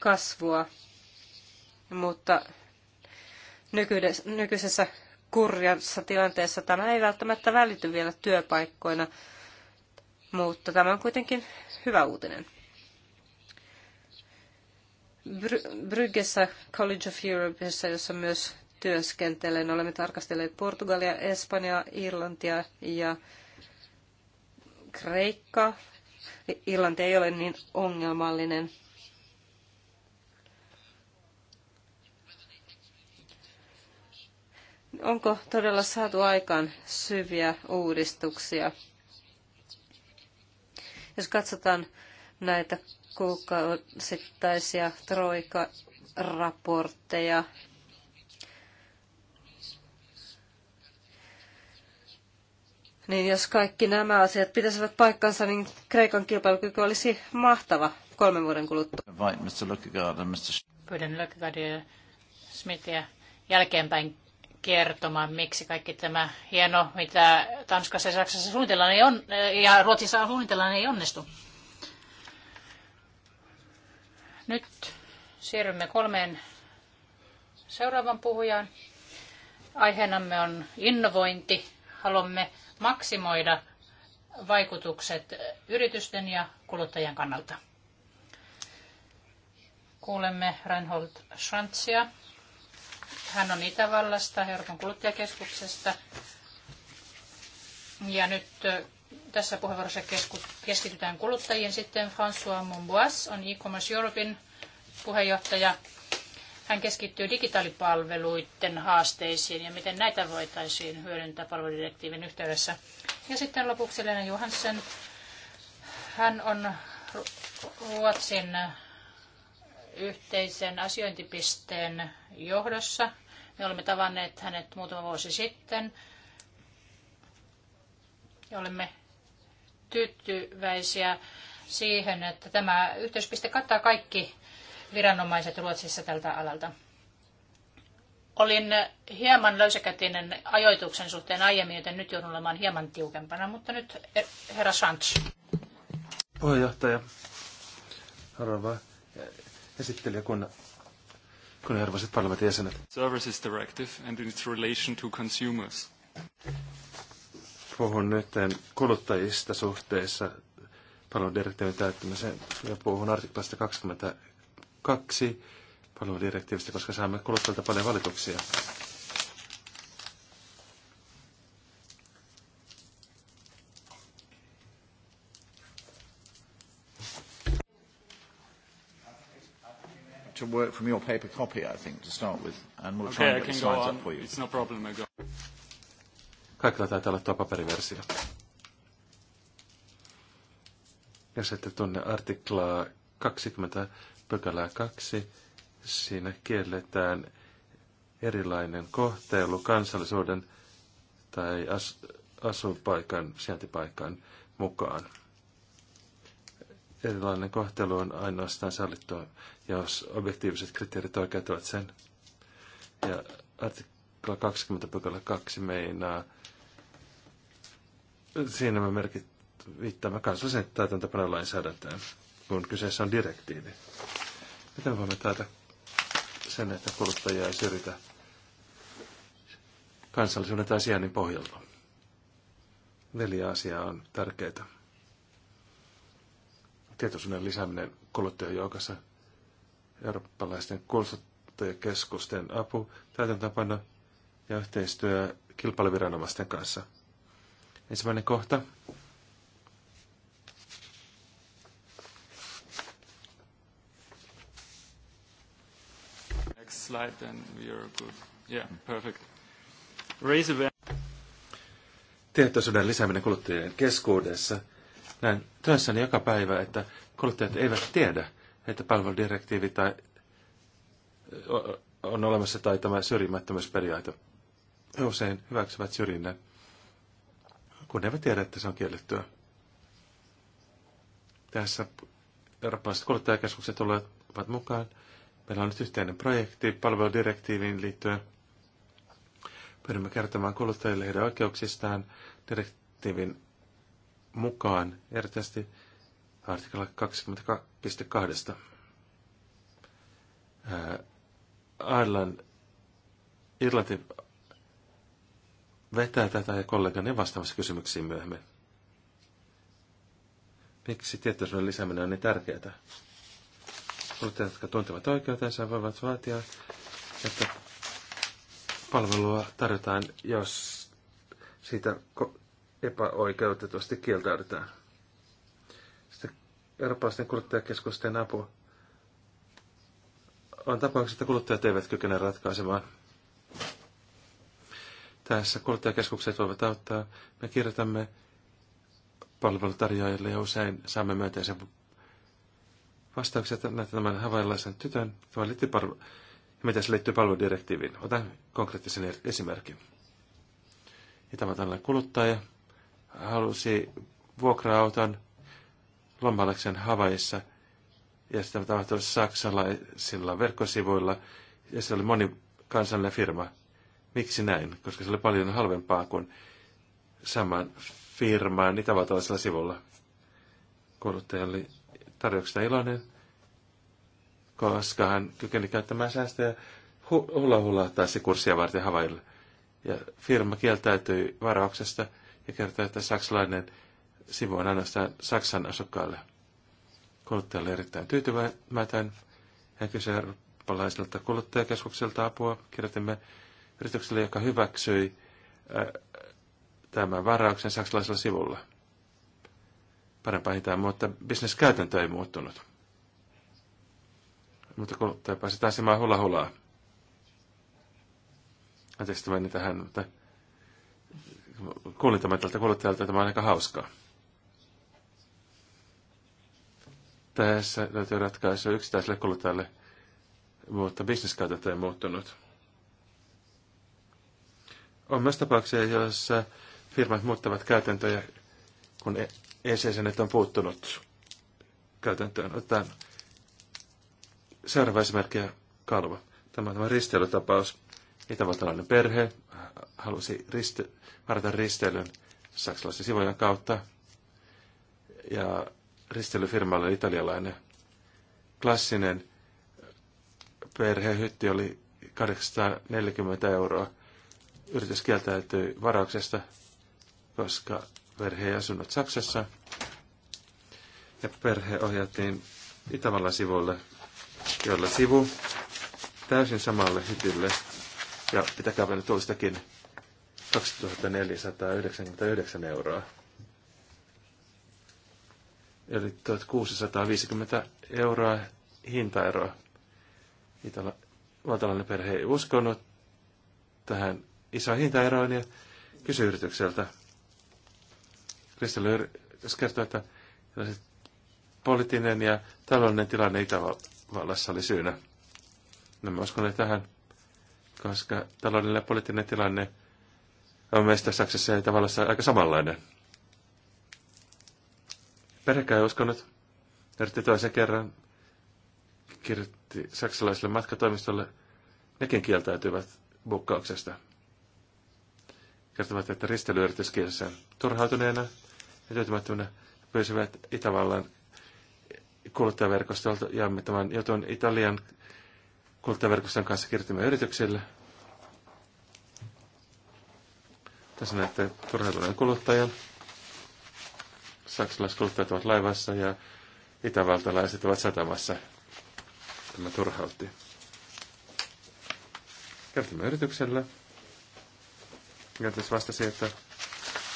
kasvua, mutta nykyisessä kurjassa tilanteessa tämä ei välttämättä välity vielä työpaikkoina, mutta tämä on kuitenkin hyvä uutinen. Bryggessä College of Europeissa, jossa myös työskentelen. Olemme tarkastelleet Portugalia, Espanjaa, Irlantia ja Kreikkaa. Irlanti ei ole niin ongelmallinen. Onko todella saatu aikaan syviä uudistuksia? Jos katsotaan näitä kuukausittaisia troika-raportteja, Niin jos kaikki nämä asiat pitäisivät paikkansa, niin Kreikan kilpailukyky olisi mahtava kolmen vuoden kuluttua. Pyydän Lökkegaardia ja Smithia jälkeenpäin kertomaan, miksi kaikki tämä hieno, mitä Tanskassa ja Saksassa suunnitellaan ei on, ja Ruotsissa suunnitellaan ei onnistu. Nyt siirrymme kolmeen seuraavan puhujaan. Aiheenamme on innovointi haluamme maksimoida vaikutukset yritysten ja kuluttajien kannalta. Kuulemme Reinhold Schantzia. Hän on Itävallasta, Euroopan kuluttajakeskuksesta. Ja nyt tässä puheenvuorossa keskitytään kuluttajiin. Sitten François Mumbois on e-commerce Europein puheenjohtaja hän keskittyy digitaalipalveluiden haasteisiin ja miten näitä voitaisiin hyödyntää palveludirektiivin yhteydessä. Ja sitten lopuksi Lena Johansson. Hän on Ruotsin yhteisen asiointipisteen johdossa. Me olemme tavanneet hänet muutama vuosi sitten. Ja olemme tyytyväisiä siihen, että tämä yhteyspiste kattaa kaikki viranomaiset Ruotsissa tältä alalta. Olin hieman löysäkätinen ajoituksen suhteen aiemmin, joten nyt joudun olemaan hieman tiukempana, mutta nyt eh, herra Sanz. Puheenjohtaja, arvoa esittelijä, kun kun arvoiset parlamentin jäsenet. Services Directive and in its relation to consumers. Puhun nyt kuluttajista suhteessa direktiivin täyttämiseen ja puhun artiklasta 20 kaksi paluudirektiivistä, koska saamme kuluttajilta paljon valituksia. to work from your paper copy, I think, to start with, and we'll okay, try and get the slides up for you. It's no problem, I go. Kaikilla taitaa olla tuo paperiversio. Jos ette tunne artiklaa 20 pykälää kaksi. Siinä kielletään erilainen kohtelu kansallisuuden tai as, asuinpaikan, sijaintipaikan mukaan. Erilainen kohtelu on ainoastaan sallittua, jos objektiiviset kriteerit oikeuttavat sen. Ja artikla 20 pykälä 2 meinaa, siinä me merkit viittaamme kansallisen täytäntöpanon lainsäädäntöön, kun kyseessä on direktiivi. Miten voimme taata sen, että kuluttajia ei syrjitä kansallisuuden tai sijainnin pohjalta? Neljä asiaa on tärkeitä. Tietoisuuden lisääminen kuluttajajoukassa, eurooppalaisten kuluttajakeskusten apu, täytäntöpano ja yhteistyö kilpailuviranomaisten kanssa. Ensimmäinen kohta slide, then we are good. Yeah, hmm. perfect. Raise Tietoisuuden lisääminen kuluttajien keskuudessa. Näin työssäni joka päivä, että kuluttajat eivät tiedä, että palveludirektiivi tai on olemassa tai tämä syrjimättömyysperiaate. He usein hyväksyvät syrjinnän, kun eivät tiedä, että se on kiellettyä. Tässä eurooppalaiset kuluttajakeskukset tulevat mukaan Meillä on nyt yhteinen projekti palveludirektiiviin liittyen. Pyrimme kertomaan kuluttajille heidän oikeuksistaan direktiivin mukaan, erityisesti artikla 22.2. Ireland, Irlanti vetää tätä ja kollegani vastaamassa kysymyksiin myöhemmin. Miksi tietoisuuden lisääminen on niin tärkeää? Kuluttajat, jotka tuntevat oikeutensa, voivat vaatia, että palvelua tarjotaan, jos siitä epäoikeutetusti kieltäydytään. Sitten eurooppalaisten kuluttajakeskusten apu on tapauksessa, että kuluttajat eivät kykene ratkaisemaan. Tässä kuluttajakeskukset voivat auttaa. Me kirjoitamme palvelutarjoajille ja usein saamme myönteisen vastauksia tämän havainlaisen tytön. Tämä liittyy palvelu- mitä se liittyy palveludirektiiviin. Otan konkreettisen er- esimerkin. Ja tämä tällainen kuluttaja halusi vuokra-auton lomalaksen Havaissa ja sitä tapahtui saksalaisilla verkkosivuilla ja se oli monikansallinen firma. Miksi näin? Koska se oli paljon halvempaa kuin saman firman itävaltalaisella sivulla. Kuluttaja oli tarjouksesta iloinen, koska hän kykeni käyttämään säästöjä hula hula hulahtaessa kurssia varten Havaille. Ja firma kieltäytyi varauksesta ja kertoi, että saksalainen sivu on ainoastaan Saksan asukkaille. Kuluttaja oli erittäin tyytyväinen. Hän kysyi eurooppalaiselta kuluttajakeskukselta apua. Kirjoitimme yritykselle, joka hyväksyi tämän varauksen saksalaisella sivulla parempaa hintaa, mutta bisneskäytäntö ei muuttunut. Mutta tämä pääsi tanssimaan hula hulaa. Anteeksi, että menin tähän, mutta kuulin tämän tältä kuluttajalta, että tämä on aika hauskaa. Tässä löytyy ratkaisu yksittäiselle kuluttajalle, mutta bisneskäytäntö ei muuttunut. On myös tapauksia, joissa firmat muuttavat käytäntöjä, kun e- ECC että on puuttunut käytäntöön. Otetaan seuraava esimerkki kalvo. Tämä on tämä risteilytapaus. Itävaltalainen perhe halusi riste, varata risteilyn saksalaisen sivujen kautta. Ja risteilyfirma oli italialainen klassinen perhehytti oli 840 euroa. Yritys kieltäytyi varauksesta, koska perhe ei asunut Saksassa ja perhe ohjattiin Itävallan sivulle, jolla sivu täysin samalle hytille. Ja pitäkää nyt tuostakin 2499 euroa. Eli 1650 euroa hintaeroa. Valtalainen perhe ei uskonut tähän isoon hintaeroon ja kysyi yritykseltä. Kristille kertoi, että poliittinen ja taloudellinen tilanne Itävallassa oli syynä. No mä uskon tähän, koska taloudellinen ja poliittinen tilanne on meistä Saksassa ja Itävallassa aika samanlainen. Perhekään ei uskonut. Yritti toisen kerran. Kirjoitti saksalaiselle matkatoimistolle. Nekin kieltäytyivät bukkauksesta. Kertovat, että ristelyyritys kielsi sen turhautuneena ja tyytymättömänä pyysivät Itävallan kuluttajaverkostolta jaamme tämän jutun Italian kuluttajaverkoston kanssa kirjoittamme yrityksille. Tässä näette turhautuneen kuluttajan. Saksalaiset kuluttajat ovat laivassa ja itävaltalaiset ovat satamassa. Tämä turhautti. Kertimme yritykselle. Kertomme vastasi, että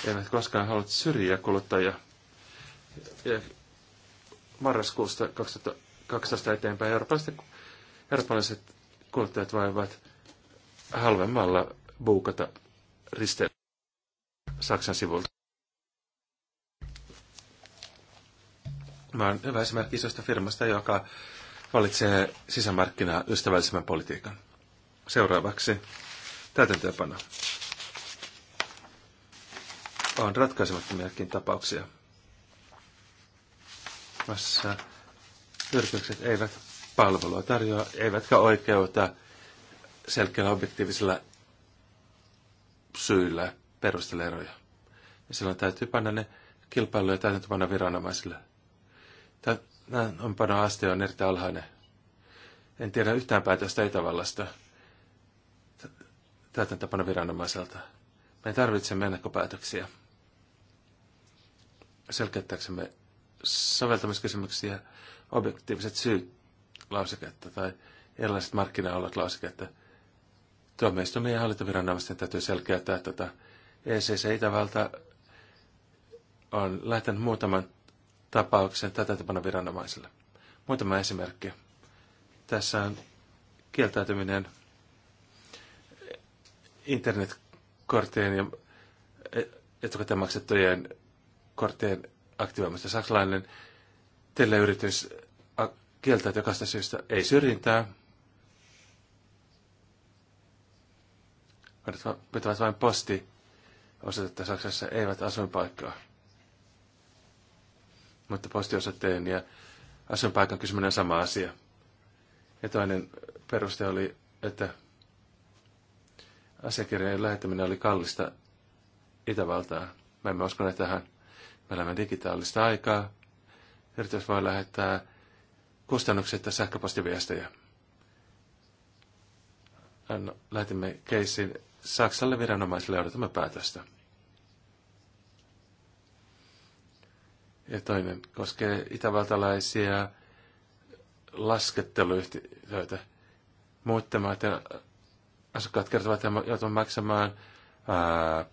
eivät koskaan halua syrjiä kuluttajia marraskuusta 2012 eteenpäin eurooppalaiset, eurooppalaiset kuluttajat voivat halvemmalla buukata risteillä Saksan sivulta. Mä oon hyvä esimerkki isosta firmasta, joka valitsee sisämarkkinaa ystävällisemmän politiikan. Seuraavaksi täytäntöönpano. On ratkaisemattomiakin tapauksia. Euroopassa yritykset eivät palvelua tarjoa, eivätkä oikeuta selkeällä objektiivisella syillä perustella eroja. Ja silloin täytyy panna ne kilpailuja täytyy panna viranomaisille. Tämä aste on erittäin alhainen. En tiedä yhtään päätöstä Itävallasta täytäntöpano viranomaiselta. Me ei tarvitse päätöksiä Selkeyttääksemme soveltamiskysymyksiä, objektiiviset syyt lauseketta tai erilaiset markkinaolot alat lauseketta. Tuomioistuimien ja hallintoviranomaisten täytyy selkeyttää tätä. ECC Itävalta on lähtenyt muutaman tapauksen tätä tapana viranomaisille. Muutama esimerkki. Tässä on kieltäytyminen internetkorttien ja etukäteen maksettujen korttien aktivoimista. Saksalainen teleyritys kieltää jokaista syystä ei syrjintää. Pitävät vain posti osoitetta Saksassa, eivät asuinpaikkaa. Mutta postiosoitteen ja asuinpaikan kysyminen on sama asia. Ja toinen peruste oli, että asiakirjojen lähettäminen oli kallista Itävaltaa. Mä en että tähän. Me elämme digitaalista aikaa. Yritys voi lähettää kustannuksetta sähköpostiviestejä. Lähetimme keissin Saksalle viranomaisille ja odotamme päätöstä. Ja toinen koskee itävaltalaisia lasketteluyhtiöitä. Muut että asukkaat kertovat, että joutuvat maksamaan ää,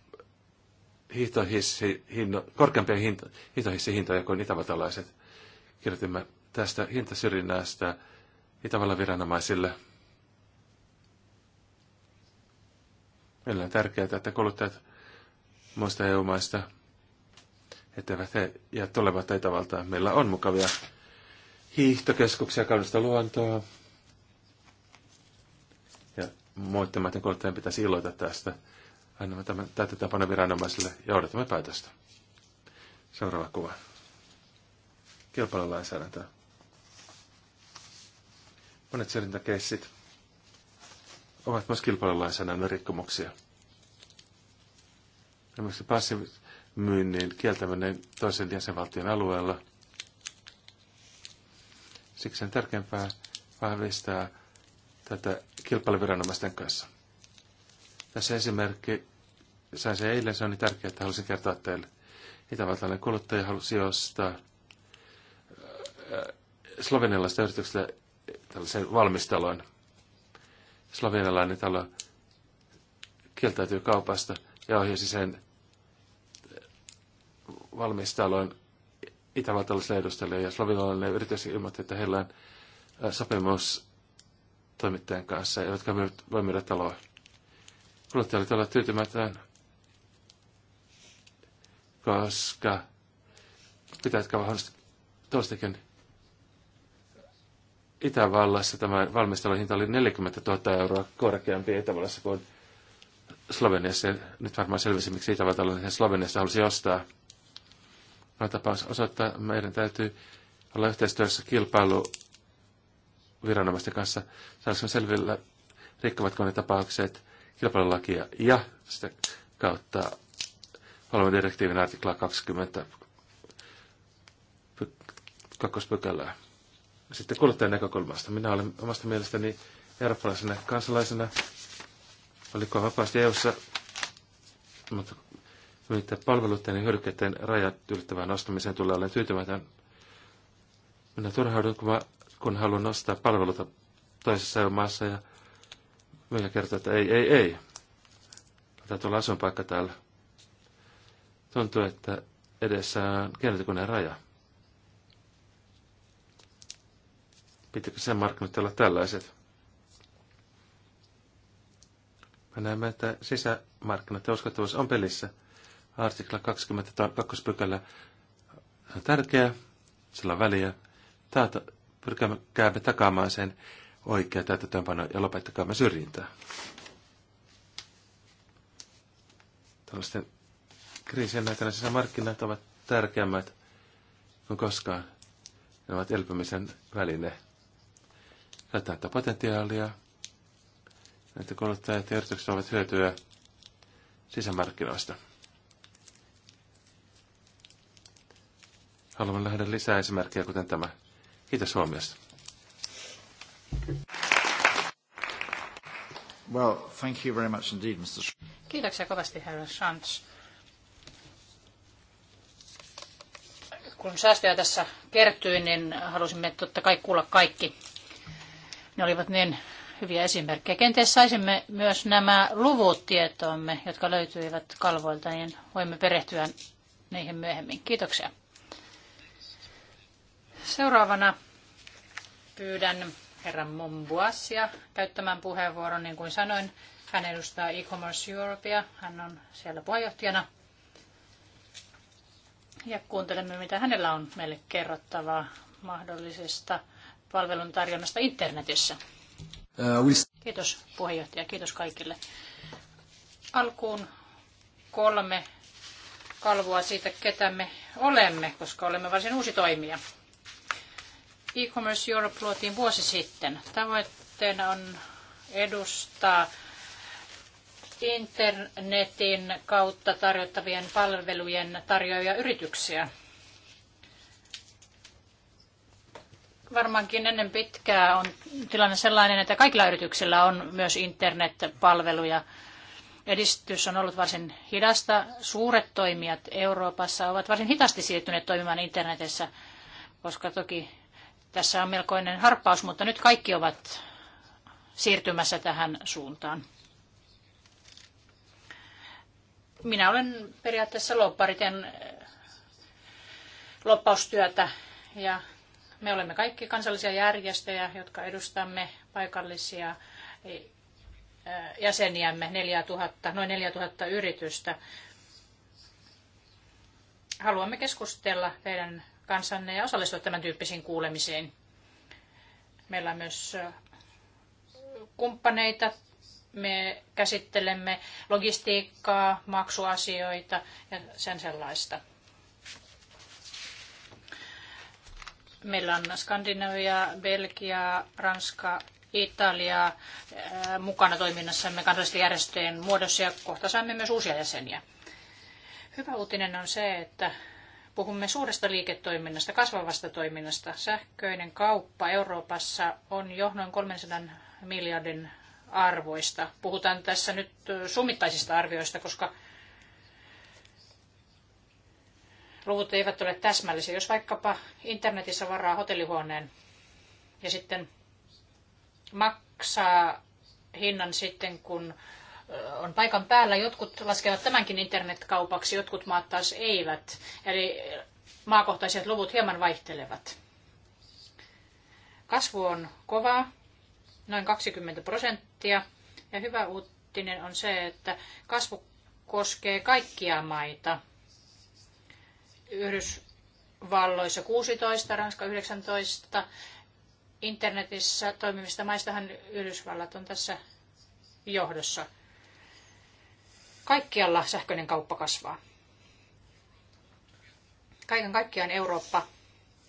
hiihtohissi, hinno, korkeampia hinto, hiihtohissihintoja kuin itävaltalaiset. Kirjoitimme tästä hintasyrjinnästä Itävallan viranomaisille. Meillä on tärkeää, että kuluttajat muista EU-maista, etteivät he jää tulevat Itävaltaan. Meillä on mukavia hiihtokeskuksia, kaunista luontoa. Ja muiden maiden kuluttajien pitäisi iloita tästä annamme tämän täytetapana viranomaisille ja odotamme päätöstä. Seuraava kuva. Kilpailulainsäädäntö. Monet syrjintäkeissit ovat myös kilpailulainsäädännön rikkomuksia. Esimerkiksi passimyynnin kieltäminen toisen jäsenvaltion alueella. Siksi on tärkeämpää vahvistaa tätä kilpailuviranomaisten kanssa. Tässä esimerkki, sain se eilen, se on niin tärkeää, että halusin kertoa teille. Itävaltainen kuluttaja halusi ostaa äh, slovenialaista yrityksestä tällaisen valmistalon. Slovenialainen talo kieltäytyy kaupasta ja ohjasi sen valmistelun itävaltalaisille edustajille ja slovenialainen yritys ilmoitti, että heillä on äh, sopimus toimittajan kanssa, jotka voi myydä taloa kuluttajat olla tyytymätön, koska pitäisikö vahvasti toistakin Itävallassa tämä valmisteluhinta oli 40 000 euroa korkeampi Itävallassa kuin Sloveniassa. Nyt varmaan selvisi, miksi Itävaltalainen Sloveniassa halusi ostaa. No, tapaus osoittaa, että meidän täytyy olla yhteistyössä kilpailuviranomaisten kanssa. Saadaanko selvillä, rikkovatko ne tapaukset kilpailulakia ja sitä kautta olemme direktiivin artiklaa 20 kakkospykälää. Sitten kuluttajan näkökulmasta. Minä olen omasta mielestäni eurooppalaisena kansalaisena, oliko vapaasti EU-ssa, mutta mitä palveluiden ja hyödykkeiden rajat ylittävään ostamiseen tulee olen tyytymätön. Minä turhaudun, kun, mä, kun haluan ostaa palveluita toisessa EU-maassa ja Meillä kertoo, että ei, ei, ei. Täytyy olla asuinpaikka täällä. Tuntuu, että edessä on keinotekoinen raja. Pitäkö sen markkinat olla tällaiset? Me näemme, että sisämarkkinat ja uskottavuus on pelissä. Artikla 22 pykälä on tärkeä, sillä on väliä. Täältä pyrkäämme takaamaan sen, oikea täytäntöönpano ja lopettakaa me syrjintää. Tällaisten kriisien aikana sisämarkkinat ovat tärkeämmät kuin koskaan. Ne ovat elpymisen väline. Tätä potentiaalia, Näitä kuluttajat ja yritykset ovat hyötyä sisämarkkinoista. Haluan nähdä lisää esimerkkejä, kuten tämä. Kiitos huomiosta. Well, thank you very much indeed, Mr. Kiitoksia kovasti, herra Schantz. Kun säästöjä tässä kertyi, niin halusimme totta kai kuulla kaikki. Ne olivat niin hyviä esimerkkejä. Kenties saisimme myös nämä luvut tietoomme, jotka löytyivät kalvoilta, niin voimme perehtyä niihin myöhemmin. Kiitoksia. Seuraavana pyydän herra Mombuasia käyttämään puheenvuoron. Niin kuin sanoin, hän edustaa e-commerce Europea. Hän on siellä puheenjohtajana. Ja kuuntelemme, mitä hänellä on meille kerrottavaa mahdollisesta palvelun tarjonnasta internetissä. Uh, kiitos puheenjohtaja, kiitos kaikille. Alkuun kolme kalvoa siitä, ketä me olemme, koska olemme varsin uusi toimija. E-Commerce Europe luotiin vuosi sitten. Tavoitteena on edustaa internetin kautta tarjottavien palvelujen tarjoajia yrityksiä. Varmaankin ennen pitkää on tilanne sellainen, että kaikilla yrityksillä on myös internetpalveluja. Edistys on ollut varsin hidasta. Suuret toimijat Euroopassa ovat varsin hitaasti siirtyneet toimimaan internetissä, koska toki tässä on melkoinen harppaus, mutta nyt kaikki ovat siirtymässä tähän suuntaan. Minä olen periaatteessa loppariten eh, loppaustyötä ja me olemme kaikki kansallisia järjestöjä, jotka edustamme paikallisia eh, jäseniämme, 4000, noin 4000 yritystä. Haluamme keskustella teidän kanssanne ja osallistua tämän tyyppisiin kuulemisiin. Meillä on myös kumppaneita. Me käsittelemme logistiikkaa, maksuasioita ja sen sellaista. Meillä on Skandinavia, Belgia, Ranska, Italia mukana toiminnassamme kansallisten järjestöjen muodossa ja kohta saamme myös uusia jäseniä. Hyvä uutinen on se, että Puhumme suuresta liiketoiminnasta, kasvavasta toiminnasta. Sähköinen kauppa Euroopassa on jo noin 300 miljardin arvoista. Puhutaan tässä nyt summittaisista arvioista, koska luvut eivät ole täsmällisiä. Jos vaikkapa internetissä varaa hotellihuoneen ja sitten maksaa hinnan sitten, kun on paikan päällä. Jotkut laskevat tämänkin internetkaupaksi, jotkut maat taas eivät. Eli maakohtaiset luvut hieman vaihtelevat. Kasvu on kova, noin 20 prosenttia. Ja hyvä uutinen on se, että kasvu koskee kaikkia maita. Yhdysvalloissa 16, Ranska 19. Internetissä toimivista maistahan Yhdysvallat on tässä johdossa. Kaikkialla sähköinen kauppa kasvaa. Kaiken kaikkiaan Eurooppa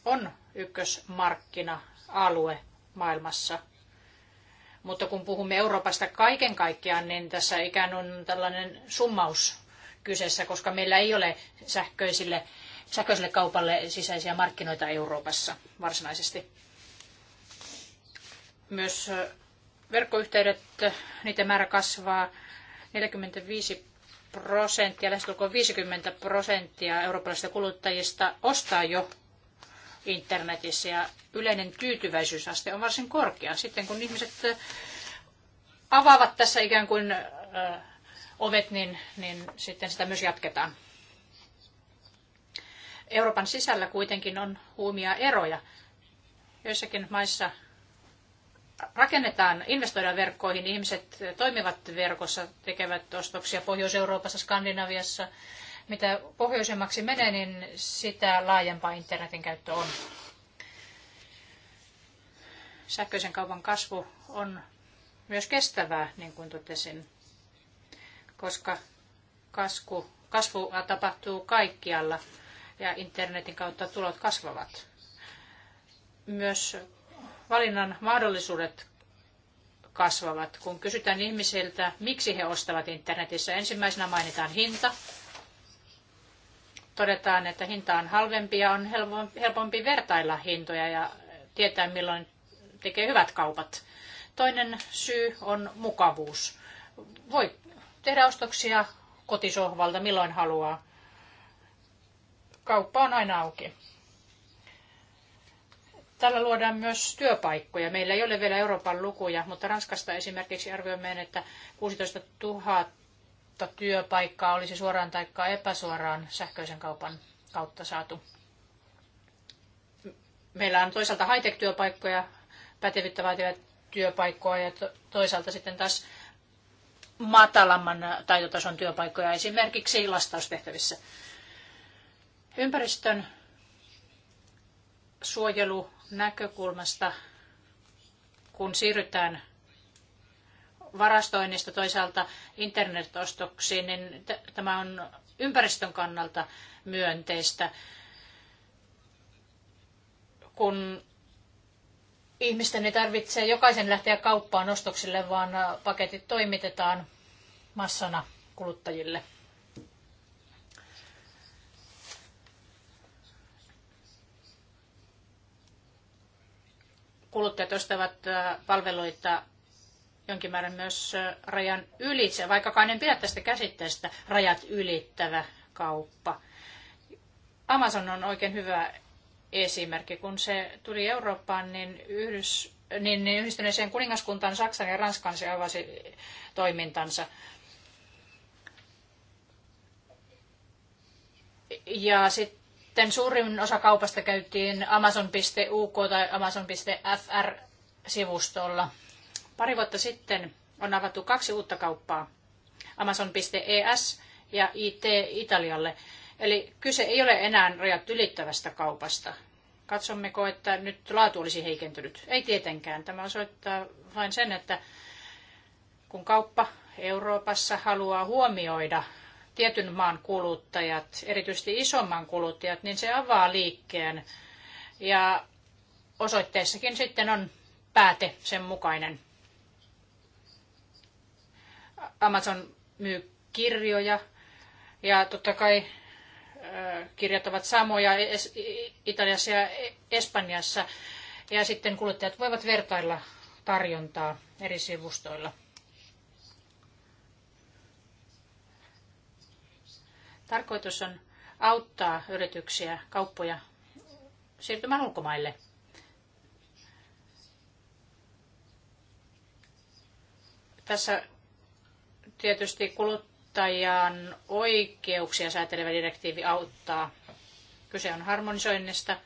on ykkösmarkkina-alue maailmassa. Mutta kun puhumme Euroopasta kaiken kaikkiaan, niin tässä ikään on tällainen summaus kyseessä, koska meillä ei ole sähköisille, sähköisille kaupalle sisäisiä markkinoita Euroopassa varsinaisesti. Myös verkkoyhteydet, niiden määrä kasvaa 45 prosenttia, lähestulkoon 50 prosenttia eurooppalaisista kuluttajista ostaa jo internetissä ja yleinen tyytyväisyysaste on varsin korkea. Sitten kun ihmiset äh, avaavat tässä ikään kuin äh, ovet, niin, niin sitten sitä myös jatketaan. Euroopan sisällä kuitenkin on huumia eroja. Joissakin maissa rakennetaan, investoidaan verkkoihin, ihmiset toimivat verkossa, tekevät ostoksia Pohjois-Euroopassa, Skandinaviassa. Mitä pohjoisemmaksi menee, niin sitä laajempaa internetin käyttö on. Sähköisen kaupan kasvu on myös kestävää, niin kuin totesin, koska kasvu, kasvu tapahtuu kaikkialla ja internetin kautta tulot kasvavat. Myös valinnan mahdollisuudet kasvavat. Kun kysytään ihmisiltä, miksi he ostavat internetissä, ensimmäisenä mainitaan hinta. Todetaan, että hinta on halvempi ja on helpompi vertailla hintoja ja tietää, milloin tekee hyvät kaupat. Toinen syy on mukavuus. Voi tehdä ostoksia kotisohvalta milloin haluaa. Kauppa on aina auki. Tällä luodaan myös työpaikkoja. Meillä ei ole vielä Euroopan lukuja, mutta Ranskasta esimerkiksi arvioimme, että 16 000 työpaikkaa olisi suoraan tai epäsuoraan sähköisen kaupan kautta saatu. Meillä on toisaalta high-tech-työpaikkoja, pätevyyttä vaativia työpaikkoja ja toisaalta sitten taas matalamman taitotason työpaikkoja esimerkiksi lastaustehtävissä. Ympäristön suojelu näkökulmasta, kun siirrytään varastoinnista toisaalta internetostoksiin, niin tämä on ympäristön kannalta myönteistä. Kun ihmisten ei tarvitse jokaisen lähteä kauppaan ostoksille, vaan paketit toimitetaan massana kuluttajille. kuluttajat ostavat palveluita jonkin määrän myös rajan ylitse, vaikkakaan en pidä tästä käsitteestä rajat ylittävä kauppa. Amazon on oikein hyvä esimerkki. Kun se tuli Eurooppaan, niin, yhdys, niin, niin yhdistyneeseen kuningaskuntaan Saksan ja Ranskan se avasi toimintansa. Ja sitten sitten suurin osa kaupasta käytiin Amazon.uk tai Amazon.fr-sivustolla. Pari vuotta sitten on avattu kaksi uutta kauppaa, Amazon.es e ja IT Italialle. Eli kyse ei ole enää rajat ylittävästä kaupasta. Katsommeko, että nyt laatu olisi heikentynyt? Ei tietenkään. Tämä osoittaa vain sen, että kun kauppa Euroopassa haluaa huomioida tietyn maan kuluttajat, erityisesti isomman kuluttajat, niin se avaa liikkeen. Ja osoitteessakin sitten on pääte sen mukainen. Amazon myy kirjoja ja totta kai kirjat ovat samoja e- Italiassa ja e- Espanjassa. Ja sitten kuluttajat voivat vertailla tarjontaa eri sivustoilla. Tarkoitus on auttaa yrityksiä, kauppoja siirtymään ulkomaille. Tässä tietysti kuluttajan oikeuksia säätelevä direktiivi auttaa. Kyse on harmonisoinnista.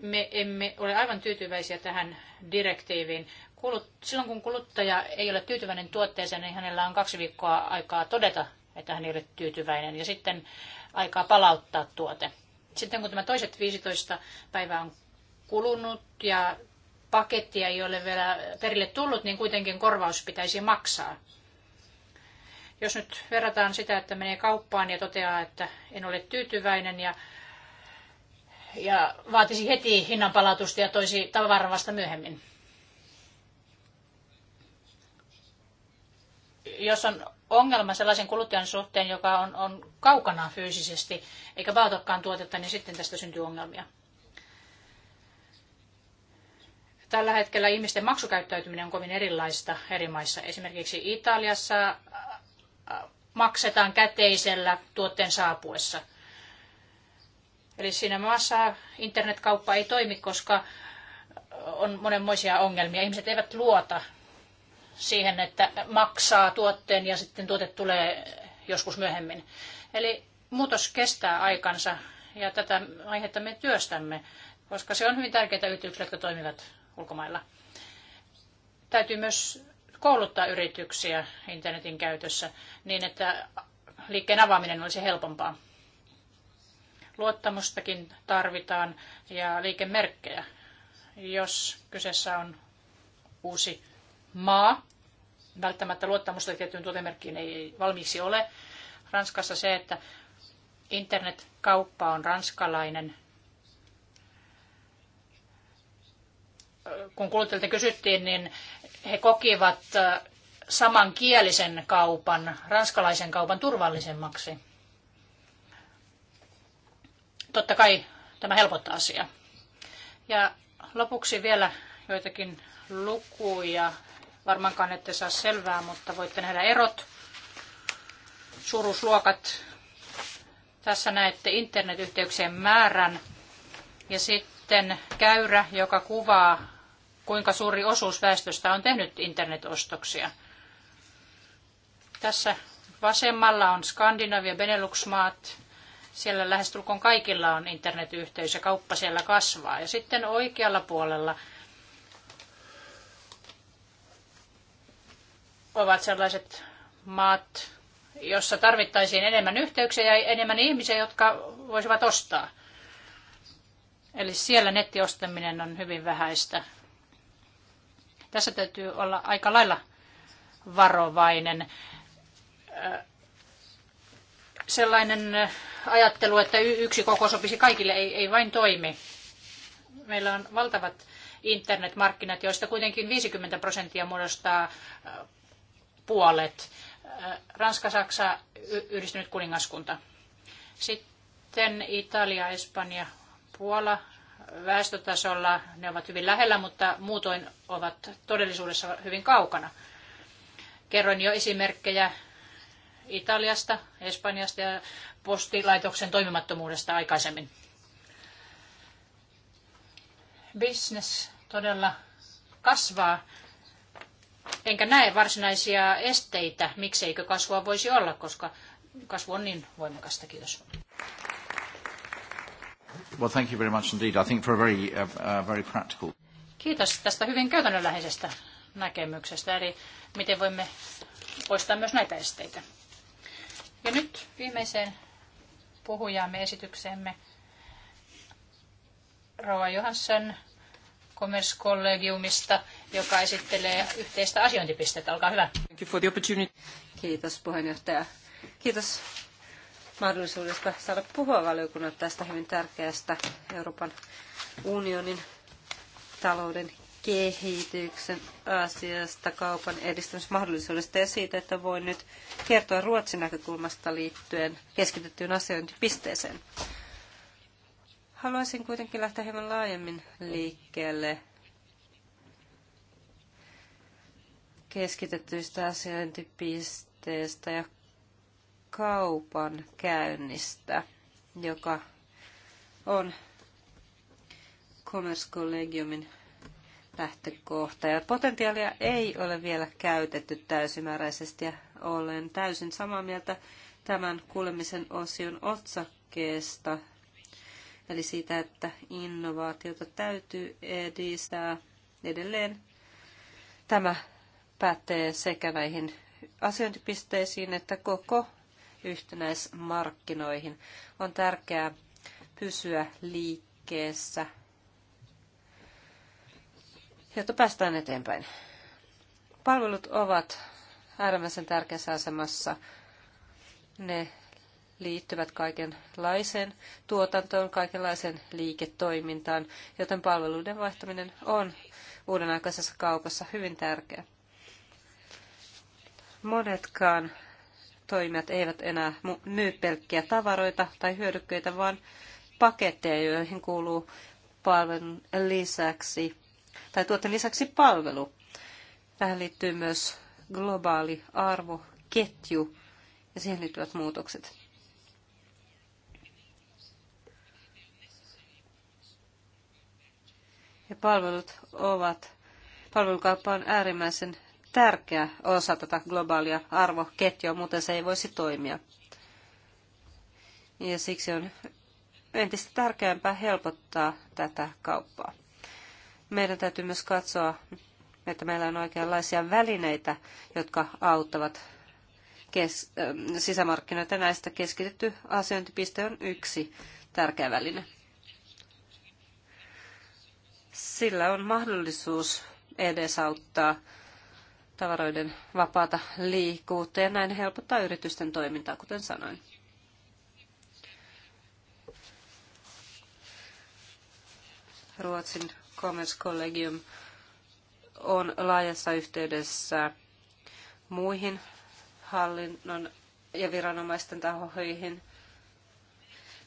Me emme ole aivan tyytyväisiä tähän direktiiviin kulut, silloin kun kuluttaja ei ole tyytyväinen tuotteeseen, niin hänellä on kaksi viikkoa aikaa todeta, että hän ei ole tyytyväinen, ja sitten aikaa palauttaa tuote. Sitten kun tämä toiset 15 päivää on kulunut ja pakettia ei ole vielä perille tullut, niin kuitenkin korvaus pitäisi maksaa. Jos nyt verrataan sitä, että menee kauppaan ja toteaa, että en ole tyytyväinen ja, ja vaatisi heti hinnan palautusta ja toisi tavaran vasta myöhemmin. jos on ongelma sellaisen kuluttajan suhteen, joka on, on kaukana fyysisesti, eikä vaatokaan tuotetta, niin sitten tästä syntyy ongelmia. Tällä hetkellä ihmisten maksukäyttäytyminen on kovin erilaista eri maissa. Esimerkiksi Italiassa maksetaan käteisellä tuotteen saapuessa. Eli siinä maassa internetkauppa ei toimi, koska on monenmoisia ongelmia. Ihmiset eivät luota siihen, että maksaa tuotteen ja sitten tuote tulee joskus myöhemmin. Eli muutos kestää aikansa ja tätä aihetta me työstämme, koska se on hyvin tärkeää yrityksille, jotka toimivat ulkomailla. Täytyy myös kouluttaa yrityksiä internetin käytössä niin, että liikkeen avaaminen olisi helpompaa. Luottamustakin tarvitaan ja liikemerkkejä, jos kyseessä on uusi maa. Välttämättä luottamusta tiettyyn tuotemerkkiin ei valmiiksi ole. Ranskassa se, että internetkauppa on ranskalainen. Kun kuluttajilta kysyttiin, niin he kokivat äh, samankielisen kaupan, ranskalaisen kaupan turvallisemmaksi. Totta kai tämä helpottaa asiaa. Ja lopuksi vielä joitakin lukuja Varmaankaan ette saa selvää, mutta voitte nähdä erot, suuruusluokat. Tässä näette internetyhteyksien määrän ja sitten käyrä, joka kuvaa, kuinka suuri osuus väestöstä on tehnyt internetostoksia. Tässä vasemmalla on Skandinavia, Benelux-maat, siellä lähestulkoon kaikilla on internetyhteys ja kauppa siellä kasvaa. Ja sitten oikealla puolella ovat sellaiset maat, jossa tarvittaisiin enemmän yhteyksiä ja enemmän ihmisiä, jotka voisivat ostaa. Eli siellä nettiostaminen on hyvin vähäistä. Tässä täytyy olla aika lailla varovainen. Sellainen ajattelu, että yksi koko sopisi kaikille, ei, ei vain toimi. Meillä on valtavat internetmarkkinat, joista kuitenkin 50 prosenttia muodostaa puolet. Äh, Ranska, Saksa, Yhdistynyt kuningaskunta. Sitten Italia, Espanja, Puola väestötasolla ne ovat hyvin lähellä, mutta muutoin ovat todellisuudessa hyvin kaukana. Kerroin jo esimerkkejä Italiasta, Espanjasta ja postilaitoksen toimimattomuudesta aikaisemmin. Business todella kasvaa enkä näe varsinaisia esteitä, mikseikö kasvua voisi olla, koska kasvu on niin voimakasta. Kiitos. Well, thank you very much indeed. I think for a very, uh, uh very practical... Kiitos tästä hyvin käytännönläheisestä näkemyksestä, eli miten voimme poistaa myös näitä esteitä. Ja nyt viimeiseen puhujaamme esitykseemme Rova Johansson Commerce Collegiumista joka esittelee yhteistä asiointipistettä. Olkaa hyvä. Kiitos puheenjohtaja. Kiitos mahdollisuudesta saada puhua valiokunnan tästä hyvin tärkeästä Euroopan unionin talouden kehityksen asiasta, kaupan edistämismahdollisuudesta ja siitä, että voin nyt kertoa Ruotsin näkökulmasta liittyen keskitettyyn asiointipisteeseen. Haluaisin kuitenkin lähteä hieman laajemmin liikkeelle keskitettyistä asiointipisteistä ja kaupan käynnistä, joka on Commerce Collegiumin lähtökohta. Ja potentiaalia ei ole vielä käytetty täysimääräisesti ja olen täysin samaa mieltä tämän kuulemisen osion otsakkeesta. Eli siitä, että innovaatiota täytyy edistää edelleen. Tämä pätee sekä näihin asiointipisteisiin että koko yhtenäismarkkinoihin. On tärkeää pysyä liikkeessä, jotta päästään eteenpäin. Palvelut ovat äärimmäisen tärkeässä asemassa. Ne liittyvät kaikenlaiseen tuotantoon, kaikenlaiseen liiketoimintaan, joten palveluiden vaihtaminen on uuden aikaisessa kaupassa hyvin tärkeä. Monetkaan toimijat eivät enää myy pelkkiä tavaroita tai hyödykkeitä, vaan paketteja, joihin kuuluu palvelun lisäksi tai tuotteen lisäksi palvelu. Tähän liittyy myös globaali arvoketju ja siihen liittyvät muutokset. Ja palvelut ovat, palvelukauppa on äärimmäisen tärkeä osa tätä globaalia arvoketjua, muuten se ei voisi toimia. Ja siksi on entistä tärkeämpää helpottaa tätä kauppaa. Meidän täytyy myös katsoa, että meillä on oikeanlaisia välineitä, jotka auttavat kes- sisämarkkinoita. Näistä keskitetty asiointipiste on yksi tärkeä väline. Sillä on mahdollisuus edesauttaa tavaroiden vapaata liikkuvuutta ja näin helpottaa yritysten toimintaa, kuten sanoin. Ruotsin Commerce Collegium on laajassa yhteydessä muihin hallinnon ja viranomaisten tahoihin.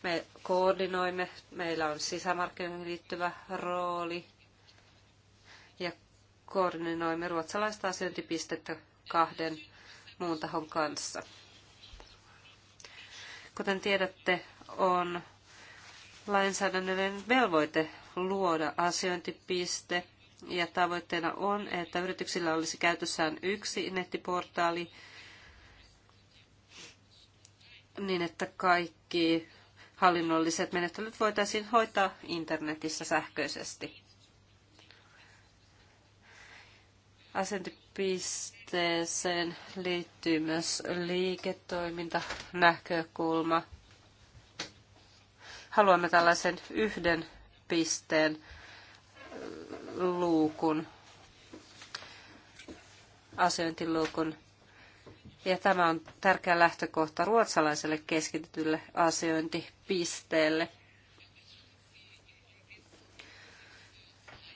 Me koordinoimme, meillä on sisämarkkinoihin liittyvä rooli koordinoimme ruotsalaista asiointipistettä kahden muun tahon kanssa. Kuten tiedätte, on lainsäädännöllinen velvoite luoda asiointipiste ja tavoitteena on, että yrityksillä olisi käytössään yksi nettiportaali niin, että kaikki hallinnolliset menettelyt voitaisiin hoitaa internetissä sähköisesti. Asentopisteeseen liittyy myös liiketoimintanäkökulma. Haluamme tällaisen yhden pisteen luukun, asiointiluukun. Ja tämä on tärkeä lähtökohta ruotsalaiselle keskitetylle asiointipisteelle.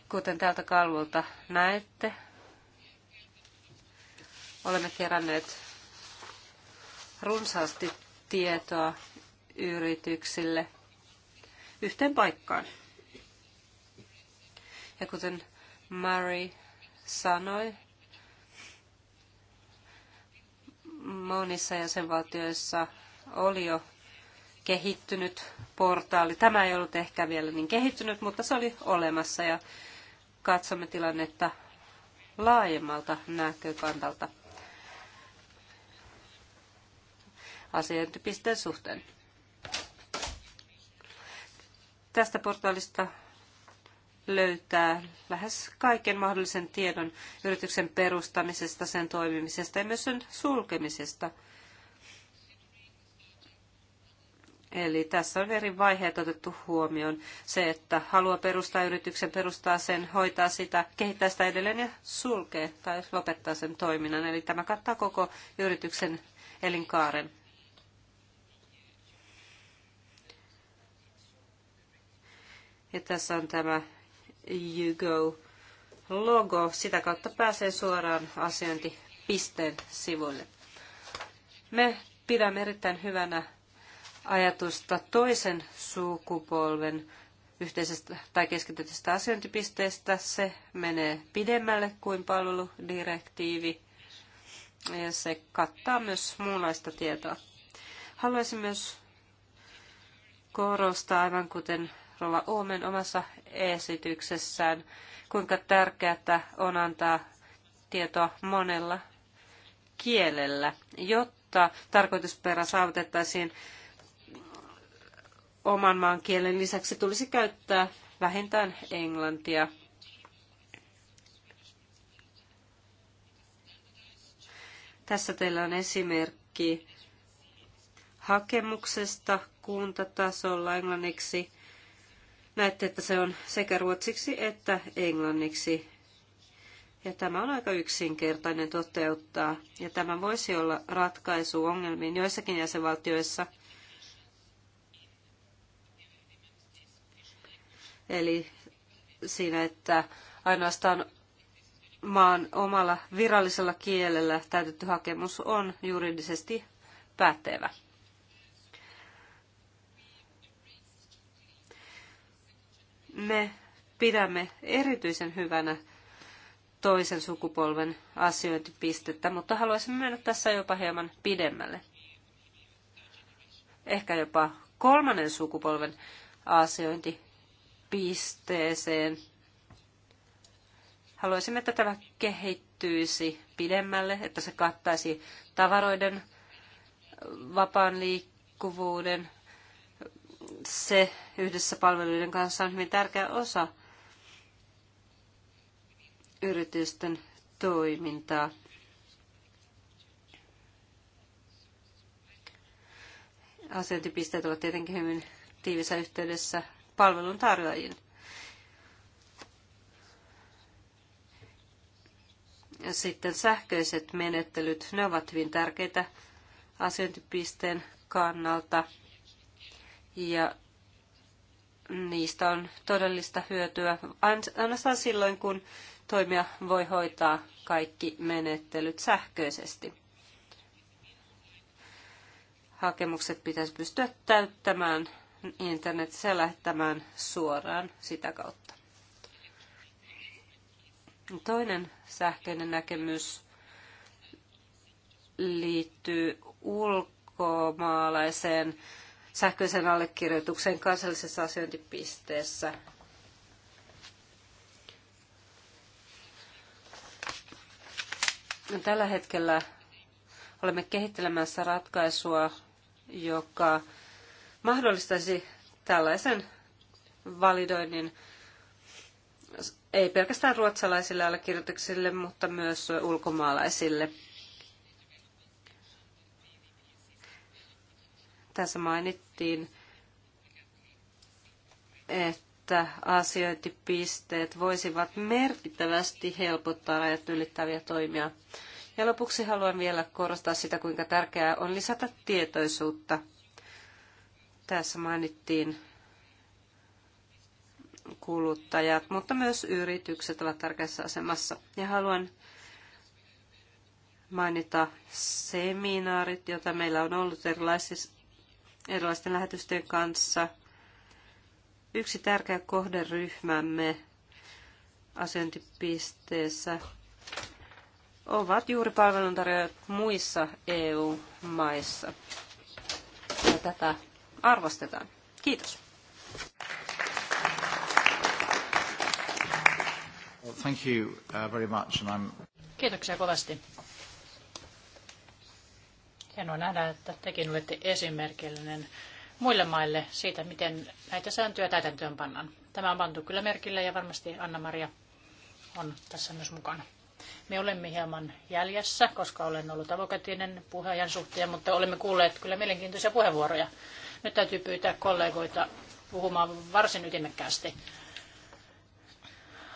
Kuten tältä kalvolta näette, Olemme keränneet runsaasti tietoa yrityksille yhteen paikkaan. Ja kuten Mary sanoi, monissa jäsenvaltioissa oli jo kehittynyt portaali. Tämä ei ollut ehkä vielä niin kehittynyt, mutta se oli olemassa ja katsomme tilannetta laajemmalta näkökantalta. asiointipisteen suhteen. Tästä portaalista löytää lähes kaiken mahdollisen tiedon yrityksen perustamisesta, sen toimimisesta ja myös sen sulkemisesta. Eli tässä on eri vaiheet otettu huomioon. Se, että haluaa perustaa yrityksen, perustaa sen, hoitaa sitä, kehittää sitä edelleen ja sulkee tai lopettaa sen toiminnan. Eli tämä kattaa koko yrityksen elinkaaren. Ja tässä on tämä YouGo logo. Sitä kautta pääsee suoraan asiointipisteen sivuille. Me pidämme erittäin hyvänä ajatusta toisen sukupolven yhteisestä tai keskitytystä asiointipisteestä. Se menee pidemmälle kuin palveludirektiivi ja se kattaa myös muunlaista tietoa. Haluaisin myös korostaa, aivan kuten rouva Oomen omassa esityksessään, kuinka tärkeää on antaa tietoa monella kielellä, jotta tarkoitusperä saavutettaisiin oman maan kielen lisäksi tulisi käyttää vähintään englantia. Tässä teillä on esimerkki hakemuksesta kuntatasolla englanniksi Näette, että se on sekä ruotsiksi että englanniksi. Ja tämä on aika yksinkertainen toteuttaa. Ja tämä voisi olla ratkaisu ongelmiin joissakin jäsenvaltioissa. Eli siinä, että ainoastaan maan omalla virallisella kielellä täytetty hakemus on juridisesti pätevä. me pidämme erityisen hyvänä toisen sukupolven asiointipistettä, mutta haluaisin mennä tässä jopa hieman pidemmälle. Ehkä jopa kolmannen sukupolven asiointipisteeseen. Haluaisimme, että tämä kehittyisi pidemmälle, että se kattaisi tavaroiden vapaan liikkuvuuden, se yhdessä palveluiden kanssa on hyvin tärkeä osa yritysten toimintaa. Asiointipisteet ovat tietenkin hyvin tiivissä yhteydessä palvelun tarjoajiin. Sitten sähköiset menettelyt, ne ovat hyvin tärkeitä asiointipisteen kannalta – ja niistä on todellista hyötyä ainoastaan silloin, kun toimija voi hoitaa kaikki menettelyt sähköisesti. Hakemukset pitäisi pystyä täyttämään internetissä lähettämään suoraan sitä kautta. Toinen sähköinen näkemys liittyy ulkomaalaiseen sähköisen allekirjoituksen kansallisessa asiointipisteessä. No, tällä hetkellä olemme kehittelemässä ratkaisua, joka mahdollistaisi tällaisen validoinnin ei pelkästään ruotsalaisille allekirjoituksille, mutta myös ulkomaalaisille. Tässä mainittiin, että asiointipisteet voisivat merkittävästi helpottaa rajat ylittäviä toimia. Ja lopuksi haluan vielä korostaa sitä, kuinka tärkeää on lisätä tietoisuutta. Tässä mainittiin kuluttajat, mutta myös yritykset ovat tärkeässä asemassa. Ja haluan mainita seminaarit, joita meillä on ollut erilaisissa, erilaisten lähetysten kanssa. Yksi tärkeä kohderyhmämme asiointipisteessä ovat juuri palveluntarjoajat muissa EU-maissa. Ja tätä arvostetaan. Kiitos. Thank you uh, very much, and I'm... Kiitoksia kovasti. Hienoa nähdä, että tekin olette esimerkillinen muille maille siitä, miten näitä sääntöjä täytäntöön pannaan. Tämä on pantu kyllä merkille ja varmasti Anna-Maria on tässä myös mukana. Me olemme hieman jäljessä, koska olen ollut avokatinen puheenjohtajan suhteen, mutta olemme kuulleet kyllä mielenkiintoisia puheenvuoroja. Nyt täytyy pyytää kollegoita puhumaan varsin ytimekkäästi.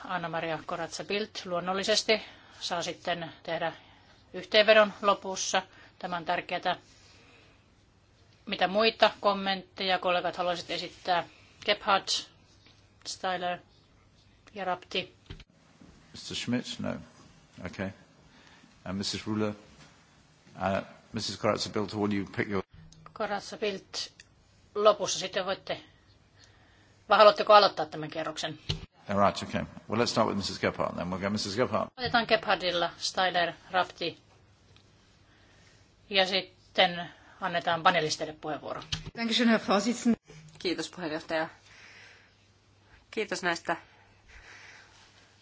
Anna-Maria Koratsa-Bilt luonnollisesti saa sitten tehdä yhteenvedon lopussa – Tämä on tärkeää. Mitä muita kommentteja kollegat haluaisit esittää? Gebhardt, Steiler ja Rapti. Mr. Schmidt, no. Okay. And Mrs. Ruler, uh, Mrs. Karatsa-Bilt, will you pick your... Karatsa-Bilt, lopussa sitten voitte... Vai haluatteko aloittaa tämän kierroksen? All right, okay. Well, let's start with Mrs. Gebhardt, then. We'll go Mrs. Gebhardt. Otetaan Gephardilla, Steiler, Rapti. Ja sitten annetaan panelisteille puheenvuoro. Kiitos puheenjohtaja. Kiitos näistä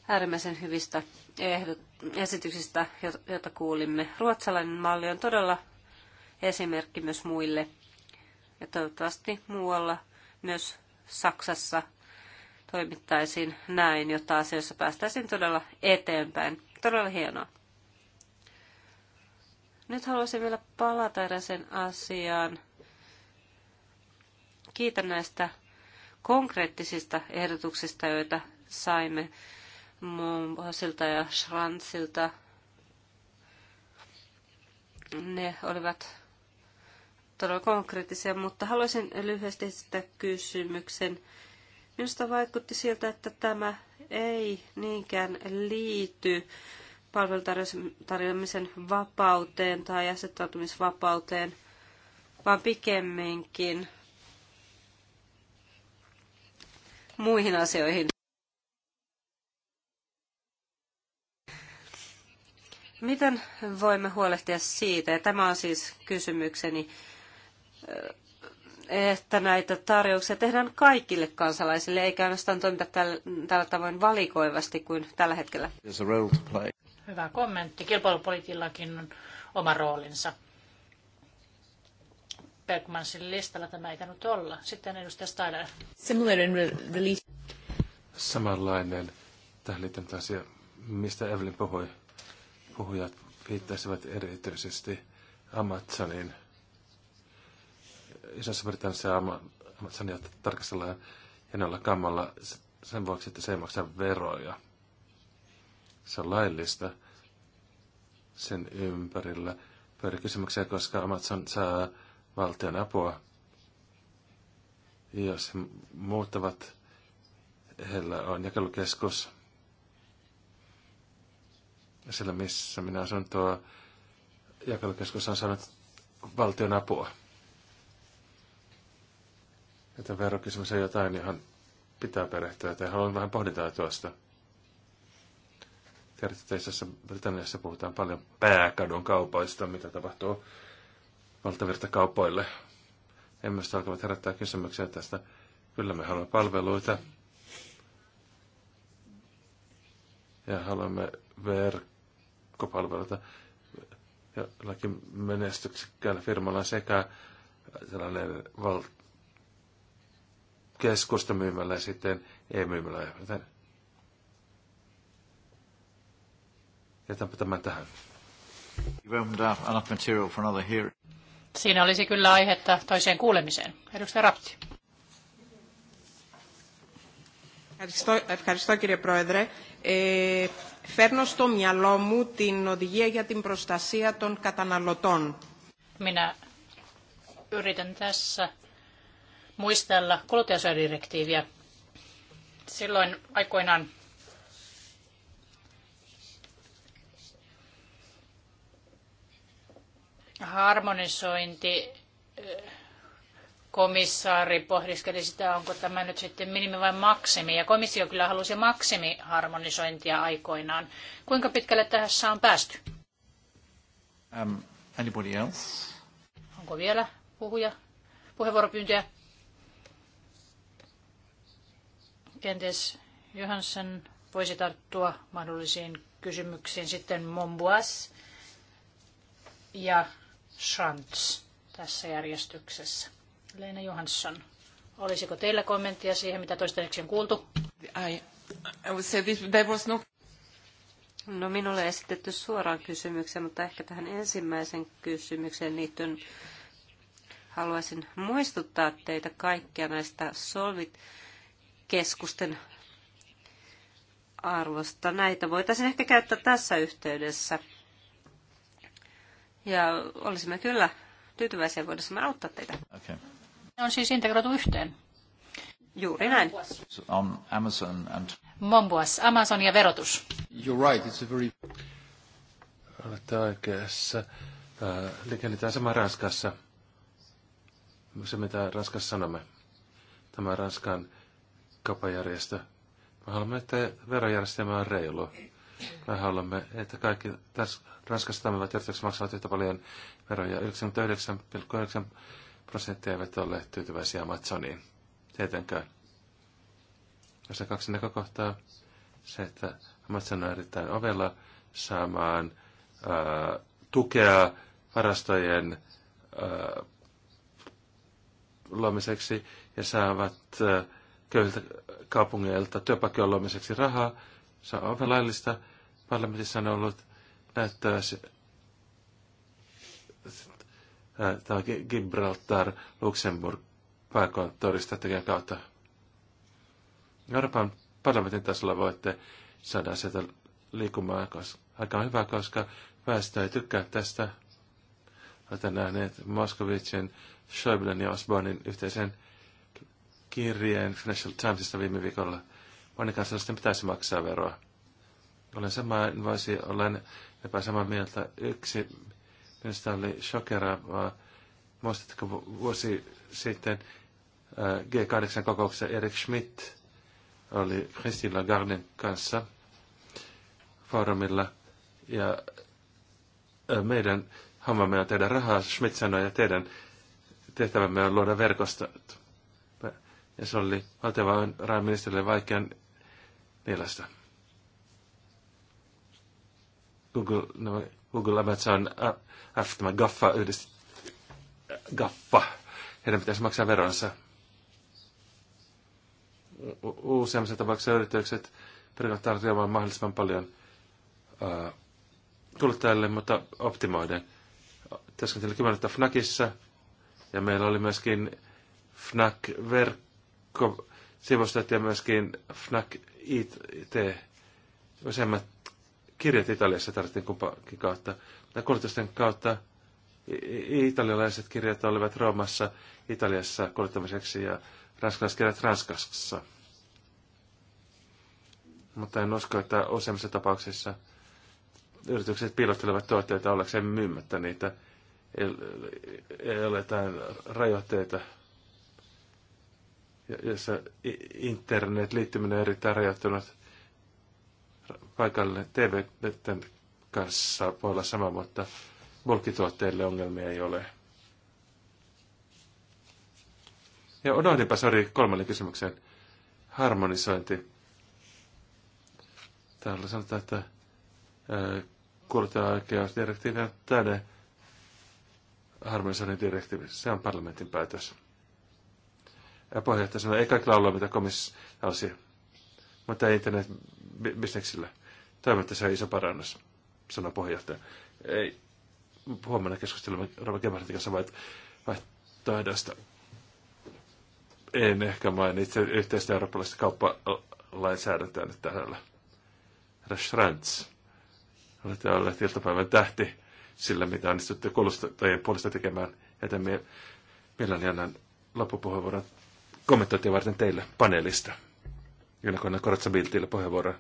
äärimmäisen hyvistä ehdot, esityksistä, joita kuulimme. Ruotsalainen malli on todella esimerkki myös muille. Ja toivottavasti muualla, myös Saksassa, toimittaisiin näin, jotta asioissa päästäisiin todella eteenpäin. Todella hienoa. Nyt haluaisin vielä palata eräseen asiaan. Kiitän näistä konkreettisista ehdotuksista, joita saimme Mombosilta ja Schranzilta. Ne olivat todella konkreettisia, mutta haluaisin lyhyesti esittää kysymyksen. Minusta vaikutti siltä, että tämä ei niinkään liity palvelutarjoamisen vapauteen tai asettautumisvapauteen, vaan pikemminkin muihin asioihin. Miten voimme huolehtia siitä, ja tämä on siis kysymykseni, että näitä tarjouksia tehdään kaikille kansalaisille, eikä ainoastaan toimita tällä, tällä tavoin valikoivasti kuin tällä hetkellä. Hyvä kommentti. Kilpailupolitiillakin on oma roolinsa. Bergmansin listalla tämä ei tainnut olla. Sitten edustaja Steiner. Similar in release. Samanlainen tähän liittyen asia, mistä Evelyn puhui. Puhujat viittaisivat erityisesti Amazonin. Isossa Britannissa Amazonia tarkastellaan hienolla kammalla sen vuoksi, että se ei maksa veroja se laillista sen ympärillä. Pyöri koska Amazon saa valtion apua. Jos he muuttavat, heillä on jakelukeskus. Sillä missä minä asun, tuo jakelukeskus on saanut valtion apua. Että verokysymys on jotain, johon pitää perehtyä, että haluan vähän pohdintaa tuosta. Terveisessä Britanniassa puhutaan paljon pääkadon kaupoista, mitä tapahtuu valtavirta valtavirtakaupoille. Emmöstä alkavat herättää kysymyksiä tästä. Kyllä me haluamme palveluita. Ja haluamme verkkopalveluita. Jollakin menestyksekkäällä firmalla on sekä sellainen val- keskusta myymällä ja sitten e-myymällä. Joten Jätänpä tämän tähän. Siinä olisi kyllä aihetta toiseen kuulemiseen. Edustaja Rapti. Ευχαριστώ, κύριε Πρόεδρε. Ε, φέρνω στο μυαλό μου την οδηγία για την προστασία των καταναλωτών. Minä yritän tässä muistella kuluttajasuojadirektiiviä. Silloin aikoinaan harmonisointi komissaari pohdiskeli sitä, onko tämä nyt sitten minimi vai maksimi. Ja komissio kyllä halusi maksimiharmonisointia aikoinaan. Kuinka pitkälle tässä on päästy? Um, anybody else? Onko vielä puhuja, puheenvuoropyyntöjä? Kenties Johansson voisi tarttua mahdollisiin kysymyksiin sitten Mombuas ja Schrantz tässä järjestyksessä. Leena Johansson, olisiko teillä kommenttia siihen, mitä toistaiseksi on kuultu? I, I would say this, there was no... No minulle esitetty suoraan kysymykseen, mutta ehkä tähän ensimmäisen kysymykseen liittyen haluaisin muistuttaa teitä kaikkia näistä Solvit-keskusten arvosta. Näitä voitaisiin ehkä käyttää tässä yhteydessä. Ja olisimme kyllä tyytyväisiä voidessamme auttaa teitä. Okay. Ne on siis integroitu yhteen. Juuri näin. On um, Amazon and... Mombuas, Amazon ja verotus. You're right, it's a very... Olette oikeassa. Äh, Liikennetään sama Ranskassa. Se, mitä Ranskassa sanomme. Tämä Ranskan kapajärjestö. Me haluamme, että verojärjestelmä on reilu. Me haluamme, että kaikki Ranskassa toimivat yritykset maksavat yhtä paljon veroja. 99,9 prosenttia eivät ole tyytyväisiä Amazoniin. Tietenkään. Ja se kaksi näkökohtaa. Se, että Amazon on erittäin ovella saamaan ää, tukea varastojen ää, luomiseksi ja saavat ää, köyhiltä kaupungeilta työpaikkojen luomiseksi rahaa. Se on laillista parlamentissa on ollut näyttää se, äh, tämä Gibraltar Luxemburg pääkonttorista tekijän kautta. Euroopan parlamentin tasolla voitte saada sieltä liikkumaan, aika on hyvä, koska väestö ei tykkää tästä. Olette nähneet Moskovicin, Schäublen ja Osbornin yhteisen kirjeen Financial Timesista viime viikolla. Monikansalaisten pitäisi maksaa veroa. Olen samaan voisi olen samaa mieltä. Yksi minusta oli shokeraavaa. muistatko vuosi sitten äh, G8-kokouksessa Erik Schmidt oli Christine Lagarden kanssa foorumilla ja äh, meidän hommamme on tehdä rahaa, Schmidt sanoi, ja teidän tehtävämme on luoda verkostot. Ja se oli valtiovarainministerille vaikean mielestä. Google, no, Google Amazon, äh, F, tämä Gaffa yhdist... Gaffa. Heidän pitäisi maksaa veronsa. Useimmissa tapauksissa yritykset pyrkivät tarjoamaan mahdollisimman paljon äh, mutta optimoiden. Työskentelin 10 Fnacissa ja meillä oli myöskin Fnac-verkko sivustot ja myöskin Fnac IT. Useimmat kirjat Italiassa tarvittiin kumpakin kautta. Ja kuljetusten kautta italialaiset kirjat olivat Roomassa, Italiassa kuljettamiseksi ja Ranskalaiset kirjat Ranskassa. Mutta en usko, että useimmissa tapauksissa yritykset piilottelevat tuotteita ollakseen myymättä niitä. Ei, ei ole jotain rajoitteita, jossa internet-liittyminen on erittäin rajoittunut – paikalle tv kanssa voi olla sama, mutta bulkituotteille ongelmia ei ole. Ja unohdinpa, sori, kolmannen kysymyksen. Harmonisointi. Täällä sanotaan, että kuluttajaoikeusdirektiivi on täyden harmonisoinnin direktiivi. Se on parlamentin päätös. Ja puheenjohtaja sanoi, ei kaikilla ole mitä komissio olisi. Mutta ei internet bisneksillä. Toivon, että se on iso parannus, sanoi puheenjohtaja. Ei, huomenna keskustelemme Rova Gebhardin kanssa vaihtoehdoista. En ehkä mainitse yhteistä eurooppalaista kauppalainsäädäntöä nyt täällä. Herra Schrantz, olette olleet iltapäivän tähti sillä, mitä onnistutte kuulustajien puolesta tekemään. Joten mielelläni annan loppupuheenvuoron kommentointia varten teille paneelista. Ylkona Korotsabiltille puheenvuoro.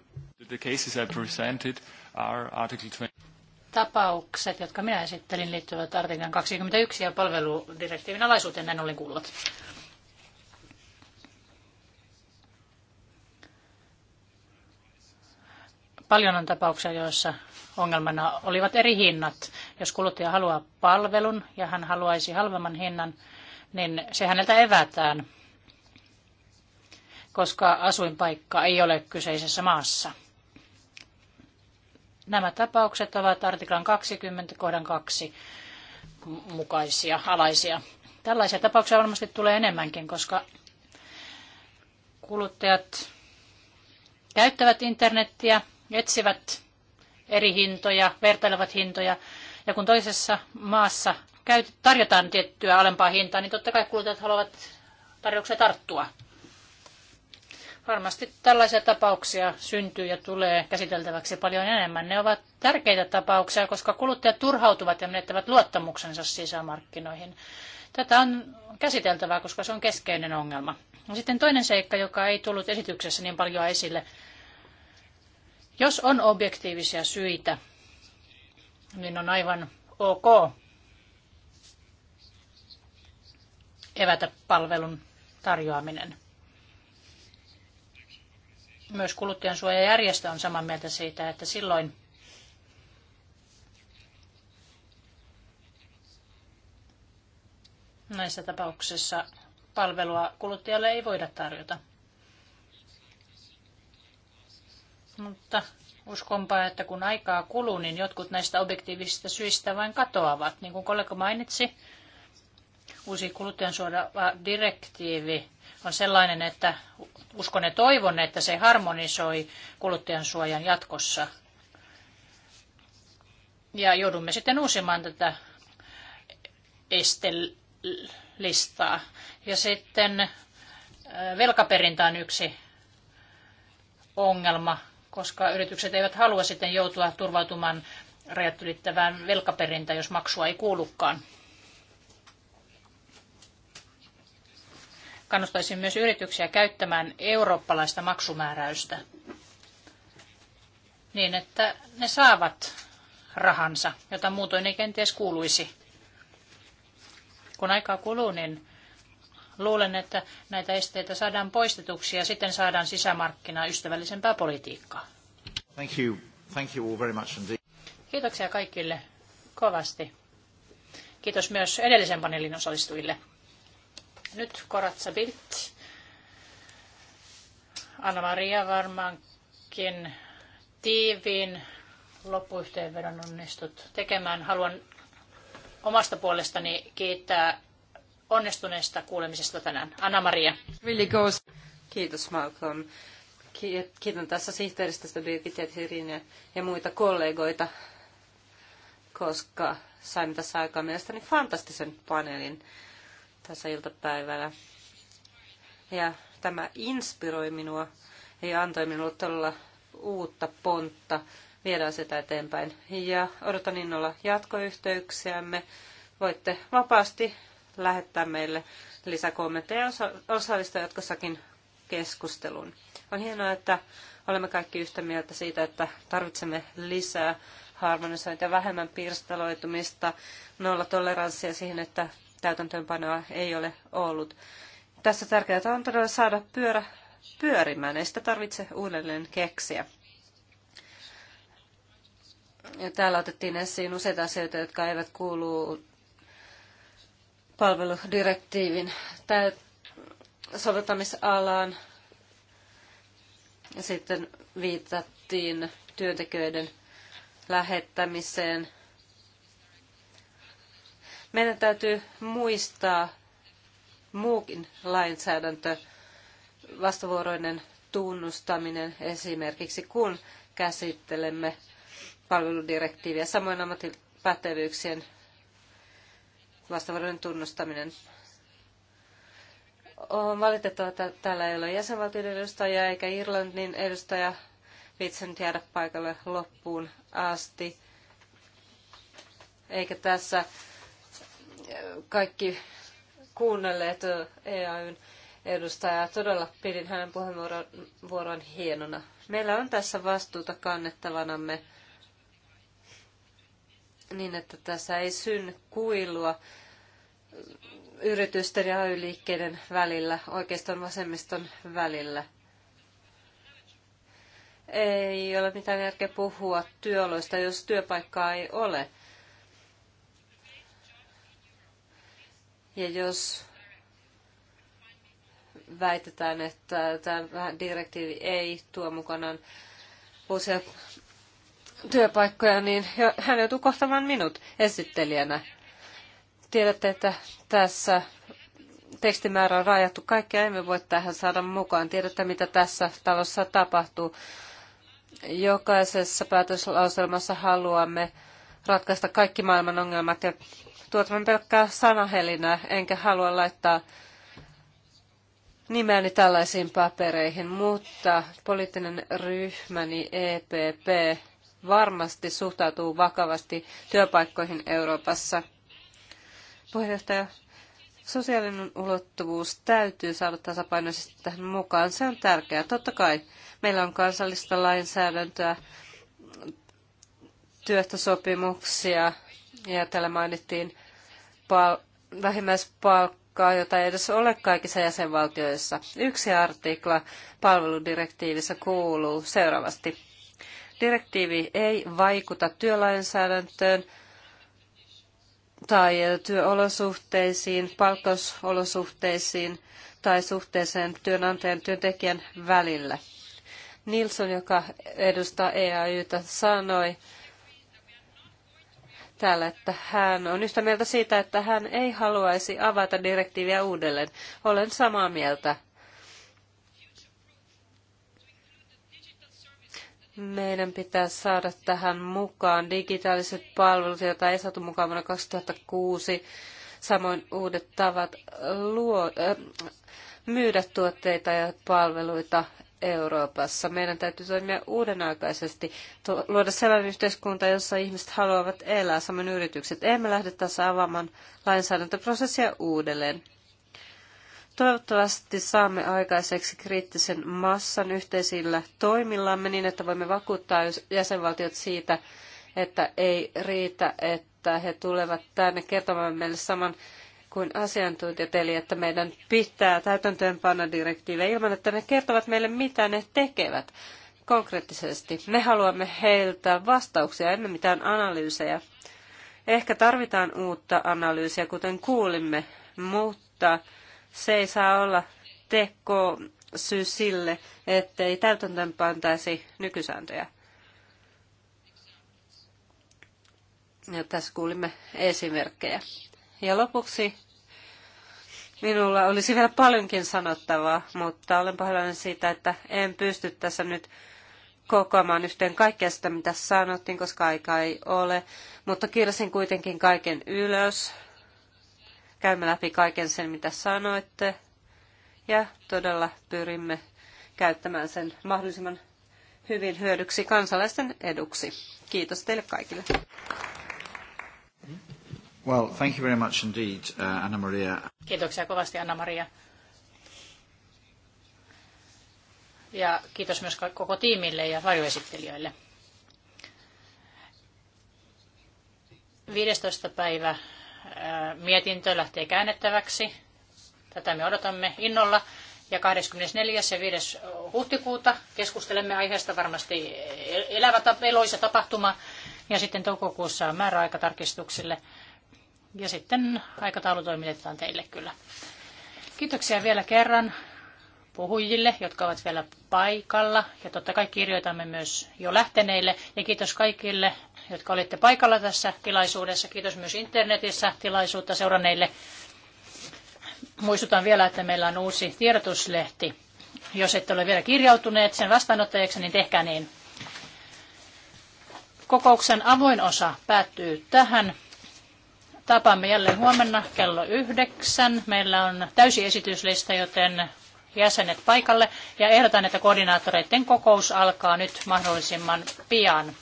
The cases I presented are article 20. Tapaukset, jotka minä esittelin, liittyvät artiklan 21 ja palveludirektiivin alaisuuteen, näin olin kuullut. Paljon on tapauksia, joissa ongelmana olivat eri hinnat. Jos kuluttaja haluaa palvelun ja hän haluaisi halvemman hinnan, niin se häneltä evätään – koska asuinpaikka ei ole kyseisessä maassa. Nämä tapaukset ovat artiklan 20 kohdan 2 mukaisia, alaisia. Tällaisia tapauksia varmasti tulee enemmänkin, koska kuluttajat käyttävät internettiä, etsivät eri hintoja, vertailevat hintoja. Ja kun toisessa maassa tarjotaan tiettyä alempaa hintaa, niin totta kai kuluttajat haluavat tarjoukseen tarttua. Varmasti tällaisia tapauksia syntyy ja tulee käsiteltäväksi paljon enemmän. Ne ovat tärkeitä tapauksia, koska kuluttajat turhautuvat ja menettävät luottamuksensa sisämarkkinoihin. Tätä on käsiteltävää, koska se on keskeinen ongelma. Sitten toinen seikka, joka ei tullut esityksessä niin paljon esille. Jos on objektiivisia syitä, niin on aivan ok evätä palvelun tarjoaminen. Myös kuluttajansuojajärjestö on samaa mieltä siitä, että silloin näissä tapauksissa palvelua kuluttajalle ei voida tarjota. Mutta uskonpa, että kun aikaa kuluu, niin jotkut näistä objektiivisista syistä vain katoavat. Niin kuin kollega mainitsi, uusi kuluttajansuojadirektiivi direktiivi on sellainen, että uskon ja toivon, että se harmonisoi kuluttajan suojan jatkossa. Ja joudumme sitten uusimaan tätä estelistaa. Ja sitten velkaperintä on yksi ongelma, koska yritykset eivät halua sitten joutua turvautumaan rajat ylittävään velkaperintään, jos maksua ei kuulukaan. Kannustaisin myös yrityksiä käyttämään eurooppalaista maksumääräystä niin, että ne saavat rahansa, jota muutoin ei kenties kuuluisi. Kun aikaa kuluu, niin luulen, että näitä esteitä saadaan poistetuksi ja sitten saadaan sisämarkkinaa ystävällisempää politiikkaa. Thank you. Thank you all very much indeed. Kiitoksia kaikille kovasti. Kiitos myös edellisen paneelin osallistujille. Nyt Koratsa Bilt. Anna-Maria varmaankin tiiviin loppuyhteenvedon onnistut tekemään. Haluan omasta puolestani kiittää onnistuneesta kuulemisesta tänään. Anna-Maria. Really goes. Kiitos Malcolm. Kiitän tässä sihteeristöstä Birgit ja ja muita kollegoita, koska saimme tässä aikaa mielestäni fantastisen paneelin tässä iltapäivällä. Ja tämä inspiroi minua ja antoi minulle todella uutta pontta viedä sitä eteenpäin. Ja odotan innolla jatkoyhteyksiämme. Voitte vapaasti lähettää meille lisäkommentteja osallista jatkossakin keskusteluun. On hienoa, että olemme kaikki yhtä mieltä siitä, että tarvitsemme lisää harmonisointia, vähemmän pirstaloitumista, nolla toleranssia siihen, että täytäntöönpanoa ei ole ollut. Tässä tärkeää on todella saada pyörä pyörimään, ei sitä tarvitse uudelleen keksiä. Ja täällä otettiin esiin useita asioita, jotka eivät kuulu palveludirektiivin soveltamisalaan. sitten viitattiin työntekijöiden lähettämiseen – meidän täytyy muistaa muukin lainsäädäntö, vastavuoroinen tunnustaminen esimerkiksi, kun käsittelemme palveludirektiiviä, samoin ammattipätevyyksien vastavuoroinen tunnustaminen. On valitettavaa, että täällä ei ole jäsenvaltioiden edustajaa eikä Irlannin edustaja viitsen jäädä paikalle loppuun asti. Eikä tässä kaikki kuunnelleet EAYn edustajaa. Todella pidin hänen puheenvuoron hienona. Meillä on tässä vastuuta kannettavanamme niin, että tässä ei synny kuilua yritysten ja AY-liikkeiden välillä, oikeiston vasemmiston välillä. Ei ole mitään järkeä puhua työoloista, jos työpaikkaa ei ole. Ja jos väitetään, että tämä direktiivi ei tuo mukanaan uusia työpaikkoja, niin hän joutuu kohtamaan minut esittelijänä. Tiedätte, että tässä tekstimäärä on rajattu. Kaikkea emme voi tähän saada mukaan. Tiedätte, mitä tässä talossa tapahtuu. Jokaisessa päätöslauselmassa haluamme ratkaista kaikki maailman ongelmat ja tuotan pelkkää sanahelinää, enkä halua laittaa nimeäni tällaisiin papereihin, mutta poliittinen ryhmäni EPP varmasti suhtautuu vakavasti työpaikkoihin Euroopassa. Puheenjohtaja, sosiaalinen ulottuvuus täytyy saada tasapainoisesti tähän mukaan. Se on tärkeää. Totta kai meillä on kansallista lainsäädäntöä, työehtosopimuksia ja täällä mainittiin pal- vähimmäispalkkaa, jota ei edes ole kaikissa jäsenvaltioissa. Yksi artikla palveludirektiivissä kuuluu seuraavasti. Direktiivi ei vaikuta työlainsäädäntöön tai työolosuhteisiin, palkkausolosuhteisiin tai suhteeseen työnantajan ja työntekijän välillä. Nilsson, joka edustaa EAYtä, sanoi, täällä, että hän on yhtä mieltä siitä, että hän ei haluaisi avata direktiiviä uudelleen. Olen samaa mieltä. Meidän pitää saada tähän mukaan digitaaliset palvelut, joita ei saatu mukaan vuonna 2006, samoin uudet tavat luo, äh, myydä tuotteita ja palveluita Euroopassa. Meidän täytyy toimia uudenaikaisesti, luoda sellainen yhteiskunta, jossa ihmiset haluavat elää, samoin yritykset. Emme lähde tässä avaamaan lainsäädäntöprosessia uudelleen. Toivottavasti saamme aikaiseksi kriittisen massan yhteisillä toimillamme niin, että voimme vakuuttaa jäsenvaltiot siitä, että ei riitä, että he tulevat tänne kertomaan meille saman kuin asiantuntijat, eli että meidän pitää täytäntöönpanna direktiivejä ilman, että ne kertovat meille, mitä ne tekevät konkreettisesti. Me haluamme heiltä vastauksia, emme mitään analyysejä. Ehkä tarvitaan uutta analyysiä, kuten kuulimme, mutta se ei saa olla teko syy sille, ettei täytäntöönpantaisi nykysääntöjä. Ja tässä kuulimme esimerkkejä. Ja lopuksi minulla olisi vielä paljonkin sanottavaa, mutta olen pahoillani siitä, että en pysty tässä nyt kokoamaan yhteen kaikkea sitä, mitä sanottiin, koska aika ei ole. Mutta kirjasin kuitenkin kaiken ylös. Käymme läpi kaiken sen, mitä sanoitte. Ja todella pyrimme käyttämään sen mahdollisimman hyvin hyödyksi kansalaisten eduksi. Kiitos teille kaikille. Well, thank you very much indeed, uh, Anna Maria. Kiitoksia kovasti Anna Maria. Ja kiitos myös koko tiimille ja varjoesittelijöille. 15. päivä äh, mietintö lähtee käännettäväksi. Tätä me odotamme innolla. Ja 24. ja 5. huhtikuuta keskustelemme aiheesta varmasti e- elävä eloisa tapahtuma. Ja sitten toukokuussa on määräaikatarkistuksille. tarkistuksille. Ja sitten aikataulu toimitetaan teille kyllä. Kiitoksia vielä kerran puhujille, jotka ovat vielä paikalla. Ja totta kai kirjoitamme myös jo lähteneille. Ja kiitos kaikille, jotka olitte paikalla tässä tilaisuudessa. Kiitos myös internetissä tilaisuutta seuranneille. Muistutan vielä, että meillä on uusi tiedotuslehti. Jos ette ole vielä kirjautuneet sen vastaanottajaksi, niin tehkää niin. Kokouksen avoin osa päättyy tähän. Tapaamme jälleen huomenna kello yhdeksän. Meillä on täysi esityslista, joten jäsenet paikalle. Ja ehdotan, että koordinaattoreiden kokous alkaa nyt mahdollisimman pian.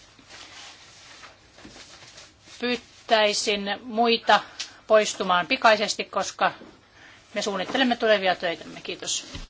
Pyyttäisin muita poistumaan pikaisesti, koska me suunnittelemme tulevia töitämme. Kiitos.